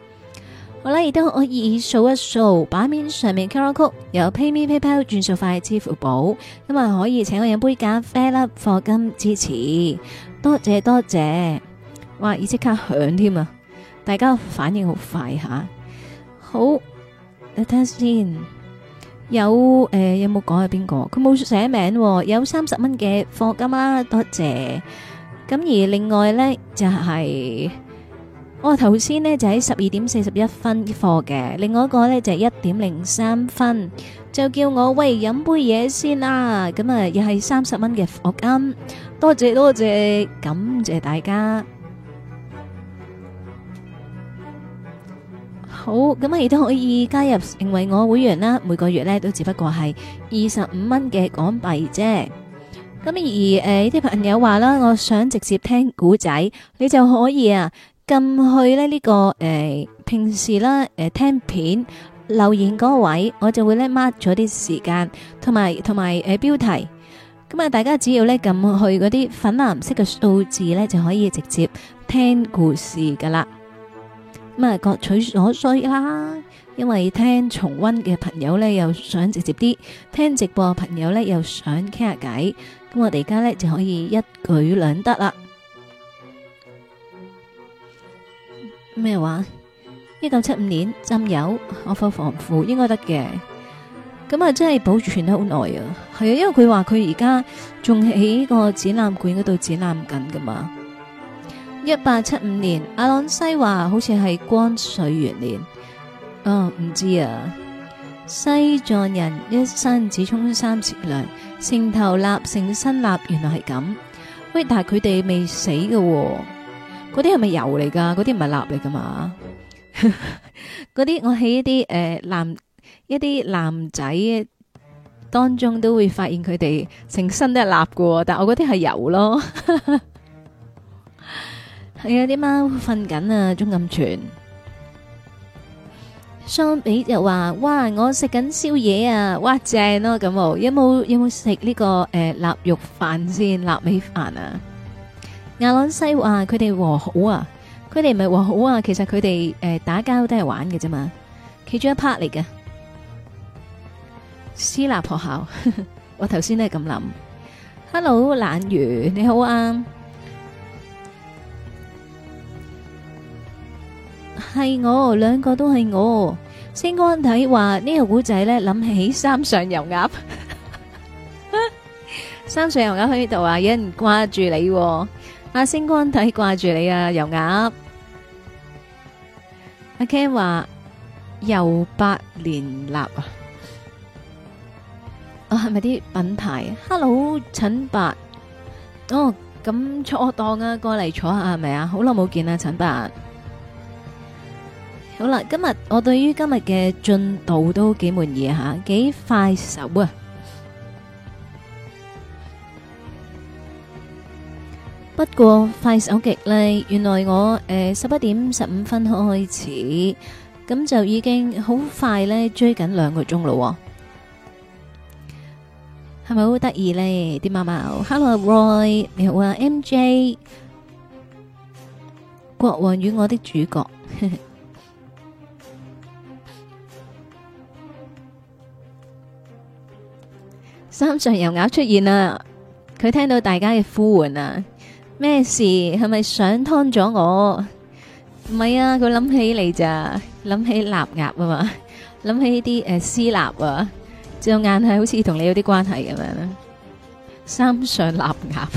好啦，亦都可以掃一掃，版面上面 QR Code 有 PayMePayPal、轉數快、支付寶，咁啊可以請我飲杯咖啡啦，課金支持，多謝多謝，哇！而即刻響添啊，大家反應好快吓，好，你睇下先，有誒、呃、有冇講係邊個？佢冇寫名喎，有三十蚊嘅課金啦，多謝。咁而另外咧就係、是。我頭先呢就喺十二點四十一分課嘅，另外一個呢就一、係，點零三分就叫我喂飲杯嘢先啦。咁、嗯、啊，又係三十蚊嘅課金，多謝多謝，感謝大家。好，咁啊亦都可以加入成為我會員啦。每個月呢都只不過係二十五蚊嘅港幣啫。咁而誒，啲、嗯嗯、朋友話啦，我想直接聽古仔，你就可以啊。撳去咧呢個誒平時咧誒聽片留言嗰位，我就會咧 mark 咗啲時間同埋同埋誒標題。咁啊，大家只要咧撳去嗰啲粉藍色嘅數字咧，就可以直接聽故事噶啦。咁啊，各取所需啦。因為聽重溫嘅朋友咧又想直接啲聽直播嘅朋友咧又想傾下偈。咁我哋而家咧就可以一舉兩得啦。咩話？一九七五年浸油，我放防腐應該得嘅。咁啊，真係保存得好耐啊！係啊，因為佢話佢而家仲喺個展覽館嗰度展覽緊噶嘛。一八七五年，阿朗西話好似係光緒元年。哦，唔知啊。西藏人一生只沖三次涼，成頭立成身立，原來係咁。喂，但係佢哋未死㗎喎、哦。嗰啲係咪油嚟噶？嗰啲唔係蠟嚟噶嘛？嗰 啲我喺一啲誒、呃、男一啲男仔當中都會發現佢哋成身都係蠟噶，但我嗰啲係油咯。係、 哎、啊，啲貓瞓緊啊，仲咁全。相比又話，哇，我食緊宵夜啊，哇，正咯、啊、咁。有冇有冇食呢個誒臘、呃、肉飯先？臘味飯啊？亞朗西話佢哋和好啊，佢哋唔係和好啊，其實佢哋誒打交都係玩嘅啫嘛，其中一 part 嚟嘅。私立學校， 我頭先都係咁諗。Hello，懶魚你好啊，係我，兩個都係我。星光睇話、這個、呢個古仔咧，諗起三上油鴨， 三上油鴨喺呢度啊，有人掛住你、啊。阿星光睇掛住你啊，油鴨。阿 Ken 話又八連立啊，啊係咪啲品牌？Hello，陳伯，哦咁坐檔啊，過嚟坐下係咪啊？好耐冇見啦，陳伯。好啦，今日我對於今日嘅進度都幾滿意吓，幾快手啊！不過快手極咧，原來我誒，十一點十五分開始，咁就已經好快咧追緊兩個鐘咯，係咪好得意咧？啲貓貓，Hello Roy，你好啊，MJ，國王與我的主角，三歲油鴨出現啦，佢聽到大家嘅呼喚啊！咩事？係咪想劏咗我？唔係啊，佢諗起你咋，諗起臘鴨啊嘛，諗起啲誒屍蠟啊，就硬係好似同你有啲關係咁樣啦。三上臘鴨。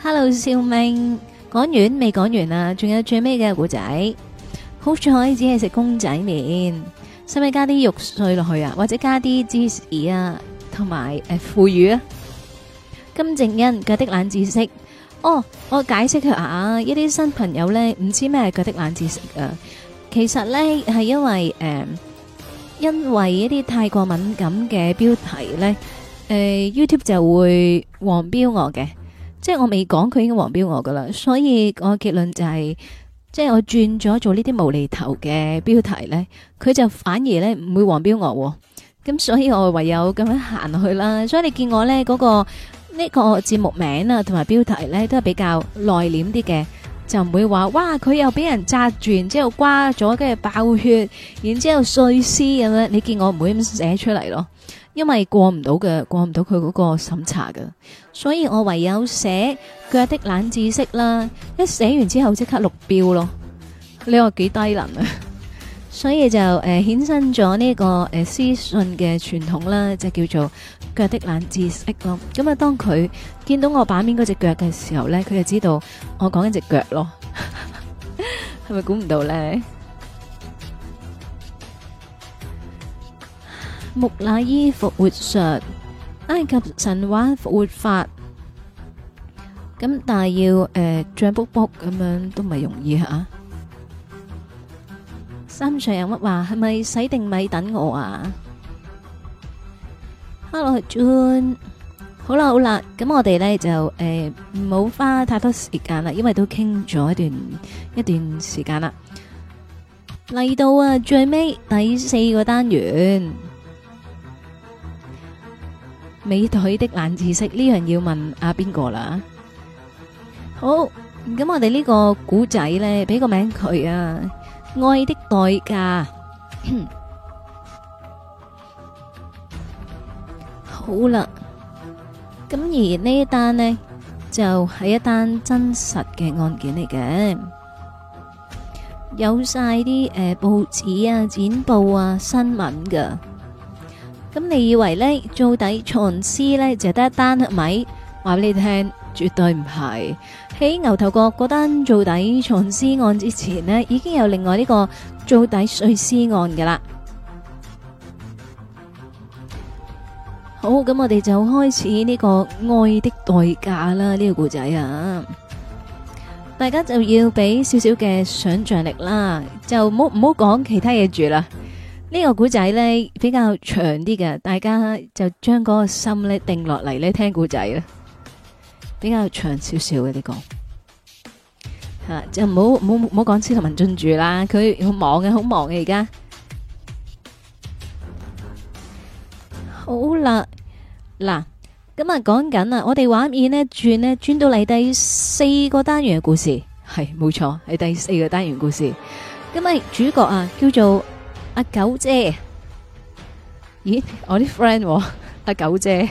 Hello，小明，講完未？講完啦，仲有最尾嘅古仔，好彩只係食公仔麵，使唔使加啲肉碎落去啊？或者加啲芝士啊，同埋誒腐乳啊？金正恩嘅的冷知識哦，我解釋佢啊，一啲新朋友呢，唔知咩係佢的冷知識啊。其實呢，係因為誒、呃，因為一啲太過敏感嘅標題呢誒、呃、YouTube 就會黃標我嘅,即係我未講佢已經黃標我噶啦。所以我結論就係、是,即係我轉咗做呢啲無厘頭嘅標題呢,佢就反而呢唔會黃標我。咁所以我唯有咁樣行落去啦。所以你見我呢嗰、那個。呢個節目名啊，同埋標題咧都係比較內斂啲嘅，就唔會話哇佢又俾人紮住，然之後掛咗，跟住爆血，然之後碎屍咁樣，你見我唔會咁寫出嚟咯，因為過唔到嘅，過唔到佢嗰個審查嘅，所以我唯有寫腳的冷知識啦，一寫完之後即刻錄標咯，你話幾低能啊！所以就誒衍生咗呢個誒屍訊嘅傳統啦，即係叫做腳的冷知識咯。咁啊，當佢見到我版面嗰隻腳嘅時候咧，佢就知道我講緊隻腳咯。係咪估唔到咧？木乃伊復活術，埃及神話復活法，咁但係要誒脹卜卜咁樣都唔係容易吓。身上有乜話？係咪洗定米等我啊？Hello，June，好啦好啦，咁我哋呢就誒，唔好花太多時間啦，因為都傾咗一段一段時間啦。嚟到啊，最尾第四個單元，美隊的冷知識。呢樣要問阿邊個啦？好，咁我哋呢個古仔呢，俾個名佢啊。愛的代價，好啦，咁而呢一單呢就係一單真實嘅案件嚟嘅，有晒啲誒報紙啊、剪報啊、新聞噶。咁你以為呢做底藏屍呢就得一單係咪？話俾你聽，絕對唔係。喺牛頭角嗰單做底藏屍案之前呢，已經有另外呢個做底碎屍案嘅啦。好，咁我哋就開始呢個愛的代價啦，呢個故仔啊，大家就要俾少少嘅想象力啦,就冇唔好講其他嘢住啦。呢個古仔呢，比較長啲嘅，大家就將嗰個心呢定落嚟，呢，聽故仔啊。比較長少少嘅呢個吓、啊，就唔好唔好唔好講司徒文進住啦，佢好忙嘅，好忙嘅而家。好啦，嗱，今日講緊啊，我哋畫面呢轉呢轉到嚟，第四個單元嘅故事，係冇錯，係第四個單元故事。咁啊，主角啊叫做阿九姐。咦，我啲 friend 阿、啊、九、啊、姐。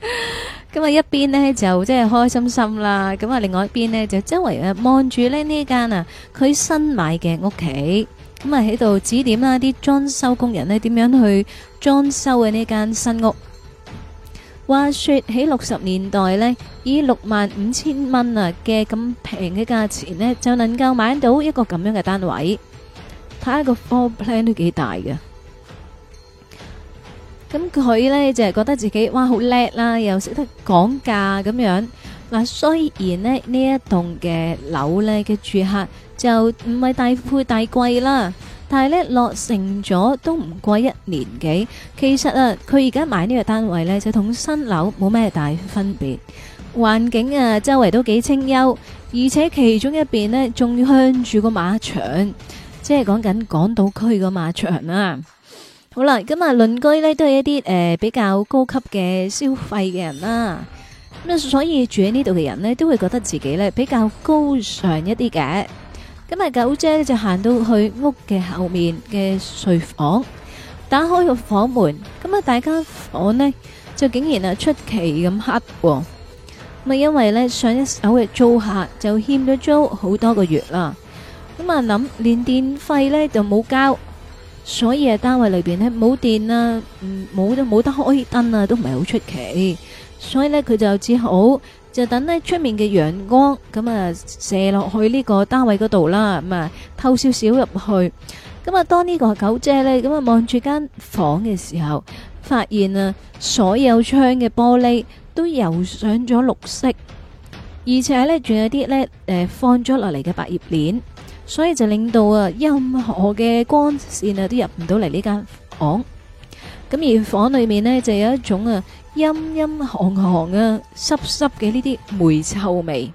咁啊，一邊呢就即係開開心心啦，咁啊，另外一邊呢，就周圍啊望住呢呢間啊，佢新買嘅屋企，咁啊喺度指點啦啲裝修工人呢點樣去裝修嘅呢間新屋。話說喺六十年代呢，以六萬五千蚊啊嘅咁平嘅價錢呢，就能夠買到一個咁樣嘅單位，睇下個 floor plan 都幾大嘅。咁佢呢，就係、覺得自己哇好叻啦，又識得講價咁樣。嗱，雖然呢一棟、呢一棟嘅樓呢嘅住客就唔係大富大貴啦，但係呢落成咗都唔過一年幾。其實啊，佢而家買呢個單位呢，就同新樓冇咩大分別。環境啊，周圍都幾清幽，而且其中一邊呢，仲向住個馬場，即係講緊港島區個馬場啦、啊。好啦，咁啊，鄰居咧，都係一啲誒比較高級嘅消費嘅人啦，咁啊，所以住喺呢度嘅人咧都會覺得自己咧比較高尚一啲嘅。咁啊，九姐就行到去屋嘅後面嘅睡房，打開個房門，咁啊，大間房咧就竟然啊出奇咁黑喎。咁啊，因為咧上一手嘅租客就欠咗租好多個月啦，咁啊，諗連電費咧就冇交。所以單位裏邊呢，冇電啊，唔冇冇得開燈啊，都唔係好出奇。所以呢，佢就只好就等呢出面嘅陽光咁啊射落去呢個單位嗰度啦，咁啊透少少入去。咁啊當呢個狗姐呢，咁啊望住間房嘅時候，發現啊所有窗嘅玻璃都油上咗綠色，而且呢，仲有啲呢，誒放咗落嚟嘅百葉簾。所以就令到啊，任何嘅光線啊，都入唔到嚟呢間房。咁而房裏面咧，就有一種啊陰陰寒寒啊濕濕嘅呢啲霉臭味。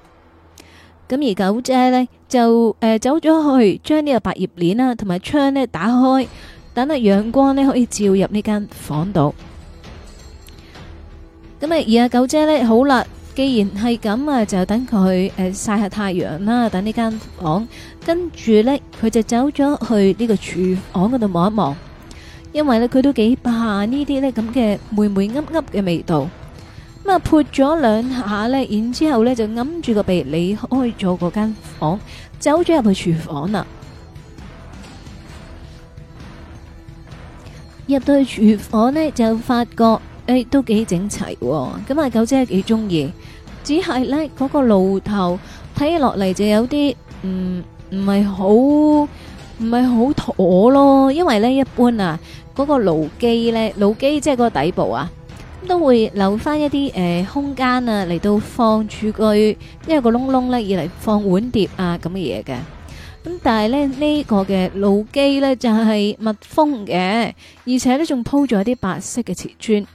咁而九姐咧就誒走咗去，將呢個百葉簾啊同埋窗咧打開，等啊陽光咧可以照入呢間房度。咁啊，而阿九姐咧好啦，既然係咁啊，就等佢誒曬下太陽啦，等呢間房。跟住呢，佢就走咗去呢個廚房嗰度望一望，因為呢，佢都幾怕呢啲呢咁嘅霉霉噏噏嘅味道。咁、嗯、啊，潑咗兩下呢，然之後呢就揞住個鼻離開咗嗰間房，走咗入去廚房啦。入到去廚房呢，就發覺誒、哎、都幾整齊、哦，咁、嗯、啊狗姐幾中意，只係呢嗰、那個爐頭睇落嚟就有啲嗯。唔係好唔係好妥咯，因為呢一般啊，嗰、嗰個爐基呢，爐基即係嗰個底部啊，都會留翻一啲誒空間啊，嚟到放廚具，因為個窿窿呢，以嚟放碗碟啊咁嘅嘢嘅。咁但係呢，呢、呢個嘅爐基呢，就係密封嘅，而且咧仲鋪咗一啲白色嘅瓷磚。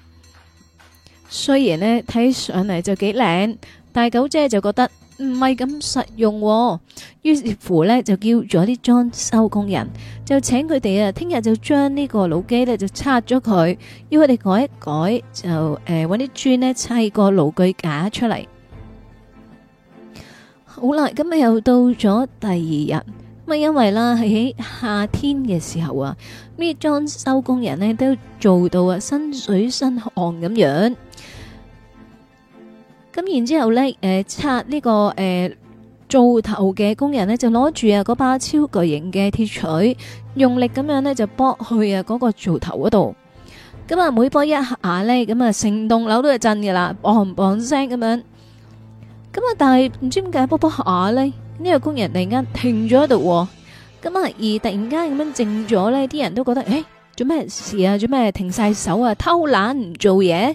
雖然呢，睇上嚟就幾靚，但係九姐就覺得，唔係咁實用，哦，於是乎呢，就叫咗啲裝修工人，就請佢哋啊，聽日就將呢個老機呢，就拆咗佢，要佢哋改一改，就誒揾啲磚呢，砌個爐具架出嚟。好啦，咁啊又到咗第二日，咪因為啦喺夏天嘅時候啊，咩裝修工人呢，都做到啊身水身汗咁樣。咁然之後咧，誒、呃，拆呢、這個誒灶、呃、頭嘅工人呢，就攞住啊嗰把超巨型嘅鐵錘，用力咁樣咧就剝去啊嗰個灶頭嗰度。咁啊，每波一下咧，咁啊，成棟樓都係震噶啦 bang bang 聲咁樣。咁啊，但係唔知點解剝剝下咧，呢、這個工人突然間停咗喺度。咁啊，而突然間咁樣靜咗咧，啲人都覺得誒，做、哎、咩事啊？做咩停晒手啊？偷懶唔做嘢？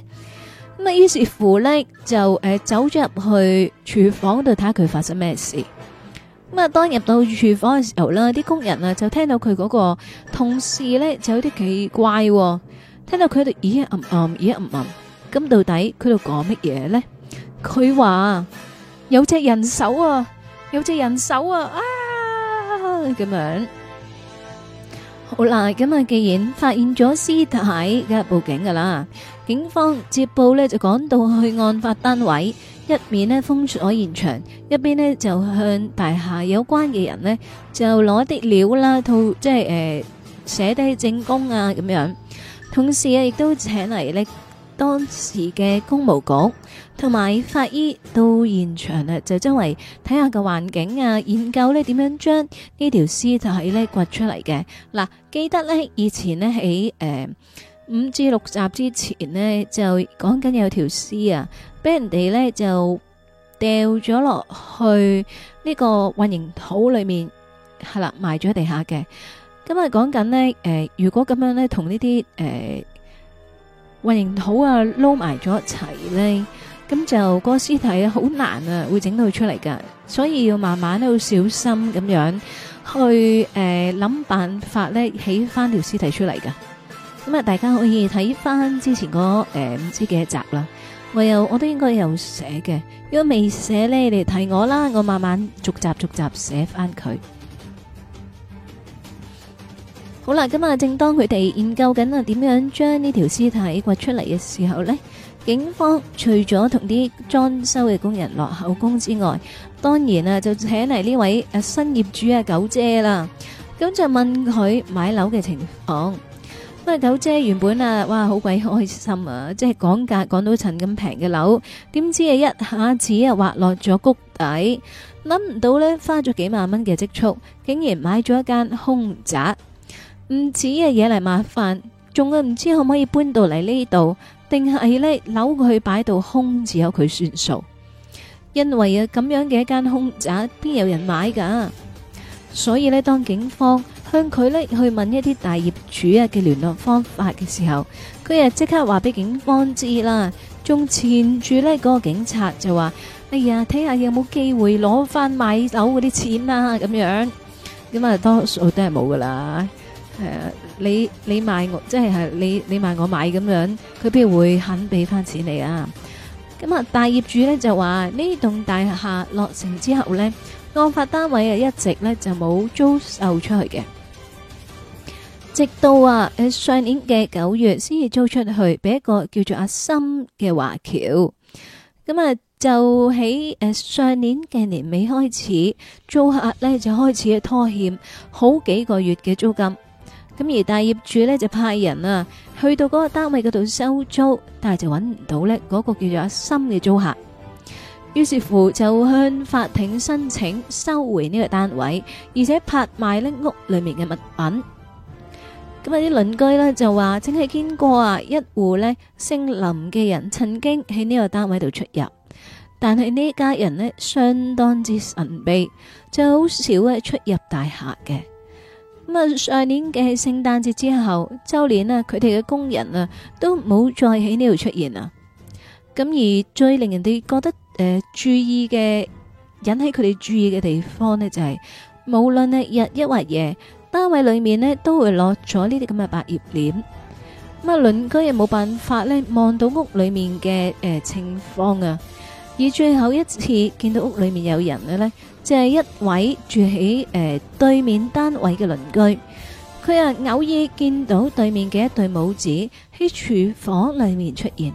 咁啊，於是乎咧就誒走咗入去廚房度睇下佢發生咩事。咁啊，當入到廚房嘅時候咧，啲工人啊就聽到佢嗰個同事咧就有啲奇怪，聽到佢喺度咦一唔暗，咦一唔暗，咁到底佢度講乜嘢咧？佢話有隻人手啊，有隻人手啊啊咁樣。好啦，咁啊，既然發現咗屍體，梗係報警噶啦。警方接報呢，就趕到去案發單位，一面呢封鎖現場，一邊呢就向大廈有關嘅人呢，就攞啲料啦，套即係誒寫低證供啊咁樣。同時啊，亦都請嚟呢。當時嘅公務局同埋法醫到現場呢，就周圍睇下個環境啊，研究呢點樣將呢條屍就係咧掘出嚟嘅。嗱、啊，記得呢以前呢，喺五、呃、至六集之前呢，就講緊有條屍啊，俾人哋呢就掉咗落去呢個混凝土裏面，係啦埋咗喺地下嘅。噉咪講緊呢、呃，如果咁樣呢，同呢啲誒。呃混凝土啊撈埋咗一齊咧，咁就個屍體好難啊，會整到佢出嚟噶，所以要慢慢都要小心咁樣去誒諗、呃、辦法咧起翻條屍體出嚟噶。咁啊，大家可以睇翻之前個誒唔知幾多集啦。我又我都應該有寫嘅，如果未寫咧，你哋睇我啦，我慢慢逐集逐集寫翻佢。好啦，咁啊，正當佢哋研究緊啊，點樣將呢條屍體掘出嚟嘅時候呢，警方除咗同啲裝修嘅工人落口供之外，當然啊，就請嚟呢位新業主啊，九姐啦。咁就問佢買樓嘅情況。咁啊，九姐原本啊，哇，好鬼開心啊，即係講價講到層咁平嘅樓，點知啊，一下子啊，滑落咗谷底，諗唔到呢，花咗幾萬蚊嘅積蓄，竟然買咗一間凶宅。唔止啊，嘢嚟麻煩，仲啊唔知可唔可以搬到嚟呢度，定係呢，扭佢擺到空，至有佢算數。因為啊咁樣嘅一間空宅，邊有人買噶？所以呢，當警方向佢呢去問一啲大業主啊嘅聯絡方法嘅時候，佢啊即刻話俾警方知啦，仲纏住呢嗰、嗰個警察就話：哎呀，睇下有冇機會攞翻買樓嗰啲錢啊咁樣。咁啊，多數都係冇噶啦。Uh, 你你買我，即係係你你買我買咁樣，佢邊會肯俾翻錢你啊。咁啊，大業主呢就話呢棟大廈落成之後呢，案發單位啊一直呢就冇租售出去嘅，直到啊，誒上年嘅九月先至租出去俾一個叫做阿森嘅華僑。咁啊，就喺誒上年嘅年尾開始，租客呢就開始拖欠好幾個月嘅租金。咁而大業主咧就派人啊去到嗰個單位嗰度收租，但係就揾唔到咧嗰個叫做阿森嘅租客。於是乎就向法庭申請收回呢個單位，而且拍賣咧屋裏面嘅物品。咁啊啲鄰居咧就話，淨係見過啊一戶咧姓林嘅人曾經喺呢個單位度出入，但係呢家人咧相當之神秘，就好少嘅出入大廈嘅。咁啊，上年嘅聖誕節之後周年啊，佢哋嘅工人啊都冇再喺呢度出現啊。咁而最令人哋覺得誒注意嘅，引起佢哋注意嘅地方咧，就係無論係日一或夜，單位裏面咧都會落咗呢啲咁嘅百葉簾。咁啊，鄰居又冇辦法咧望到屋裏面嘅誒情況啊。而最後一次見到屋裏面有人嘅咧。就係一位住喺誒、呃、對面單位嘅鄰居，佢啊偶爾見到對面嘅一對母子喺廚房裡面出現。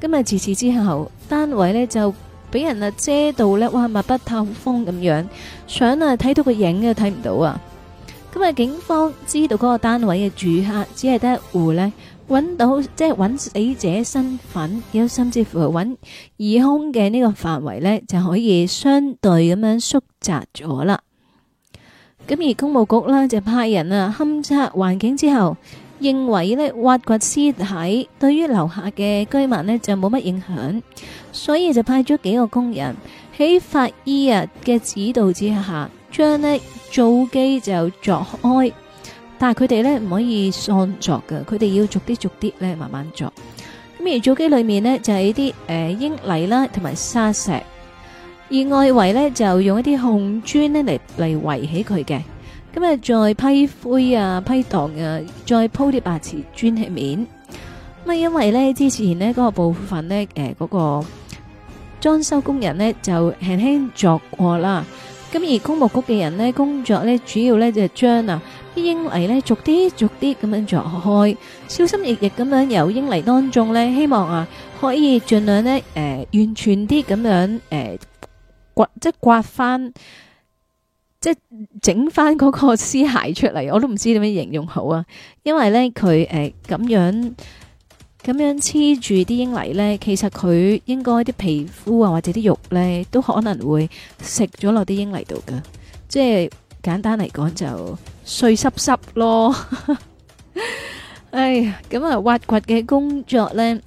今日自此之後，單位呢就俾人啊遮到呢，哇密不透風咁樣，想啊睇到個影都睇唔到啊！咁啊警方知道嗰個單位嘅住客只係得一戶呢。揾，到即係揾死者身份，有甚至乎揾疑凶嘅呢個範圍呢，就可以相對咁樣縮窄咗啦。咁而公務局呢，就派人啊勘測環境之後，認為呢挖掘屍體對於樓下嘅居民呢，就冇乜影響，所以就派咗幾個工人喺法醫啊嘅指導之下，將呢祖機就鑿開。但係佢哋咧唔可以創作嘅，佢哋要逐啲逐啲咧慢慢作。咁而造基裏面呢，就係一啲誒英泥啦，同埋砂石，而外圍呢，就用一啲紅磚呢嚟嚟圍起佢嘅。咁啊再批灰啊批盪啊，再鋪啲白瓷磚喺面。咁啊因為呢之前呢嗰個部分呢，誒、那、嗰個裝修工人呢，就輕輕作過啦。咁而工務局嘅人呢，工作呢主要呢，就係將啊。啲英泥咧，逐啲逐啲咁樣鑿開，小心翼翼咁樣由英泥當中咧，希望啊可以盡量咧誒、呃，完全啲咁樣誒、呃、刮，即係刮翻，即係整翻嗰個屍骸出嚟。我都唔知點樣形容好啊，因為咧佢誒咁樣咁樣黐住啲英泥咧，其實佢應該啲皮膚啊或者啲肉咧都可能會食咗落啲英泥度噶，即係。簡單嚟講就碎濕濕咯， 哎呀，咁啊挖掘嘅工作呢，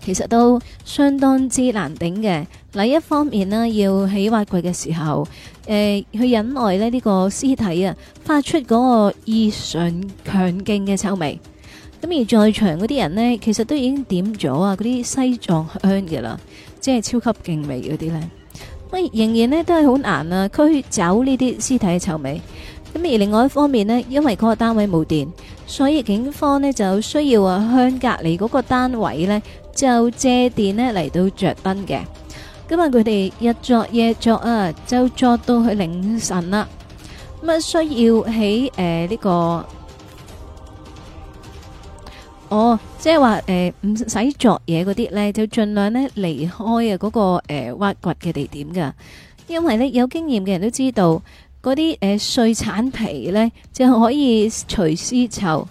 其實都相當之難頂嘅。嗱，一方面呢，要喺挖掘嘅時候，誒、呃、去忍耐咧呢、這個屍體啊發出嗰個異常強勁嘅臭味，咁而在場嗰啲人呢，其實都已經點咗啊嗰啲西藏香嘅啦，即係超級勁味嗰啲呢。仍然咧都係好難啊，驅走呢啲屍體嘅臭味。咁而另外一方面呢，因為嗰個單位冇電，所以警方呢就需要啊向隔籬嗰個單位呢就借電咧嚟到着燈嘅。今日佢哋日作夜作，啊，就作到去凌晨啦。咁啊需要喺誒呢個。哦，即係話誒，唔使作嘢嗰啲咧，就盡量咧離開啊、那、嗰個誒、呃、挖掘嘅地點噶，因為咧有經驗嘅人都知道，嗰啲誒碎橙皮咧就可以除屍臭，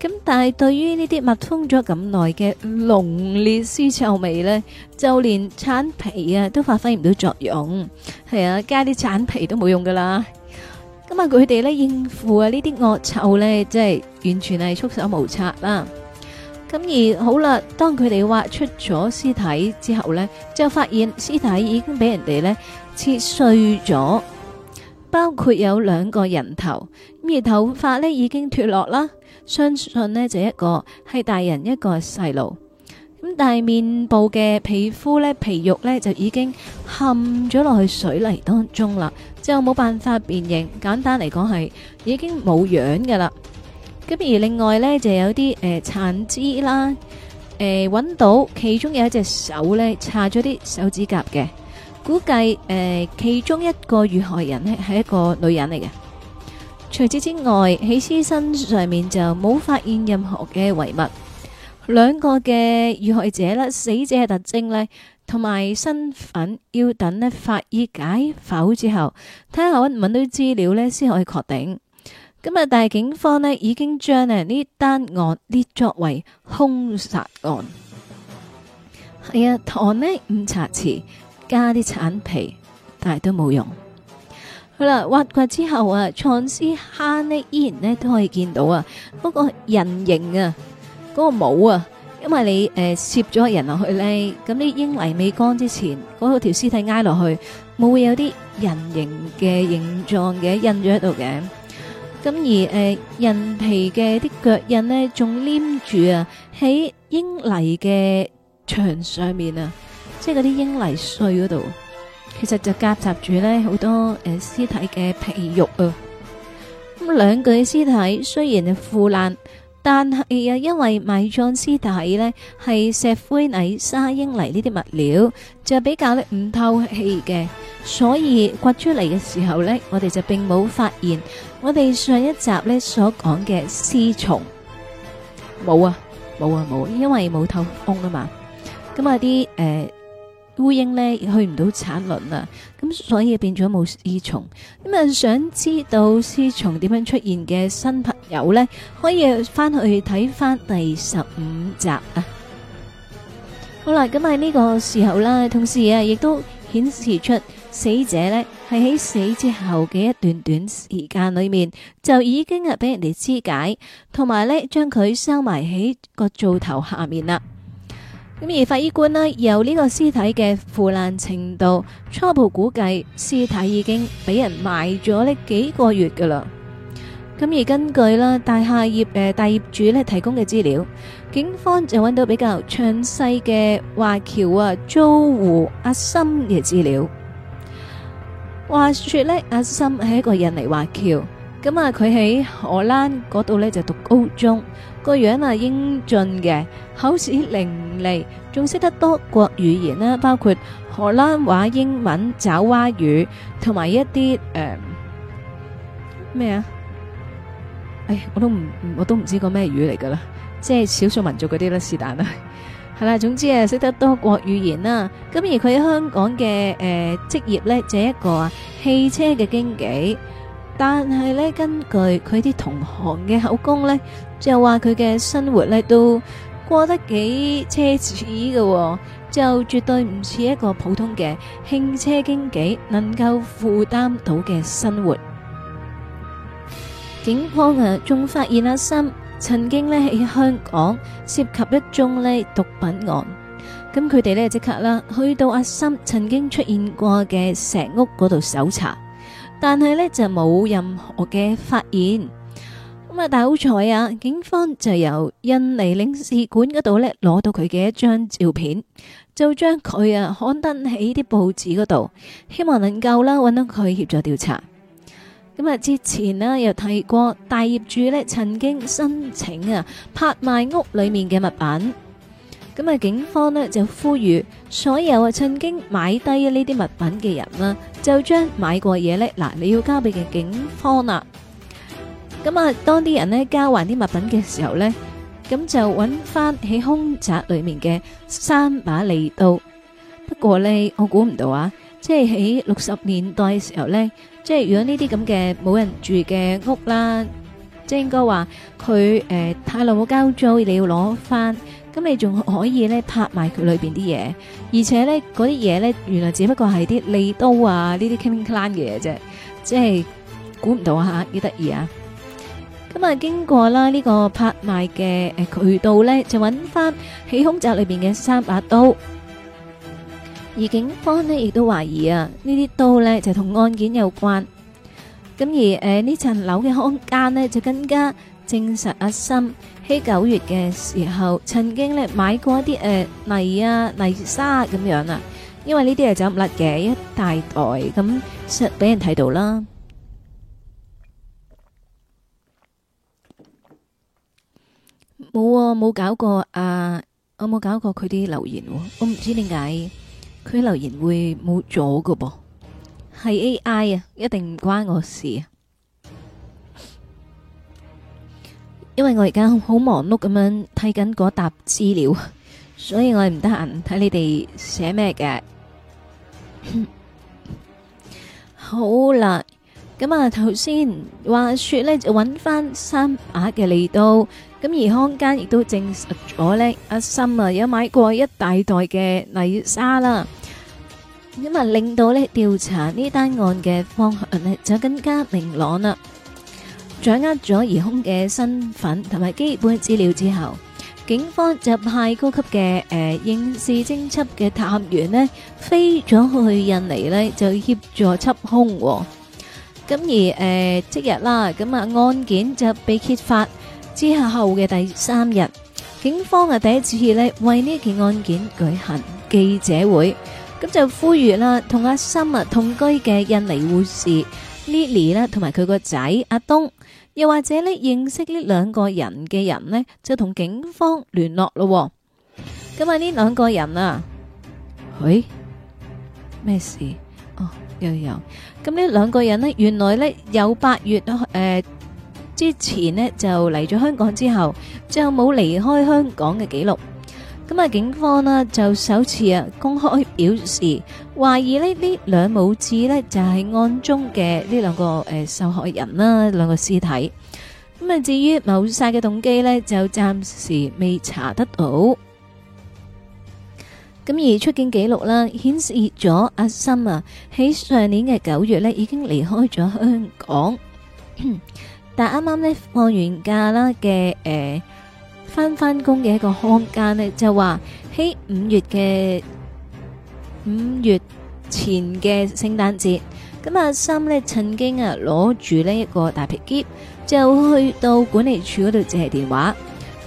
咁但係對於呢啲密封咗咁耐嘅濃烈屍臭味咧，就連橙皮啊都發揮唔到作用，係啊，加啲橙皮都冇用噶啦。咁啊，佢哋咧應付啊呢啲惡臭咧，即係完全係束手無策啦。咁而好啦，當佢哋挖出咗屍體之後呢，就發現屍體已經俾人哋呢切碎咗，包括有兩個人頭，咁而頭髮呢已經脱落啦。相信呢就一個係大人，一個係細路。咁但係面部嘅皮膚呢，皮肉呢，就已經陷咗落去水泥當中啦，就冇辦法辨認。簡單嚟講係已經冇樣噶啦。咁而另外呢，就有啲誒殘肢啦，誒搵到其中有一隻手呢，擦咗啲手指甲嘅，估計誒其中一個遇害人呢係一個女人嚟嘅。除此之外，喺屍身上面就冇發現任何嘅遺物。兩個嘅遇害者啦，死者嘅特徵呢同埋身份，要等呢法醫解剖之後，睇下搵唔搵到啲資料呢，先可以確定。今日大警方呢已經將呢單案列作為兇殺案。係啊，糖呢五茶匙，加啲橙皮，但係都冇用。好啦，挖掘之後啊，藏屍坑呢依然都可以見到啊，嗰、那個人形啊，嗰、那個帽啊，因為你誒攝咗人落去咧，咁你英泥未乾之前，嗰條屍體挨落去，冇會有啲人形嘅形狀嘅印咗喺度嘅。咁而誒、呃、人皮嘅啲腳印呢仲黏住啊，喺英泥嘅牆上面啊，即係嗰啲英泥碎嗰度，其實就夾雜住呢好多誒、呃、屍體嘅皮肉啊。咁兩具屍體雖然係腐爛，但係又因為埋葬屍體呢係石灰泥、沙英泥呢啲物料，就比較唔透氣嘅，所以掘出嚟嘅時候呢，我哋就並冇發現。我哋上一集咧所講嘅屍蟲冇啊冇啊冇，因為冇透風啊嘛。咁啊啲誒，烏蠅咧去唔到產卵啊，咁所以變咗冇屍蟲。咁啊，想知道屍蟲點樣出現嘅新朋友咧，可以翻去睇翻第十五集啊。好啦，咁喺呢個時候啦，同時啊，亦都顯示出。死者呢，係喺死之後嘅一段短時間裏面就已經係俾人哋肢解，同埋呢將佢收埋喺個灶頭下面啦。咁而法醫官呢，由呢個屍體嘅腐爛程度初步估計，屍體已經俾人埋咗呢幾個月噶啦。咁而根據啦大廈業誒大業主呢提供嘅資料，警方就揾到比較詳細嘅華僑啊租戶阿森嘅資料。話說咧，阿森係一個印尼華僑，咁啊佢喺荷蘭嗰度咧就讀高中，個樣啊英俊嘅，口齒伶俐，仲識得多國語言啦，包括荷蘭話、英文、爪哇語同埋一啲誒咩啊？誒、哎，我都唔我都唔知個咩語嚟噶啦，即係少數民族嗰啲啦，是但啦。係啦，總之啊，識得多國語言啦。咁而佢喺香港嘅誒職業咧，就係一個啊汽車嘅經紀。但係咧，根據佢啲同行嘅口供咧，就話佢嘅生活咧都過得幾奢侈嘅，就絕對唔似一個普通嘅汽車經紀能夠負擔到嘅生活。警方啊，仲發現阿三。曾經呢喺香港涉及一宗呢毒品案，咁佢哋呢即刻啦去到阿森曾經出現過嘅石屋嗰度搜查，但係呢就冇任何嘅發現。咁啊，但好彩啊，警方就由印尼領事館嗰度呢攞到佢嘅一張照片，就將佢啊刊登喺啲報紙嗰度，希望能夠啦揾到佢協助調查。咁啊！之前咧又提過，大業主咧曾經申請啊拍賣屋裏面嘅物品。咁啊，警方咧就呼籲所有啊曾經買低呢啲物品嘅人啦，就將買過嘢咧嗱，你要交俾嘅警方啦。咁啊，當啲人咧交還啲物品嘅時候咧，咁就揾翻喺凶宅裏面嘅三把利刀。不過咧，我估唔到啊，即係喺六十年代嘅時候咧。即係如果呢啲咁嘅冇人住嘅屋啦，即係應該話佢誒太耐冇交租，你要攞翻，咁你仲可以咧拍賣佢裏邊啲嘢，而且咧嗰啲嘢咧原來只不過係啲利刀啊呢啲 c l a n 嘅嘢啫，即係估唔到啊吓，幾得意啊！咁啊，經過啦呢、這個拍賣嘅誒、呃、渠道咧，就揾翻起空宅裏邊嘅三把刀。而警方咧，亦都懷疑啊，呢啲刀咧就同案件有關。咁而誒呢層樓嘅空間咧就更加證實阿森喺九月嘅時候曾經咧買過一啲誒泥啊泥沙咁樣啦，因為呢啲係走唔甩嘅一大袋咁，實俾人睇到啦。冇啊冇搞過啊？我冇搞過佢啲留言喎，我唔知點解。佢留言會冇咗㗎噃，係 AI 啊，一定唔關我事啊，因為我而家好忙碌咁樣睇緊嗰一沓資料，所以我唔得閒睇你哋寫咩嘅。好啦，咁啊，頭先話說呢就揾翻三把嘅利刀。咁而康間亦都證實咗呢，阿森啊有買過一大袋嘅泥沙啦。咁啊，令到呢調查呢單案嘅方向呢就更加明朗啦。掌握咗疑凶嘅身份同埋基本資料之後，警方就派高級嘅誒刑事偵緝嘅探員呢飛咗去印尼呢就協助緝凶，哦。咁而誒、呃，即日啦，咁、呃、啊案件就被揭發。之後後嘅第三日，警方啊第一次咧為呢件案件舉行記者會，咁就呼籲啦，同阿森啊同居嘅印尼護士 Lily 同埋佢個仔阿東，又或者咧認識呢兩個人嘅人呢，就同警方聯絡咯。咁啊呢兩個人啊，喂、哎，咩事？哦，有有。咁呢兩個人呢，原來呢，有八月誒。之前咧就嚟咗香港之後，就冇離開香港嘅記錄。咁啊，警方咧就首次啊公開表示，懷疑呢啲兩母子咧就係案中嘅呢兩個誒受害人啦，兩個屍體。咁啊，至於謀殺嘅動機咧，就暫時未查得到。咁而出境記錄啦，顯示咗阿森啊喺上年嘅九月咧已經離開咗香港。但啱啱咧放完假啦嘅，誒，翻翻工嘅一個空間咧，就話喺五月嘅五月前嘅聖誕節，咁阿三咧曾經啊攞住呢一個大皮篋，就去到管理處嗰度借電話，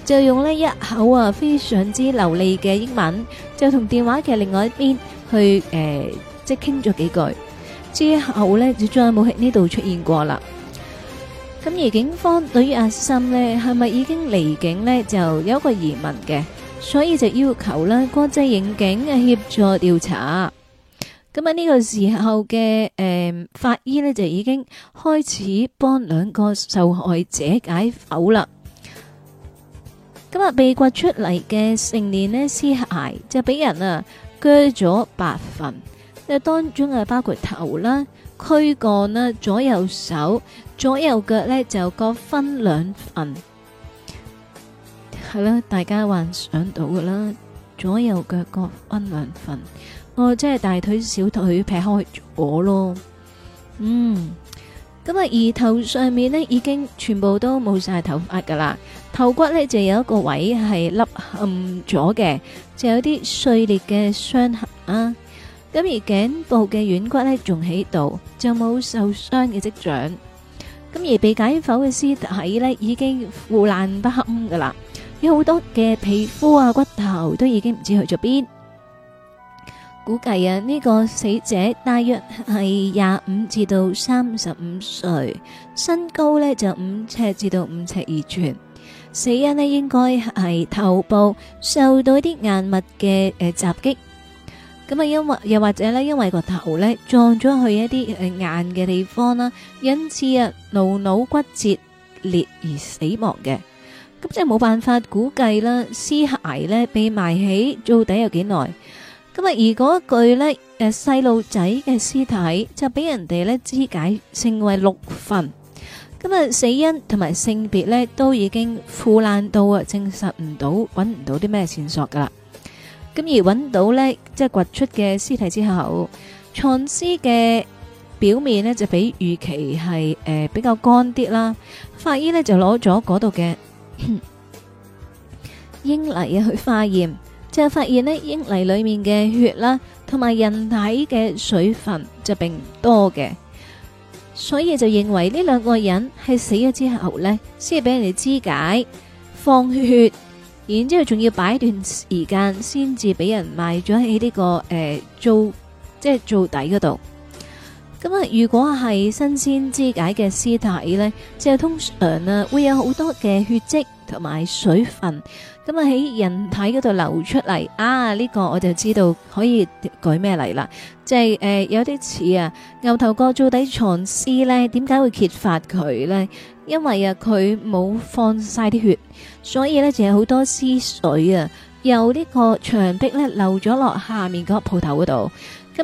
就用呢一口啊非常之流利嘅英文，就同電話嘅另外一邊去誒即係傾咗幾句，之後咧就再冇喺呢度出現過啦。咁而警方對於阿心呢係咪已經離境呢，就有一個疑問嘅，所以就要求呢國際刑警協助調查。咁喺呢個時候嘅誒、呃、法醫呢，就已經開始幫兩個受害者解剖啦。咁啊被掘出嚟嘅成年呢屍骸就俾人啊鋸咗八份。誒，當中誒包括頭啦、軀幹啦、左右手、左右腳咧，就各分兩份，係啦，大家幻想到噶啦，左右腳各分兩份，我、哦、即係大腿、小腿劈開咗咯，嗯，咁啊，而頭上面呢，已經全部都冇晒頭髮噶啦，頭骨咧就有一個位係凹陷咗嘅，就有啲碎裂嘅傷痕啊。咁而頸部嘅軟骨咧仲喺度，就冇受傷嘅跡象。咁而被解剖嘅屍體咧，已經腐爛不堪噶啦，有好多嘅皮膚啊、骨頭都已經唔知去咗邊。估計啊，呢個死者大約係廿五至到三十五歲，身高咧就五尺至到五尺二寸。死因咧應該係頭部受到一啲硬物嘅誒襲擊。咁啊，因為又或者呢，因為個頭呢撞咗去一啲硬嘅地方啦，因此啊，顱腦骨折裂而死亡嘅。咁即係冇辦法估計啦，屍骸呢被埋起到底有幾耐。咁啊，如果具呢誒細路仔嘅屍體就俾人哋呢肢解，稱為六份。咁啊，死因同埋性別呢都已經腐爛到啊，證實唔到，揾唔到啲咩線索噶啦。咁而揾到呢，即係掘出嘅屍體之後，藏屍嘅表面呢就比預期係誒、呃、比較乾啲啦。法醫呢就攞咗嗰度嘅英泥啊去化驗，就發現呢英泥裏面嘅血啦，同埋人體嘅水分就並唔多嘅，所以就認為呢兩個人係死咗之後呢，先俾人哋肢解放血。然之後仲要擺一段時間先至俾人賣咗喺呢個誒租、呃、即係租底嗰度。咁啊，如果係新鮮肢解嘅屍體呢，即係通常啊會有好多嘅血跡同埋水分，咁啊喺人體嗰度流出嚟啊！呢、呢個我就知道可以舉咩例啦，即係誒有啲似啊牛頭角租底藏屍呢，點解會揭發佢呢？因為啊佢冇放晒啲血。所以咧就有好多屍水啊，由呢個牆壁咧漏咗落下面嗰個鋪頭嗰度，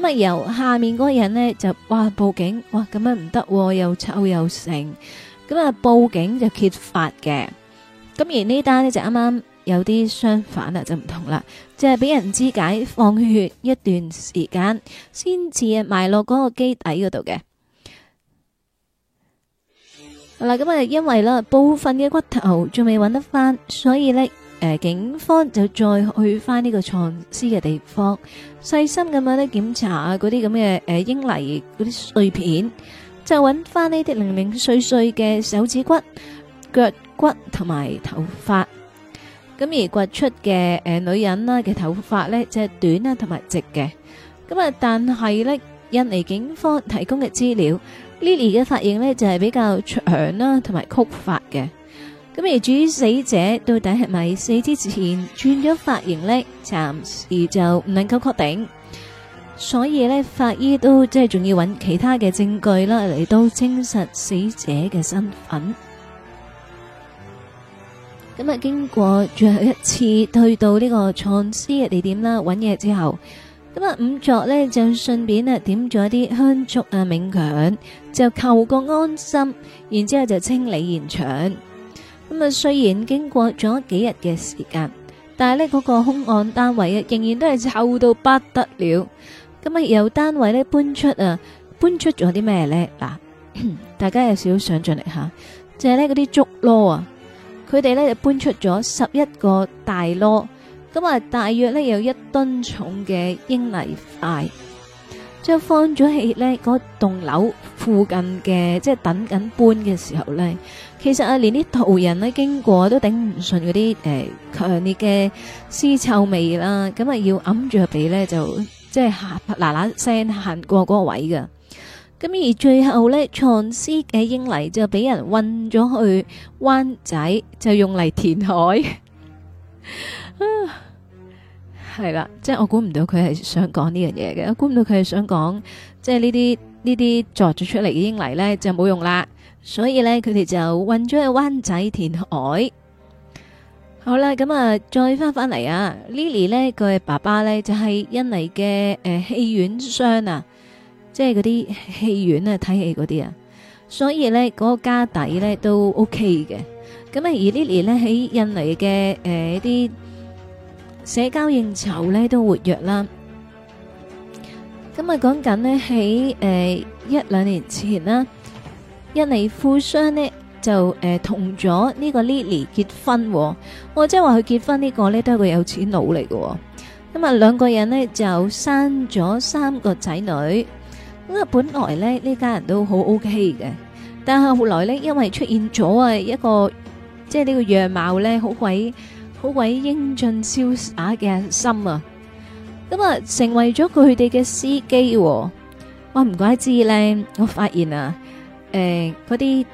咁啊由下面嗰個人呢就哇報警哇咁樣唔得，又臭又腥，咁啊報警就揭發嘅，咁而呢單呢，就啱啱有啲相反啊就唔同啦，就係、是、俾人肢解放血，血一段時間，先至埋落嗰個基底嗰度嘅。嗱咁啊，因為啦，部分嘅骨頭仲未揾得翻，所以呢誒，警方就再去翻呢個藏屍嘅地方，細心咁樣咧檢查嗰啲咁嘅誒英泥嗰啲碎片，就揾翻呢啲零零碎碎嘅手指骨、腳骨同埋頭髮。咁而掘出嘅誒女人啦嘅頭髮呢，即係短啊同埋直嘅。咁啊，但係呢印尼警方提供嘅資料。Lily 嘅髮型呢，就係比較長啦，同埋曲髮嘅。咁而至於死者到底係咪死之前轉咗髮型呢？暫時就唔能夠確定。所以呢，法醫都即係仲要揾其他嘅證據啦，嚟到證實死者嘅身份。咁啊，經過最後一次去到呢個碎屍嘅地點啦，揾嘢之後。咁啊，五座咧就順便啊點咗啲香燭啊，冥鏹，就求個安心。然之後就清理現場。咁啊，雖然經過咗幾日嘅時間，但係咧嗰個兇案單位啊，仍然都係臭到不得了。咁啊，由單位咧搬出啊，搬出咗啲咩咧？嗱，大家有少少想象力吓，就係咧嗰啲竹籮啊，佢哋咧就搬出咗十一個大籮。咁啊，大約咧有一噸重嘅英泥塊，即係放咗喺咧嗰棟樓附近嘅，即係等緊搬嘅時候咧，其實啊，連啲途人咧經過都頂唔順嗰啲誒強烈嘅屍臭味啦，咁啊要揞住鼻咧就即係吓嗱嗱聲行過嗰個位噶。咁而最後咧，藏屍嘅英泥就俾人運咗去灣仔，就用嚟填海。係啦、嗯，即係我估唔到佢係想講呢樣嘢嘅，我估唔到佢係想講，即係呢啲呢啲作咗出嚟嘅英嚟呢，就冇用啦，所以呢，佢哋就運咗去灣仔填海。好啦，咁啊，再翻翻嚟啊，Lily 呢，佢爸爸呢，就係、是、印尼嘅誒戲院商啊，即係嗰啲戲院啊睇戲嗰啲啊，所以呢，嗰、嗰個家底呢，都 OK 嘅。咁啊，而 Lily 呢，喺印尼嘅誒啲。呃社交應酬咧都活躍啦。咁啊，講緊咧喺誒一兩年前啦，一嚟富商咧就誒同咗呢個 Lily 結婚，我即係話佢結婚呢個咧都係個有錢佬嚟嘅。咁啊，兩個人咧就生咗三個仔女。咁啊，本來咧呢家人都好 OK 嘅，但係後來咧，因為出現咗啊一個即係呢個樣貌咧好鬼～好鬼英俊瀟灑嘅心啊！咁啊，成為咗佢哋嘅司機，喎，唔怪之咧。我發現啊，誒，嗰啲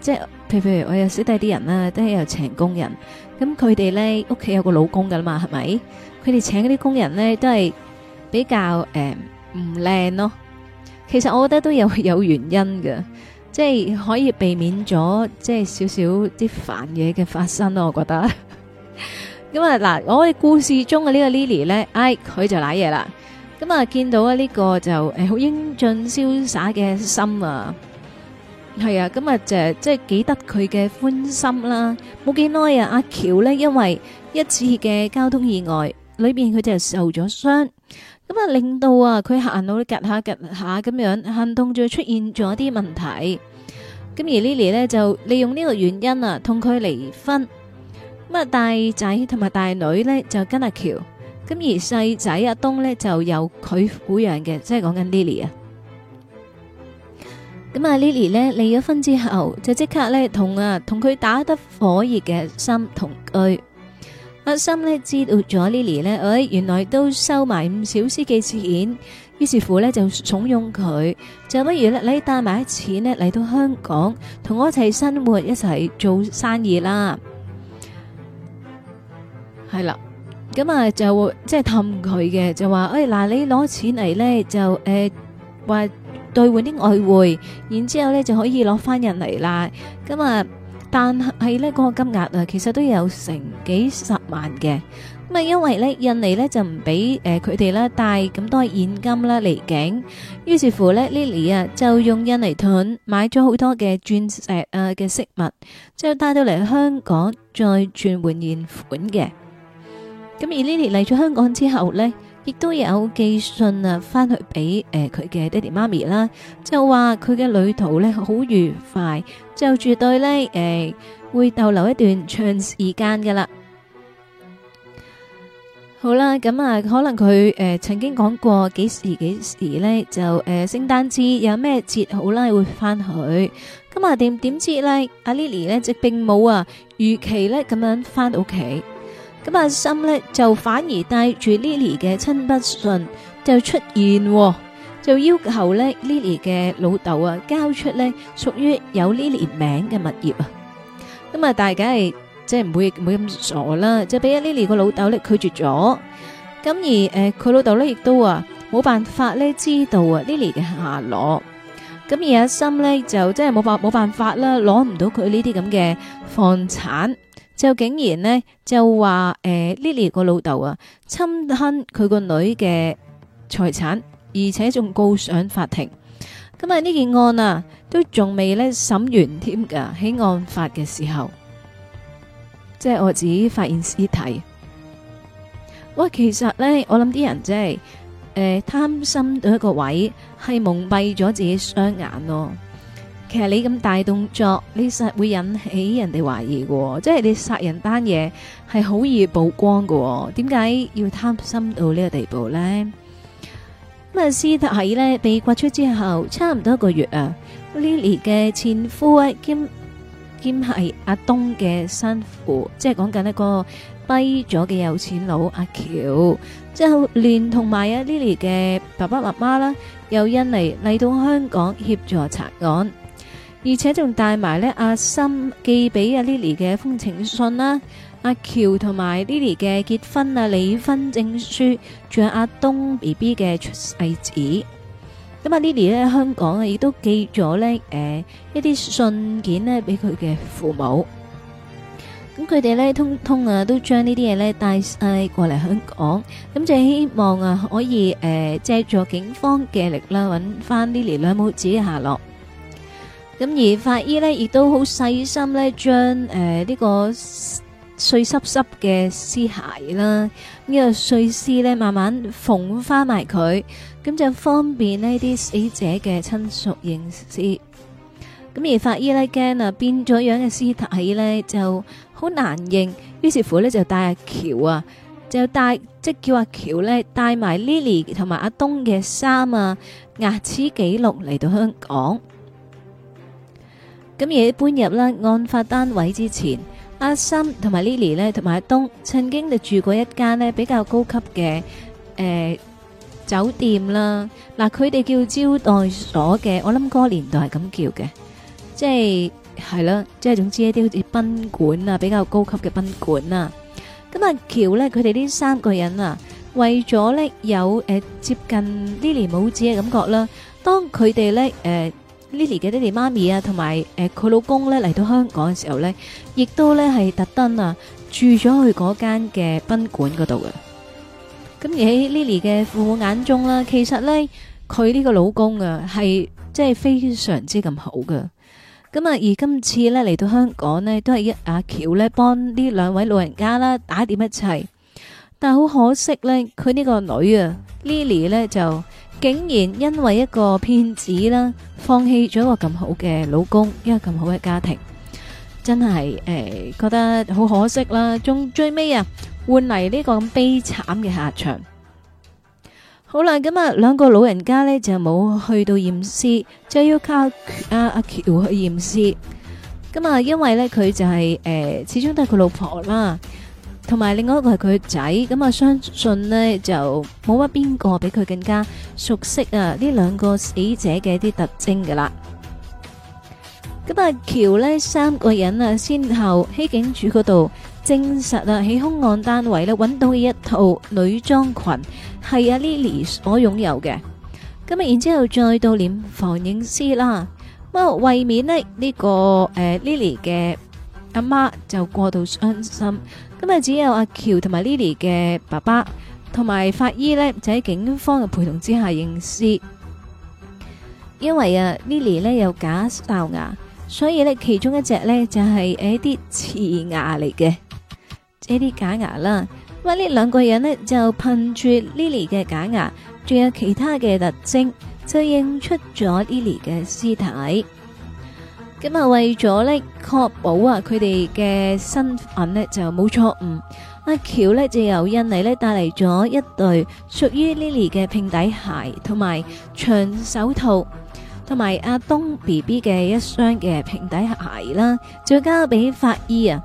即係，譬如譬如，我有識得啲人啦，都係有請工人。咁佢哋咧，屋企有個老公噶嘛，係咪？佢哋請嗰啲工人咧，都係比較誒唔靚咯。其實我覺得都有有原因嘅，即係可以避免咗即係少少啲煩嘢嘅發生咯。我覺得。咁啊嗱，我哋故事中嘅呢個 Lily 咧，哎，佢就瀨嘢啦。咁啊見到啊呢個就誒好英俊瀟灑嘅心啊，係啊，咁啊就即係幾得佢嘅歡心啦。冇幾耐啊，阿喬呢，因為一次嘅交通意外，裏邊佢就受咗傷。咁啊令到啊佢行路都夾下夾下咁樣，行動仲出現咗啲問題。咁而 Lily 咧就利用呢個原因啊，同佢離婚。咁啊大仔同埋大女咧就跟阿橋，咁而細仔阿東咧就由佢撫養嘅，即係講緊 Lily 啊。咁啊 Lily 咧離咗婚之後，就即刻咧同啊同佢打得火熱嘅心同居。阿心咧知道咗 Lily 咧，喂，原來都收埋唔少私己錢，於是乎咧就慫恿佢，就不如咧你帶埋啲錢咧嚟到香港，同我一齊生活，一齊做生意啦。係啦，咁啊就即係氹佢嘅，就話誒嗱，哎、你攞錢嚟呢，就誒話、呃、兌換啲外匯，然之後呢就可以攞翻印尼啦。咁啊，但係呢個金額啊，其實都有成幾十萬嘅。咁啊，因為呢印尼呢就唔俾誒佢哋啦帶咁多現金啦離境，於是乎呢 Lily 啊就用印尼盾買咗好多嘅鑽石啊嘅、呃、飾物，就帶到嚟香港再轉換現款嘅。咁而 Lily 嚟咗香港之後咧，亦都有寄信啊，翻去俾誒佢嘅爹哋媽咪啦，就話佢嘅旅途咧好愉快，就絕對咧誒會逗留一段長時間噶啦。好啦，咁啊，可能佢誒曾經講過幾時幾時咧，就誒聖誕節有咩節好啦會翻去，咁啊點點知咧，阿 Lily 咧即並冇啊預期咧咁樣翻到屋企。咁阿心咧就反而帶住 Lily 嘅親筆信就出現，就要求咧 Lily 嘅老豆啊交出咧屬於有 Lily 名嘅物業啊。咁啊，大家係即係唔會唔會咁傻啦，就俾阿 Lily 個老豆咧拒絕咗。咁而誒佢老豆咧亦都啊冇辦法咧知道啊 Lily 嘅下落。咁而阿心咧就真係冇辦冇辦法啦，攞唔到佢呢啲咁嘅房產。就竟然呢，就話誒、呃，Lily 個老豆啊，侵吞佢個女嘅財產，而且仲告上法庭。咁啊呢件案啊，都仲未呢審完添㗎，喺案發嘅時候，即係我自己發現屍體。喂，其實呢，我諗啲人真係誒貪心到一個位，係蒙蔽咗自己雙眼咯。其實你咁大動作，你實會引起人哋懷疑嘅、哦。即係你殺人單嘢係好易曝光嘅、哦。點解要貪心到呢個地步咧？咁、那、啊、個，屍體咧被掘出之後，差唔多一個月啊。Lily 嘅前夫、啊、兼兼係阿東嘅生父，即係講緊一個跛咗嘅有錢佬阿橋。之後連同埋啊 Lily 嘅爸爸媽媽啦，又因嚟，嚟到香港協助查案。而且仲帶埋呢阿心寄俾阿 Lily 嘅封情信啦、啊，阿、啊、喬同埋 Lily 嘅結婚啊離婚證書，仲有阿、啊、東 B B 嘅出世紙。咁阿 Lily 呢香港啊，亦都寄咗呢誒、呃、一啲信件呢俾佢嘅父母。咁佢哋呢，通通啊都將呢啲嘢呢帶晒過嚟香港，咁就希望啊可以誒、呃、借助警方嘅力啦，揾翻 Lily 兩母子嘅下落。咁而法醫咧亦都好細心咧，將誒呢個碎濕濕嘅屍骸啦，呢個碎屍咧慢慢縫翻埋佢，咁就方便呢啲死者嘅親屬認屍。咁而法醫咧驚啊，變咗樣嘅屍體咧就好難認，於是乎咧就帶阿喬啊，就帶即係叫阿喬咧帶埋 Lily 同埋阿東嘅衫啊、牙齒記錄嚟到香港。咁而喺搬入咧案發單位之前，阿森同埋 Lily 咧同埋阿東，曾經就住過一間咧比較高級嘅誒酒店啦。嗱，佢哋叫招待所嘅，我諗嗰個年代係咁叫嘅，即係係啦，即係總之一啲好似賓館啊，比較高級嘅賓館啊。咁阿喬咧，佢哋呢三個人啊，為咗咧有誒接近 Lily 母子嘅感覺啦，當佢哋咧誒。Lily 嘅爹哋媽咪啊，同埋誒佢老公咧嚟到香港嘅時候咧，亦都咧係特登啊住咗去嗰間嘅賓館嗰度嘅。咁而喺 Lily 嘅父母眼中啦，其實咧佢呢個老公啊係即係非常之咁好嘅。咁啊而今次咧嚟到香港呢，都係阿、啊、喬咧幫呢兩位老人家啦打點一切。但係好可惜咧，佢呢個女啊 Lily 咧就。竟然因為一個騙子啦，放棄咗一個咁好嘅老公，一個咁好嘅家庭，真係誒覺得好可惜啦。仲最尾啊，換嚟呢個咁悲慘嘅下場。好啦，咁啊，兩個老人家呢就冇去到驗屍，就要靠阿阿喬去驗屍。咁啊，因為呢佢就係誒，始終都係佢老婆啦。同埋另外一個係佢仔，咁啊，相信呢就冇乜邊個比佢更加熟悉啊呢兩個死者嘅啲特徵㗎啦。咁啊，喬呢，三個人啊先後喺警署嗰度證實啊，喺凶案單位呢揾到一套女裝裙係阿 Lily 所擁有嘅。咁啊，然之後再到殮房驗屍啦。咁啊，為免呢呢個誒 Lily 嘅。阿媽就過度傷心，今日只有阿喬同埋 Lily 嘅爸爸同埋法醫咧，就喺警方嘅陪同之下認屍。因為啊，Lily 咧有假哨牙，所以咧其中一隻咧就係誒啲瓷牙嚟嘅，就是、一啲假牙啦。咁啊呢兩個人咧就憑住 Lily 嘅假牙，仲有其他嘅特徵，就認出咗 Lily 嘅屍體。咁啊，為咗咧確保啊，佢哋嘅身份咧就冇錯誤。阿喬咧就由印尼咧帶嚟咗一對屬於 Lily 嘅平底鞋，同埋長手套，同埋阿東 BB 嘅一雙嘅平底鞋啦。再交俾法醫啊，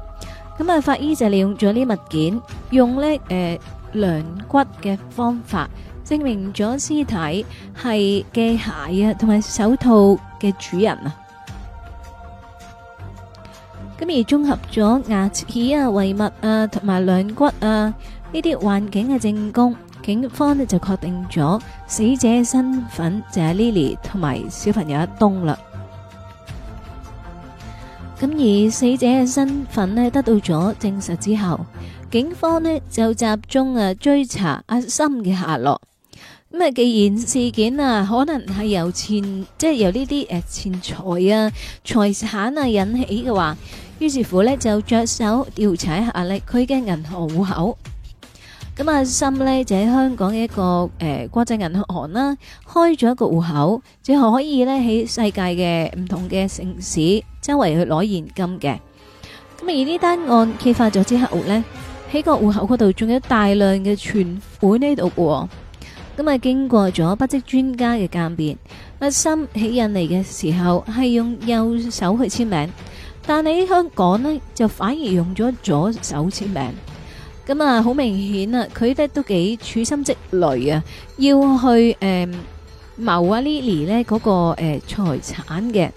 咁啊，法醫就利用咗啲物件，用咧誒量骨嘅方法，證明咗屍體係嘅鞋啊，同埋手套嘅主人啊。咁而綜合咗牙齒啊、遺物啊同埋兩骨啊呢啲環境嘅證供，警方呢就確定咗死者嘅身份就係 Lily 同埋小朋友一東啦。咁而死者嘅身份呢得到咗證實之後，警方呢就集中啊追查阿心嘅下落。咁啊，既然事件啊可能係由錢即係由呢啲誒錢財啊財產啊引起嘅話，於是乎呢就着手調查一下咧，佢嘅銀行戶口。咁、啊、阿森呢，就喺香港嘅一個誒、呃、國際銀行行啦，開咗一個戶口，就可以呢喺世界嘅唔同嘅城市周圍去攞現金嘅。咁而呢單案揭發咗之後呢，喺個戶口嗰度仲有大量嘅存款呢度。咁啊，經過咗筆跡專家嘅鑒別，阿、啊、森起印嚟嘅時候係用右手去簽名。但喺香港呢，就反而用咗左手簽名，咁啊好明顯啊，佢咧、啊、都幾處心積慮啊，要去誒謀、呃、阿、啊、Lily 呢、那、嗰個誒財、呃、產嘅。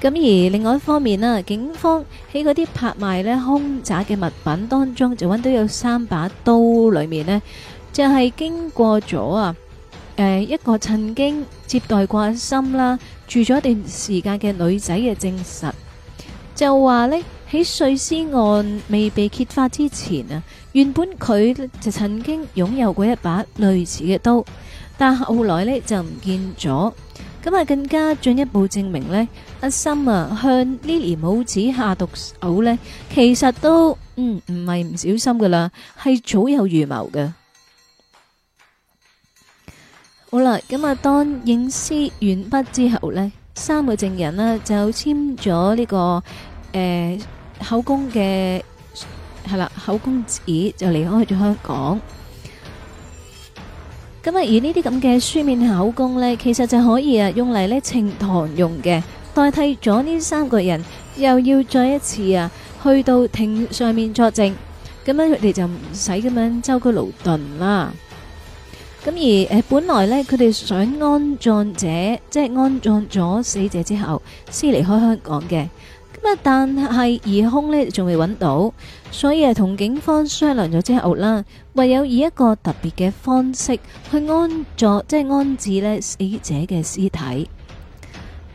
咁而另外一方面啦，警方喺嗰啲拍賣呢空宅嘅物品當中，就揾到有三把刀，裏面呢，就係、是、經過咗啊，誒、呃、一個曾經接待過阿心啦，住咗一段時間嘅女仔嘅證實。就話咧喺碎屍案未被揭發之前啊，原本佢就曾經擁有過一把類似嘅刀，但後來咧就唔見咗。咁啊，更加進一步證明咧，阿森啊向 Lily 母子下毒手咧，其實都嗯唔係唔小心噶啦，係早有預謀嘅。好啦，咁啊，當認屍完畢之後咧，三個證人啦就簽咗呢個。誒，口供嘅係啦，口供紙就離開咗香港。咁啊，而呢啲咁嘅書面口供呢，其實就可以啊用嚟呢呈堂用嘅，代替咗呢三個人又要再一次啊去到庭上面作證。咁樣佢哋就唔使咁樣舟車勞頓啦。咁而誒本來呢，佢哋想安葬者，即係安葬咗死者之後，先離開香港嘅。但係疑凶咧仲未揾到，所以係同警方商量咗之後啦，唯有以一個特別嘅方式去安葬，即係安置咧死者嘅屍體。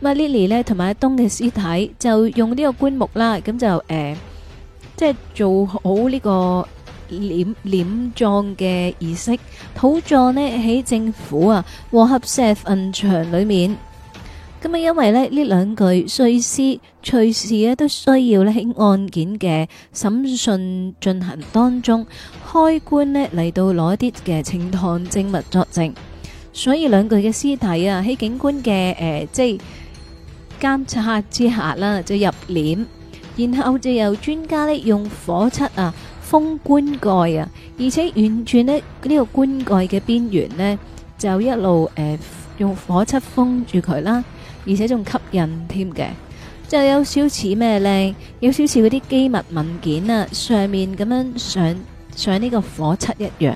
乜 Lily 咧同埋東嘅屍體就用呢個棺木啦，咁就誒、呃，即係做好呢個殮殮葬嘅儀式，土葬呢喺政府啊和合石墳場裏面。咁啊，因為咧呢兩具碎屍，隨時咧都需要咧喺案件嘅審訊進行當中開棺呢嚟到攞啲嘅呈堂證物作證，所以兩具嘅屍體啊喺警官嘅誒、呃、即係監察之下啦，就入殮，然後就由專家呢用火漆啊封棺蓋啊，而且完全呢，呢個棺蓋嘅邊緣呢，就一路誒、呃、用火漆封住佢啦。而且仲吸引添嘅，就有少似咩咧？有少似嗰啲機密文件啊，上面咁樣上上呢個火漆一樣。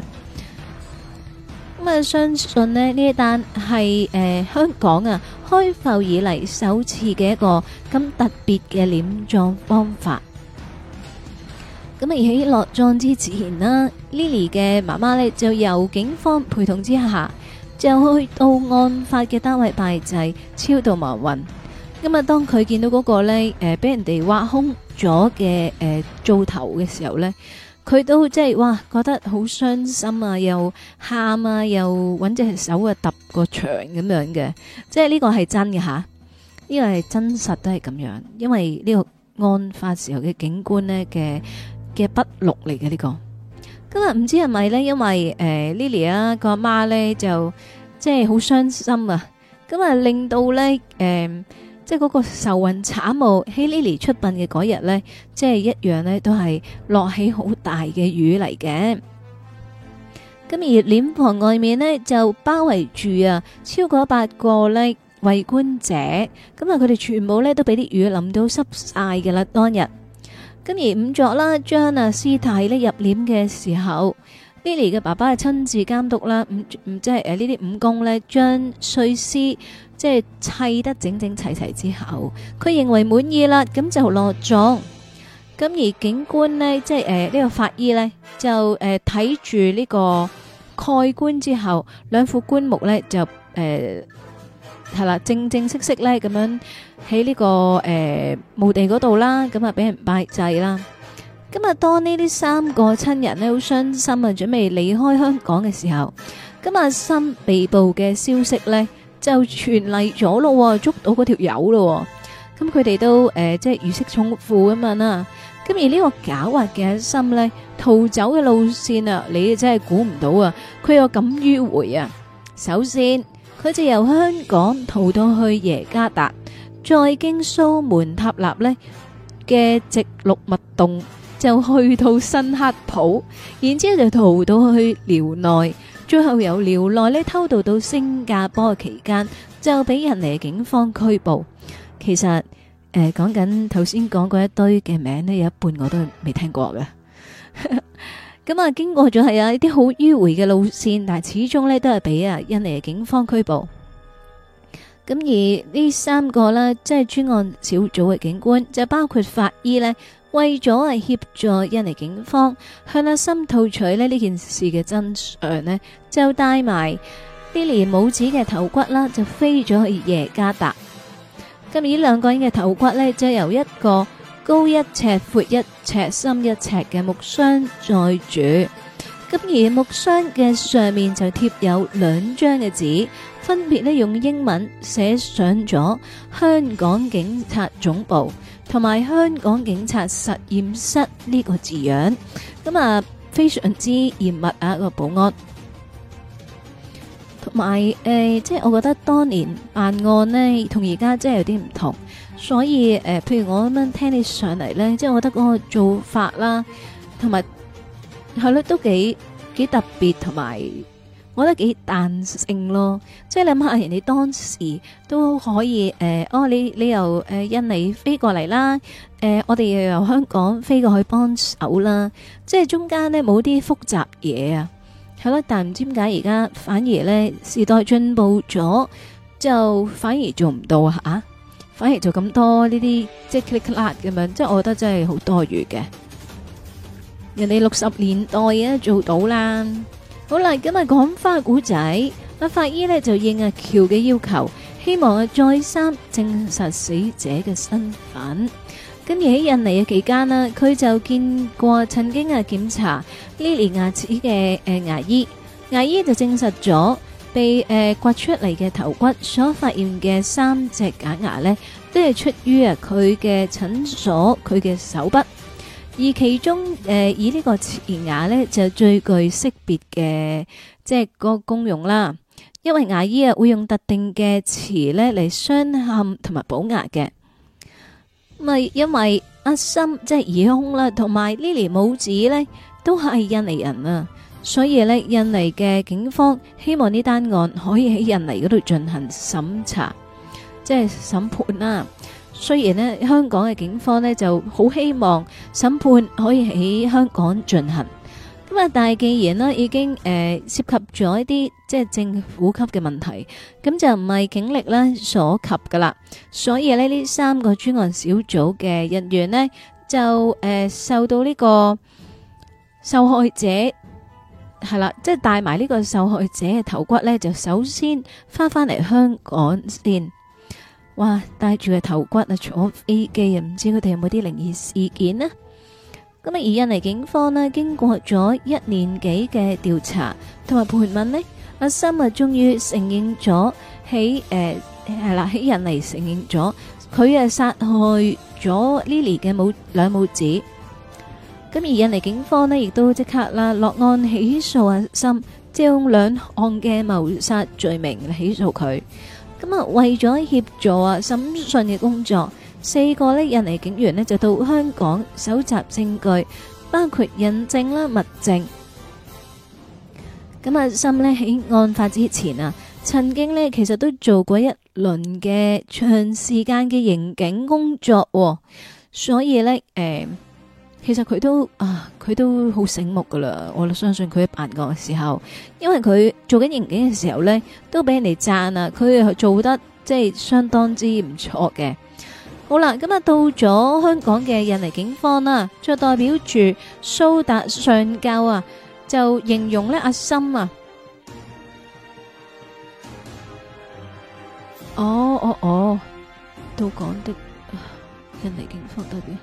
咁啊，相信呢，呢一單係誒香港啊開埠以嚟首次嘅一個咁特別嘅殮葬方法。咁而喺落葬之前啦，Lily 嘅媽媽咧就由警方陪同之下，就去到案發嘅單位拜祭，超度亡魂。今日當佢見到嗰個呢，誒，俾人哋挖空咗嘅誒，灶頭嘅時候呢，佢都即係哇，覺得好傷心啊，又喊啊，又揾隻手啊揼個牆咁樣嘅，即係呢個係真嘅吓，呢個係真實都係咁樣，因為呢個案發時候嘅警官呢嘅嘅筆錄嚟嘅呢個。今日唔知係咪咧，因為誒、呃、Lily 啊，個阿媽咧就即係好傷心啊，咁、嗯、啊令到咧誒即係嗰個愁雲慘霧喺 Lily 出殯嘅嗰日咧，即係、hey、一樣咧都係落起好大嘅雨嚟嘅。咁、嗯、而殮房外面呢，就包圍住啊超過八百個咧圍觀者，咁啊佢哋全部咧都俾啲雨淋到濕晒嘅啦當日。咁而仵作啦，將阿師太咧入殮嘅時候，Lily 嘅爸爸係親自監督啦。五五即係誒呢啲仵工咧，將碎屍即係砌得整整齊齊之後，佢認為滿意啦，咁就落葬。咁而警官咧，即係誒呢個法醫咧，就誒睇住呢個蓋棺之後，兩副棺木咧就誒。係啦，正正式式咧咁樣喺呢個誒墓地嗰度啦，咁啊俾人拜祭啦。咁啊，當呢啲三個親人咧好傷心啊，準備離開香港嘅時候，咁阿森被捕嘅消息咧就傳嚟咗咯，捉到嗰條友咯。咁佢哋都誒即係如釋重負咁樣啦。咁而呢個狡猾嘅阿森咧，逃走嘅路線啊，你真係估唔到啊！佢有咁迂回啊，首先。佢就由香港逃到去耶加達，再經蘇門塔納呢嘅直落密洞，就去到新黑浦，然之後就逃到去寮內，最後由寮內偷渡到新加坡期間，就俾印尼警方拘捕。其實誒，講緊頭先講過一堆嘅名呢，有一半我都未聽過嘅。 咁啊，經過咗係啊一啲好迂回嘅路線，但係始終呢都係俾啊印尼嘅警方拘捕。咁而呢三個啦，即係專案小組嘅警官，就包括法醫呢為咗係協助印尼警方向阿心套取咧呢件事嘅真相呢，就帶埋啲 i 母子嘅頭骨啦，就飛咗去耶加達。咁而呢兩個人嘅頭骨呢，就由一個高一尺，闊一尺，深一尺嘅木箱載住。咁而木箱嘅上面就貼有兩張嘅紙，分別呢用英文寫上咗香港警察總部同埋香港警察實驗室呢個字樣，咁啊非常之嚴密啊個保安，同埋誒即係我覺得當年辦案呢，同而家真係有啲唔同。所以誒、呃，譬如我咁樣聽你上嚟咧，即係我覺得嗰個做法啦，同埋係咯，都幾幾特別，同埋我覺得幾彈性咯。即係你諗下人哋當時都可以誒、呃，哦，你你又誒印尼飛過嚟啦，誒、呃，我哋又由香港飛過去幫手啦。即係中間咧冇啲複雜嘢啊，係咯。但唔知點解而家反而咧時代進步咗，就反而做唔到啊！啊～哎，就咁多呢啲即係 click 啦咁樣，即係我覺得真係好多餘嘅。人哋六十年代啊做到啦，好啦，今日講翻古仔，阿法醫咧就應阿喬嘅要求，希望啊再三證實死者嘅身份。跟住喺印尼嘅期間啦，佢就見過曾經啊檢查呢連牙齒嘅誒牙醫，牙醫就證實咗。被誒掘、呃、出嚟嘅頭骨所發現嘅三隻假牙咧，都係出於啊佢嘅診所佢嘅手筆。而其中誒、呃、以這個瓷牙呢個前牙咧就最具識別嘅即係個功用啦。因為牙醫啊會用特定嘅詞咧嚟鑲嵌同埋補牙嘅。咪因為阿深即係耳窿啦，同埋 Lily 母子咧都係印尼人啊。所以咧，印尼嘅警方希望呢單案可以喺印尼嗰度進行審查，即係審判啦。雖然呢，香港嘅警方呢就好希望審判可以喺香港進行。咁啊，但係既然呢已經誒、呃、涉及咗一啲即係政府級嘅問題，咁就唔係警力呢所及噶啦。所以呢，呢三個專案小組嘅人員呢，就誒、呃、受到呢個受害者。係啦，即係帶埋呢個受害者嘅頭骨咧，就首先翻翻嚟香港先。哇，帶住嘅頭骨啊，坐飛機啊，唔知佢哋有冇啲靈異事件咧？咁啊，而印尼警方咧經過咗一年幾嘅調查同埋盤問咧，阿森啊終於承認咗喺誒係啦，喺印尼承認咗，佢啊殺害咗 Lily 嘅母兩母子。咁而印尼警方呢亦都即刻啦落案起訴阿森，用兩項嘅謀殺罪名起訴佢。咁啊，為咗協助啊審訊嘅工作，四個咧印尼警員呢就到香港搜集證據，包括印證啦、物證。咁啊，阿森呢喺案發之前啊，曾經呢其實都做過一輪嘅長時間嘅刑警工作，所以呢誒。呃其實佢都啊，佢都好醒目噶啦，我相信佢喺辦案嘅時候，因為佢做緊刑警嘅時候咧，都俾人哋讚啊，佢做得即係相當之唔錯嘅。好啦，咁啊到咗香港嘅印尼警方啦，就代表住蘇達上教啊，就形容咧阿心啊，哦哦哦，到港的印尼警方代表。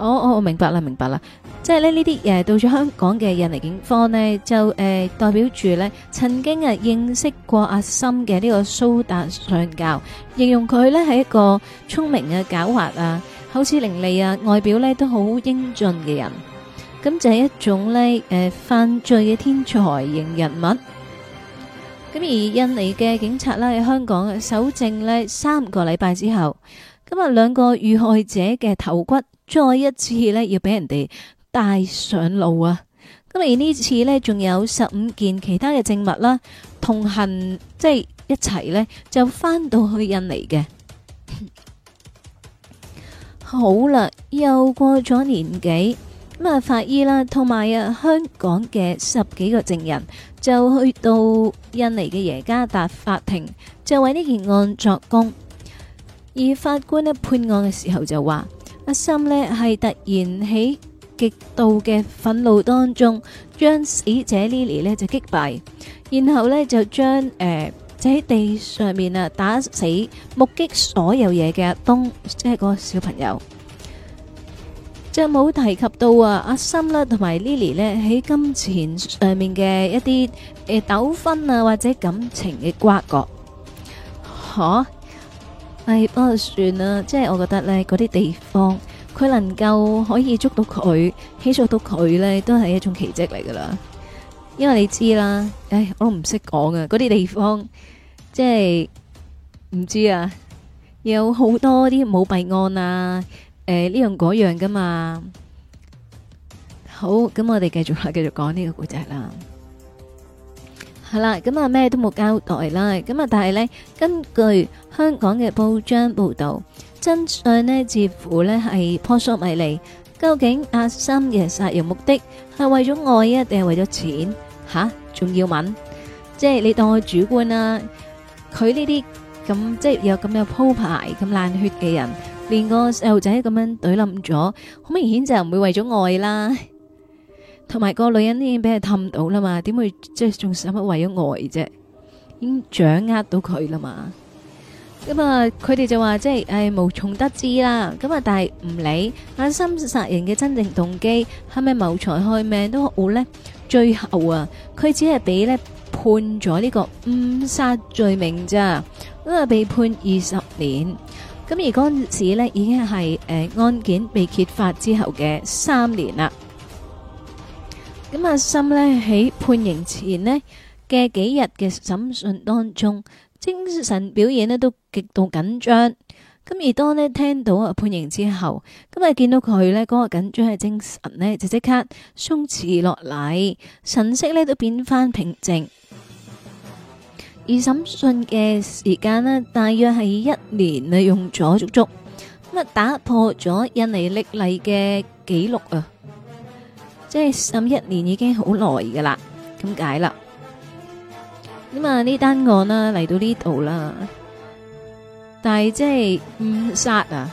我我明白啦，明白啦，即係咧呢啲誒，到咗香港嘅印尼警方咧，就誒代表住咧曾經啊認識過阿森嘅呢個蘇達上教，形容佢咧係一個聰明嘅狡猾啊，口齒伶俐啊，外表咧都好英俊嘅人，咁就係一種咧誒犯罪嘅天才型人物。咁而印尼嘅警察啦，喺香港啊搜證咧三個禮拜之後，今日兩個遇害者嘅頭骨。再一次咧，要俾人哋帶上路啊！咁而呢次咧，仲有十五件其他嘅證物啦，同行即係一齊呢，就翻到去印尼嘅。 好啦，又過咗年幾咁啊？法醫啦，同埋啊香港嘅十幾個證人就去到印尼嘅耶加達法庭，就為呢件案作供。而法官咧判案嘅時候就話。阿森咧係突然喺極度嘅憤怒當中，將死者 Lily 咧就擊敗，然後咧就將誒喺地上面啊打死目擊所有嘢嘅阿東，即係個小朋友。就冇提及到啊，阿森啦同埋 Lily 咧喺金錢上面嘅一啲誒糾紛啊，或者感情嘅瓜葛，吓？係啊，算啦，即係我覺得咧，嗰啲地方佢能夠可以捉到佢起訴到佢咧，都係一種奇蹟嚟噶啦。因為你知啦，唉，我都唔識講啊，嗰啲地方即係唔知啊，有好多啲冇閉案啊，誒，呢樣嗰樣噶嘛。好，咁我哋繼續啦，繼續講呢個故仔啦。係啦，咁啊咩都冇交代啦，咁啊但係咧，根據香港嘅報章報道，真相咧似乎咧係撲朔迷離。究竟阿三嘅殺人目的係為咗愛啊，定係為咗錢？吓，仲要問，即係你當我主觀啦。佢呢啲咁即係有咁樣鋪排，咁冷血嘅人，連個細路仔咁樣隊冧咗，好明顯就唔會為咗愛啦。同埋個女人已經俾佢氹到啦嘛，點會即係仲使乜為咗愛啫？已經掌握到佢啦嘛。咁啊，佢哋就話即係誒無從得知啦。咁啊，但係唔理，眼心殺人嘅真正動機係咪謀財害命都好呢？最後啊，佢只係俾呢判咗呢個誤殺罪名咋，咁啊被判二十年。咁而嗰時呢，已經係誒案件被揭發之後嘅三年啦。咁阿森呢，喺判刑前呢嘅幾日嘅審訊當中，精神表現呢都極度緊張。咁而當呢聽到阿判刑之後，咁啊見到佢呢嗰個緊張嘅精神呢，就即刻鬆弛落嚟，神色呢都變返平靜。而審訊嘅時間呢，大約係一年啊，用咗足足咁啊，打破咗印尼歷嚟嘅紀錄啊！即係十一年已經好耐噶啦，咁解啦。咁啊呢單案啦，嚟到呢度啦，但係即係誤殺啊，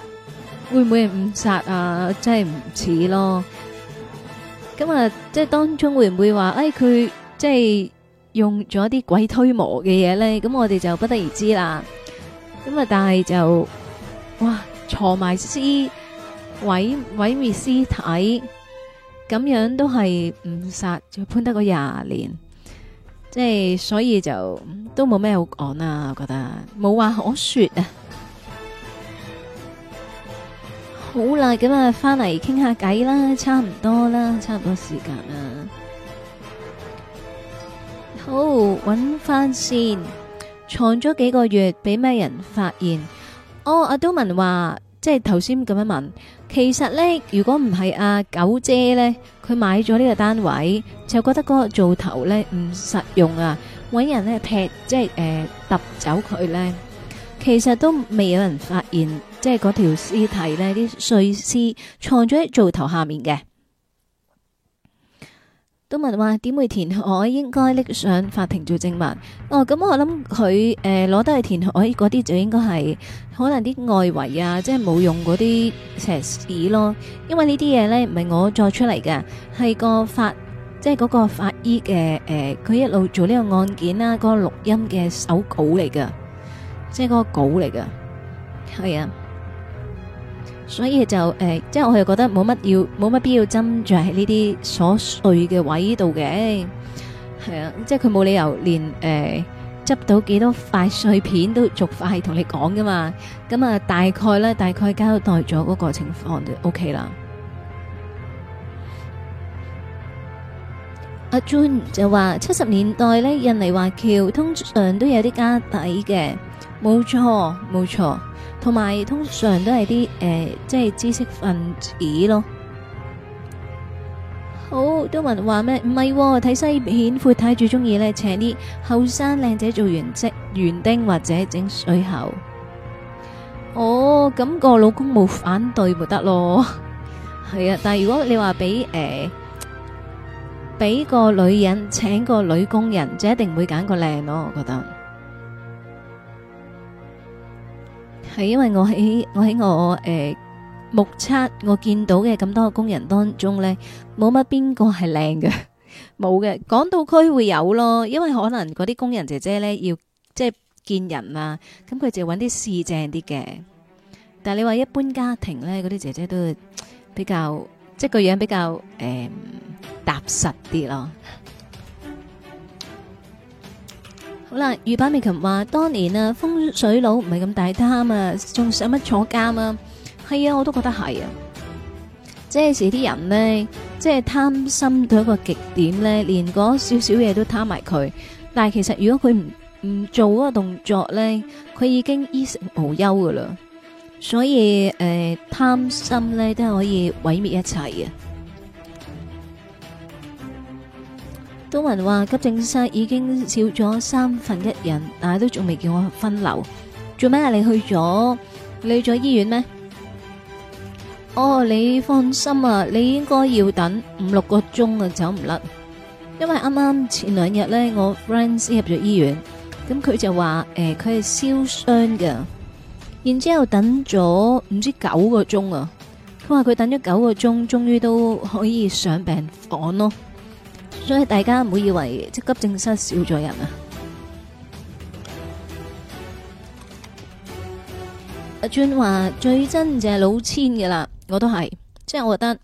會唔會誤殺啊？真係唔似咯。咁啊，即係當中會唔會話？誒、哎，佢即係用咗啲鬼推磨嘅嘢咧？咁我哋就不得而知啦。咁啊，但係就哇，坐埋屍，毀毀滅屍體。咁樣都係唔殺，就判得個廿年，即係所以就都冇咩好講啦。我覺得冇話可說啊！好啦，咁啊翻嚟傾下偈啦，差唔多啦，差唔多時間啦。好，搵翻先，藏咗幾個月，俾咩人發現？哦，阿都文話，即係頭先咁樣問。其實咧，如果唔係阿九姐咧，佢買咗呢個單位,就覺得個灶頭咧唔實用啊，揾人咧劈，即係誒揼走佢咧，其實都未有人發現，即係嗰條屍體咧，啲碎屍藏咗喺灶頭下面嘅。都問話點會填海，應該拎上法庭做證物哦。咁、嗯、我諗佢誒攞得去填海嗰啲就應該係可能啲外圍啊，即係冇用嗰啲石屎咯。因為呢啲嘢咧唔係我作出嚟嘅，係個法即係嗰個法醫嘅誒，佢、呃、一路做呢個案件啦，嗰個錄音嘅手稿嚟噶，即係個稿嚟噶，係啊。所以就誒、呃，即係我又覺得冇乜要，冇乜必要針住喺呢啲瑣碎嘅位度嘅，係啊，即係佢冇理由連誒執、呃、到幾多塊碎片都逐塊同你講噶嘛，咁啊大概咧，大概交代咗嗰個情況就 O K 啦。阿 John 就話七十年代咧，印尼華僑通常都有啲家底嘅。冇錯，冇錯。同埋通常都係啲誒，即係知識分子咯。好，都問話咩？唔係睇西片闊太最中意咧，請啲後生靚仔做園職園丁或者整水喉。哦，咁個老公冇反對咪得咯？係啊，但係如果你話俾誒，俾個女人請個女工人，就一定唔會揀個靚咯，我覺得。係因為我喺我喺我誒，目測，我見到嘅咁多個工人當中咧，冇乜邊個係靚嘅，冇嘅。港島區會有咯，因為可能嗰啲工人姐姐咧要即係見人嘛，咁佢就揾啲四正啲嘅。但係你話一般家庭咧，嗰啲姐姐都比較即係個樣比較誒踏實啲咯。好啦，御板美琴話：當年啊，風水佬唔係咁大貪啊，仲使乜坐監啊？係啊，我都覺得係啊。即係時啲人呢，即係貪心到一個極點咧，連嗰少少嘢都貪埋佢。但係其實如果佢唔唔做嗰個動作咧，佢已經衣食無憂噶啦。所以誒，貪、呃、心咧都係可以毀滅一切嘅。都文話：急症室已經少咗三分一人，但係都仲未叫我分流。做咩啊？你去咗？你去咗醫院咩？哦，你放心啊，你應該要等五六個鐘啊，走唔甩。因為啱啱前兩日咧，我 friend 先入咗醫院，咁佢就話誒，佢係燒傷嘅，然之後等咗唔知九個鐘啊。佢話佢等咗九個鐘，終於都可以上病房咯。所以大家唔好以為即係急症室少咗人啊！阿尊話最真就係老千嘅啦，我都係，即係我覺得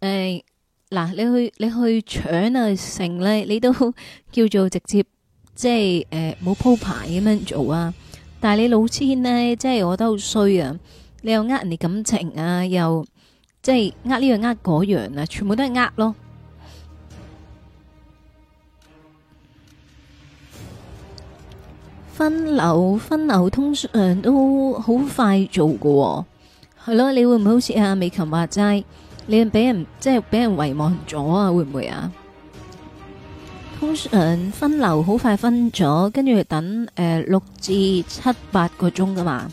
誒，嗱你去你去搶啊，成呢你都叫做直接，即係誒冇鋪排咁樣做啊！但係你老千呢，即係我都好衰啊！你又呃人哋感情啊，又即係呃呢樣呃嗰樣啊，全部都係呃咯。分流分流通常都好快做噶。哦，係咯？你會唔會好似阿美琴話齋？你俾人即係俾人遺忘咗啊？會唔會啊？通常分流好快分咗，跟住等誒六，呃、至七八個鐘噶嘛。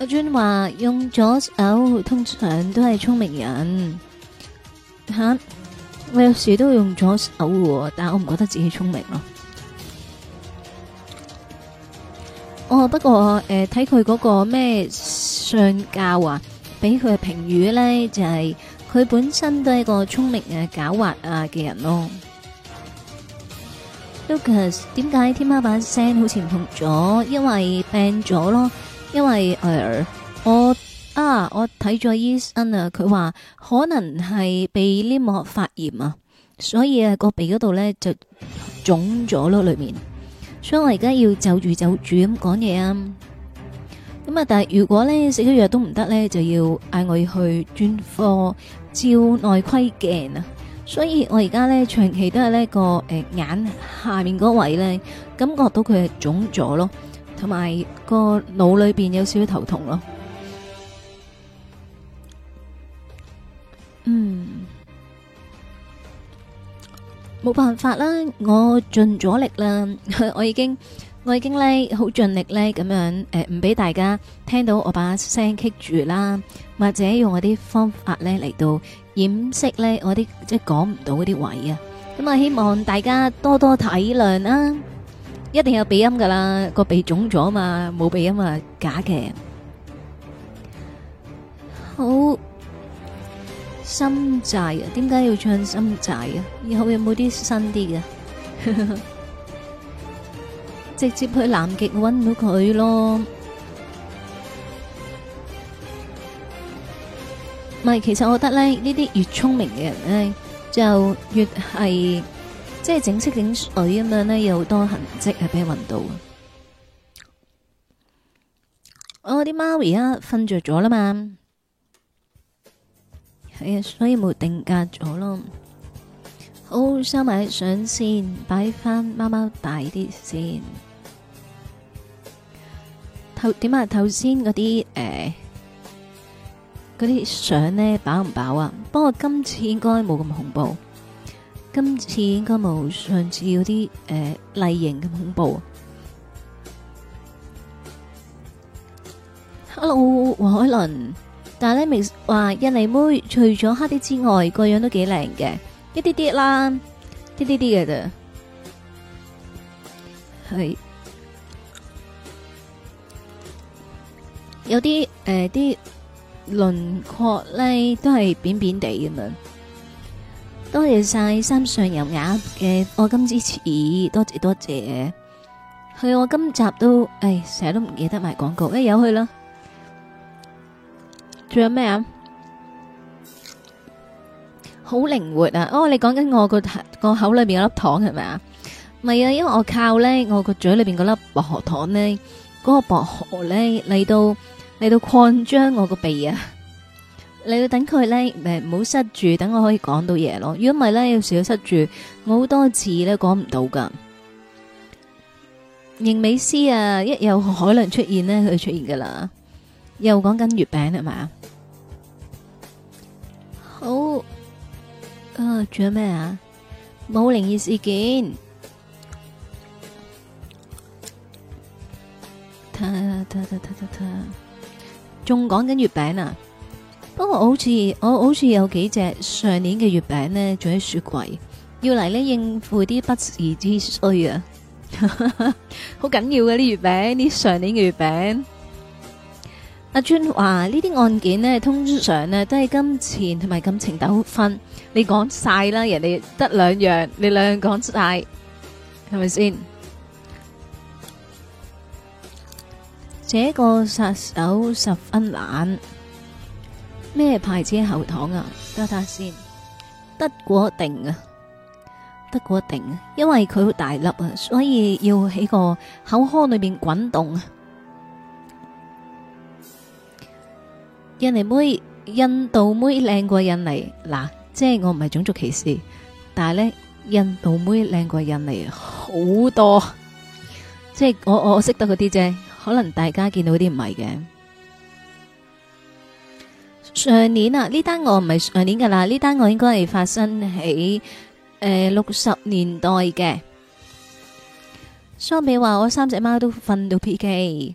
阿尊話用左手通常都係聰明人。吓，我有時都用左手，但我唔覺得自己聰明咯。哦，不過誒，睇佢嗰個咩相教啊，俾佢嘅評語咧就係、是、佢本身都係一個聰明誒、啊、狡猾啊嘅人咯。Lucas，點解天喵把聲好似唔同咗？因為病咗咯，因為誒、啊、我啊我睇咗醫生啊，佢話可能係鼻黏膜發炎啊，所以啊、那個鼻嗰度咧就腫咗咯裏面。所以我而家要走住走住咁講嘢啊，咁啊，但係如果咧食咗藥都唔得咧，就要嗌我去專科照內窺鏡啊。所以我而家咧長期都係呢個誒眼下面嗰位咧感覺到佢係腫咗咯，同埋個腦裏邊有少少頭痛咯，嗯。冇辦法啦，我盡咗力啦，我已經，我已經咧好盡力咧咁樣，誒唔俾大家聽到我把聲棘住啦，或者用我啲方法咧嚟到掩飾咧我啲即係講唔到嗰啲位啊，咁啊希望大家多多體諒啦，一定有鼻音噶啦，個鼻腫咗嘛，冇鼻音啊假嘅，好。心債啊？點解要唱心債啊？以後有冇啲新啲嘅？直接去南極搵唔到佢咯。唔係，其實我覺得咧，呢啲越聰明嘅人咧，就越係即係整色整水咁樣咧，有好多痕跡係俾人搵到啊。我啲貓而家瞓着咗啦嘛。係啊，所以冇定格咗咯。好，收埋相先，擺翻貓貓大啲先。頭點啊？頭先嗰啲誒，嗰、呃、啲相呢，飽唔飽啊？不過今次應該冇咁恐怖，今次應該冇上次嗰啲誒類型咁恐怖、啊。Hello，王海倫。但係咧，明話，印尼妹除咗黑啲之外，個樣都幾靚嘅，一啲啲啦，一啲啲嘅咋，係有啲誒啲輪廓咧都係扁扁地咁樣。多謝晒三上油鴨嘅愛心支持，多謝多謝。喺我今集都誒，成日都唔記得賣廣告，一有去啦。仲有咩啊？好靈活啊！哦，你講緊我個個口裏邊嗰粒糖係咪啊？唔係啊，因為我靠呢，我個嘴裏邊嗰粒薄荷糖呢，嗰、個薄荷呢，嚟到嚟到擴張我個鼻啊，嚟 到等佢呢，唔好塞住，等我可以講到嘢咯。如果唔係呢，有時要塞住，我好多次呢講唔到噶。英美詩啊，一有海倫出現呢，佢就出現噶啦。又講緊月餅係咪啊？好，oh, 啊，仲有咩啊？冇靈異事件，仲講緊月餅啊！不過好似我好似有幾隻、啊、 上年嘅月餅呢，仲喺雪櫃，要嚟呢應付啲不時之需啊！好緊要嘅啲月餅，啲上年月餅。阿尊話呢啲案件呢，通常呢，都係金錢同埋感情糾紛。你講晒啦，人哋得兩樣，你兩樣講晒，係咪先？這個殺手十分懶，咩牌子喉糖啊？得睇先，得果定啊，德國定啊，因為佢好大粒啊，所以要喺個口腔裏邊滾動。印尼妹、印度妹靚過印尼，嗱，即係我唔係種族歧視，但係咧，印度妹靚過印尼好多，即係我我，我識得嗰啲啫，可能大家見到啲唔係嘅。上年啊，呢單案唔係上年噶啦，呢單案應該係發生喺誒六十年代嘅。相比話：我三隻貓都瞓到 pk。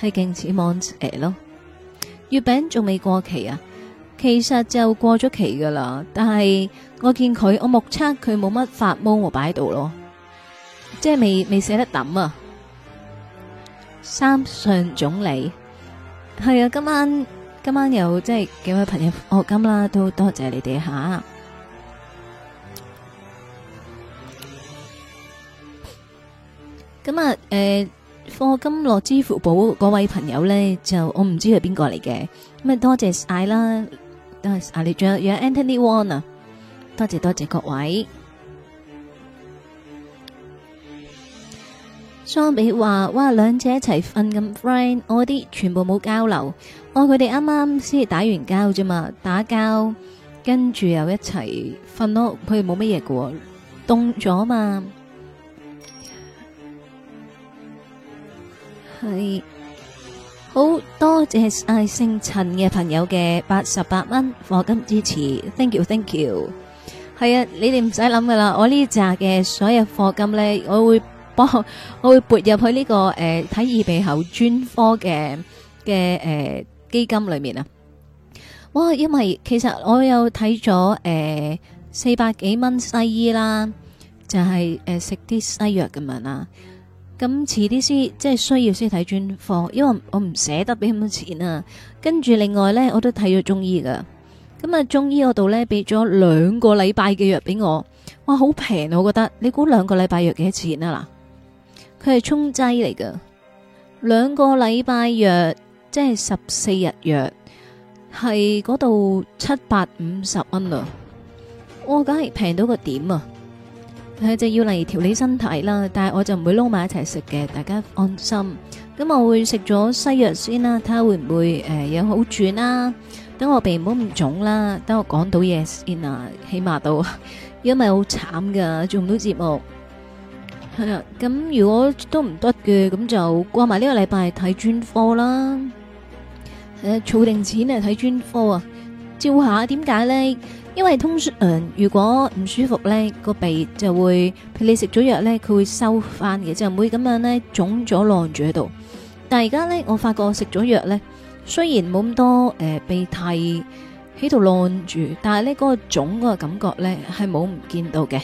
係勁似蒙蛇咯，月餅仲未過期啊，其實就過咗期噶啦，但係我見佢，我目測佢冇乜發毛我擺喺度咯，即係未未捨得抌啊！三信總理係啊，今晚今晚有即係幾位朋友學金啦，都多謝你哋吓，今日誒。貨金落支付寶嗰位朋友咧，就我唔知係邊個嚟嘅，咁啊多謝晒啦。多係啊，你仲有 Anthony Won 啊，多謝多謝各位。雙比話：哇，兩者一齊瞓咁 friend，我啲全部冇交流，我佢哋啱啱先係打完交啫嘛，打交跟住又一齊瞓咯，佢哋冇乜嘢嘅，凍咗嘛。係好多謝姓陳嘅朋友嘅八十八蚊課金支持，thank you thank you。係啊，你哋唔使諗㗎喇，我呢紮嘅所有課金咧，我會幫我會撥入去、這、呢個誒睇耳鼻喉專科嘅嘅誒基金裏面啊。哇，因為其實我有睇咗誒四百幾蚊西醫啦，就係誒食啲西藥咁樣啦。咁遲啲先，即係需要先睇專科，因為我唔捨得俾咁多錢啊。跟住另外呢，我都睇咗中醫噶。咁啊，中醫嗰度呢，俾咗兩個禮拜嘅藥俾我，哇，好平啊！我覺得，你估兩個禮拜藥幾錢啊？嗱，佢係沖劑嚟噶，兩個禮拜藥即係十四日藥，係嗰度七百五十蚊啊，我梗係平到個點啊！佢，就要嚟，調理身體啦，但係我就唔會撈埋一齊食嘅，大家安心。咁我會食咗西藥先啦，睇下會唔會誒有好轉啦。等我鼻唔好咁腫啦，等我講到嘢先啊，起碼都，如果唔係好慘噶，做唔到節目。係啊，咁如果都唔得嘅，咁就過埋呢個禮拜睇專科啦。誒，儲定錢嚟睇專科啊。照下點解咧？因為通常，嗯，如果唔舒服咧，個鼻就會，譬如你食咗藥咧，佢會收翻嘅，就唔會咁樣咧腫咗晾住喺度。但係而家咧，我發覺食咗藥咧，雖然冇咁多誒鼻涕喺度晾住，但係咧，嗰個腫嗰個感覺咧係冇唔見到嘅，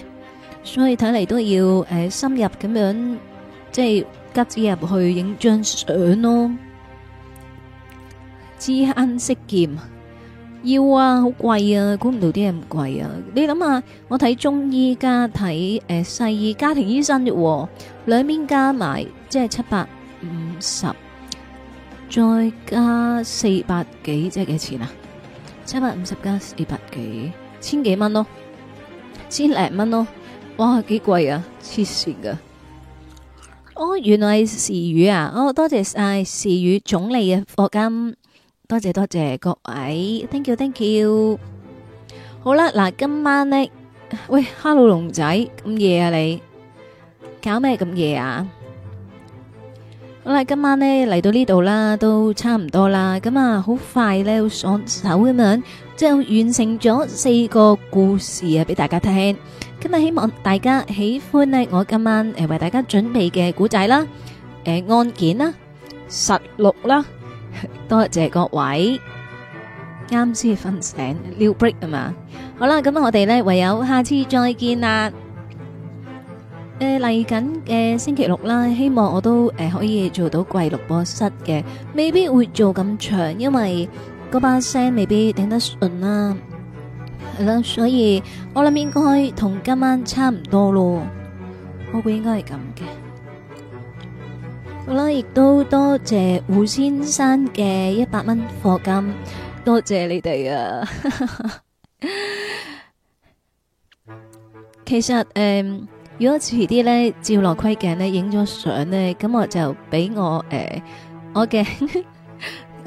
所以睇嚟都要誒深入咁樣，即係急住入去影張相咯。知慳識儉。要啊，好貴啊，估唔到啲嘢咁貴啊！你諗下，我睇中醫加睇誒西醫家庭醫生嘅，兩邊加埋即係七百五十，再加四百幾，即係幾錢啊？七百五十加四百幾，千幾蚊咯，千零蚊咯，哇，幾貴啊！黐線噶！哦，原來係時宇啊！哦，多謝晒時宇總理嘅課金。多謝多謝各位，thank you thank you。好啦，嗱，今晚咧，喂，hello 龍仔，咁夜啊你，搞咩咁夜啊？好啦，今晚咧，嚟到呢度啦，都差唔多啦，咁啊，好快咧，爽上手咁樣，就完成咗四個故事啊，俾大家聽。今日希望大家喜歡咧，我今晚誒為大家準備嘅古仔啦，誒案件啦，實錄啦。多謝各位，啱先瞓醒，new break 啊嘛，好啦，咁啊，我哋咧唯有下次再見啦。誒，嚟緊嘅星期六啦，希望我都誒可以做到季錄播室嘅，未必會做咁長，因為嗰把聲未必頂得順啦。係啦，所以我諗應該同今晚差唔多咯，我會應該係咁嘅。好啦，亦都多謝胡先生嘅一百蚊課金，多謝你哋啊！ 其實誒、呃，如果遲啲咧照落窺鏡咧，影咗相咧，咁我就俾我誒、呃、我嘅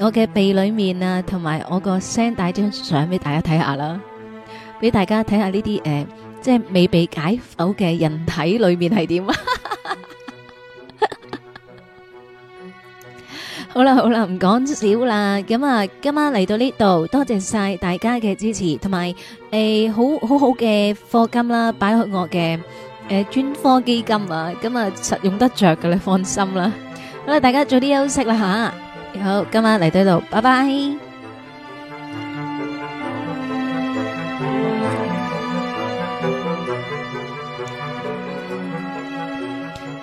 我嘅鼻裏面啊，同埋我個聲帶張相俾大家睇下啦，俾大家睇下呢啲誒，即係未被解剖嘅人體裏面係點啊！ 好啦好啦，唔講少啦，咁啊，今晚嚟到呢度，多謝晒大家嘅支持，同埋誒好好好嘅課金啦，擺喺我嘅誒專科基金啊，咁啊實用得着㗎啦，放心啦。好啦，大家早啲休息啦吓，好，今晚嚟到呢度，拜拜。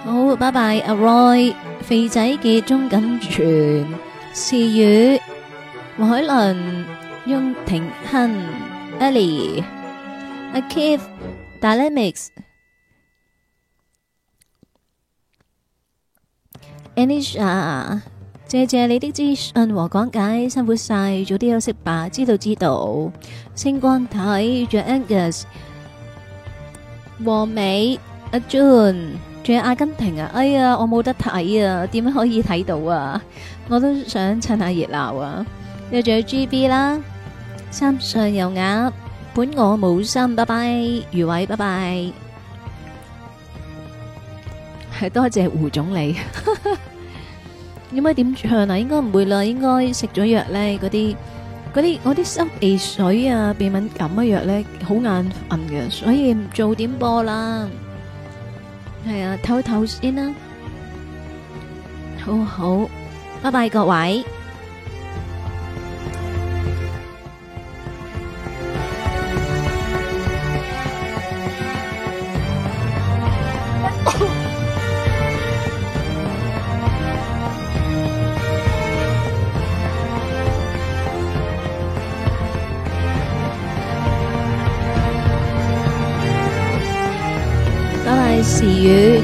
好，拜拜，阿 Roy。肥仔嘅鍾錦全、詩宇、黃海倫、翁庭亨、Ellie、Akev、Dilemics、Anisha，謝謝你的資訊和講解，辛苦晒，早啲休息吧。知道知道，星光體、Joel、Angus、和美、Adun。仲有阿根廷啊！哎呀，我冇得睇啊，點樣可以睇到啊？我都想趁下熱鬧啊！又仲有 GB 啦，三上有鴨，本我冇心，拜拜，余偉，拜拜，係多謝胡總理。點解點唱啊？應該唔會啦，應該食咗藥咧，嗰啲嗰啲我啲濕鼻水啊、鼻敏感嘅藥咧，好眼瞓嘅，所以唔做點播啦。係啊，唞唞先啦，好 好，拜拜各位。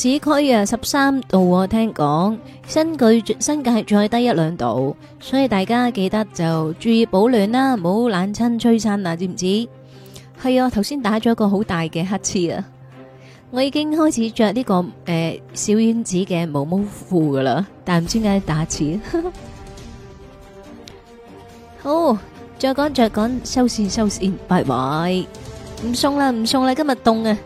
市區啊，十三度，聽講新巨新界再低一兩度，所以大家記得就注意保暖啦，唔好冷親吹親啊，知唔知？係啊，頭先打咗一個好大嘅乞嗤啊！我已經開始着呢個誒小丸子嘅毛毛褲噶啦，但唔知點解打刺。好，再講再講，收線收線，拜拜，唔送啦唔送啦，今日凍啊！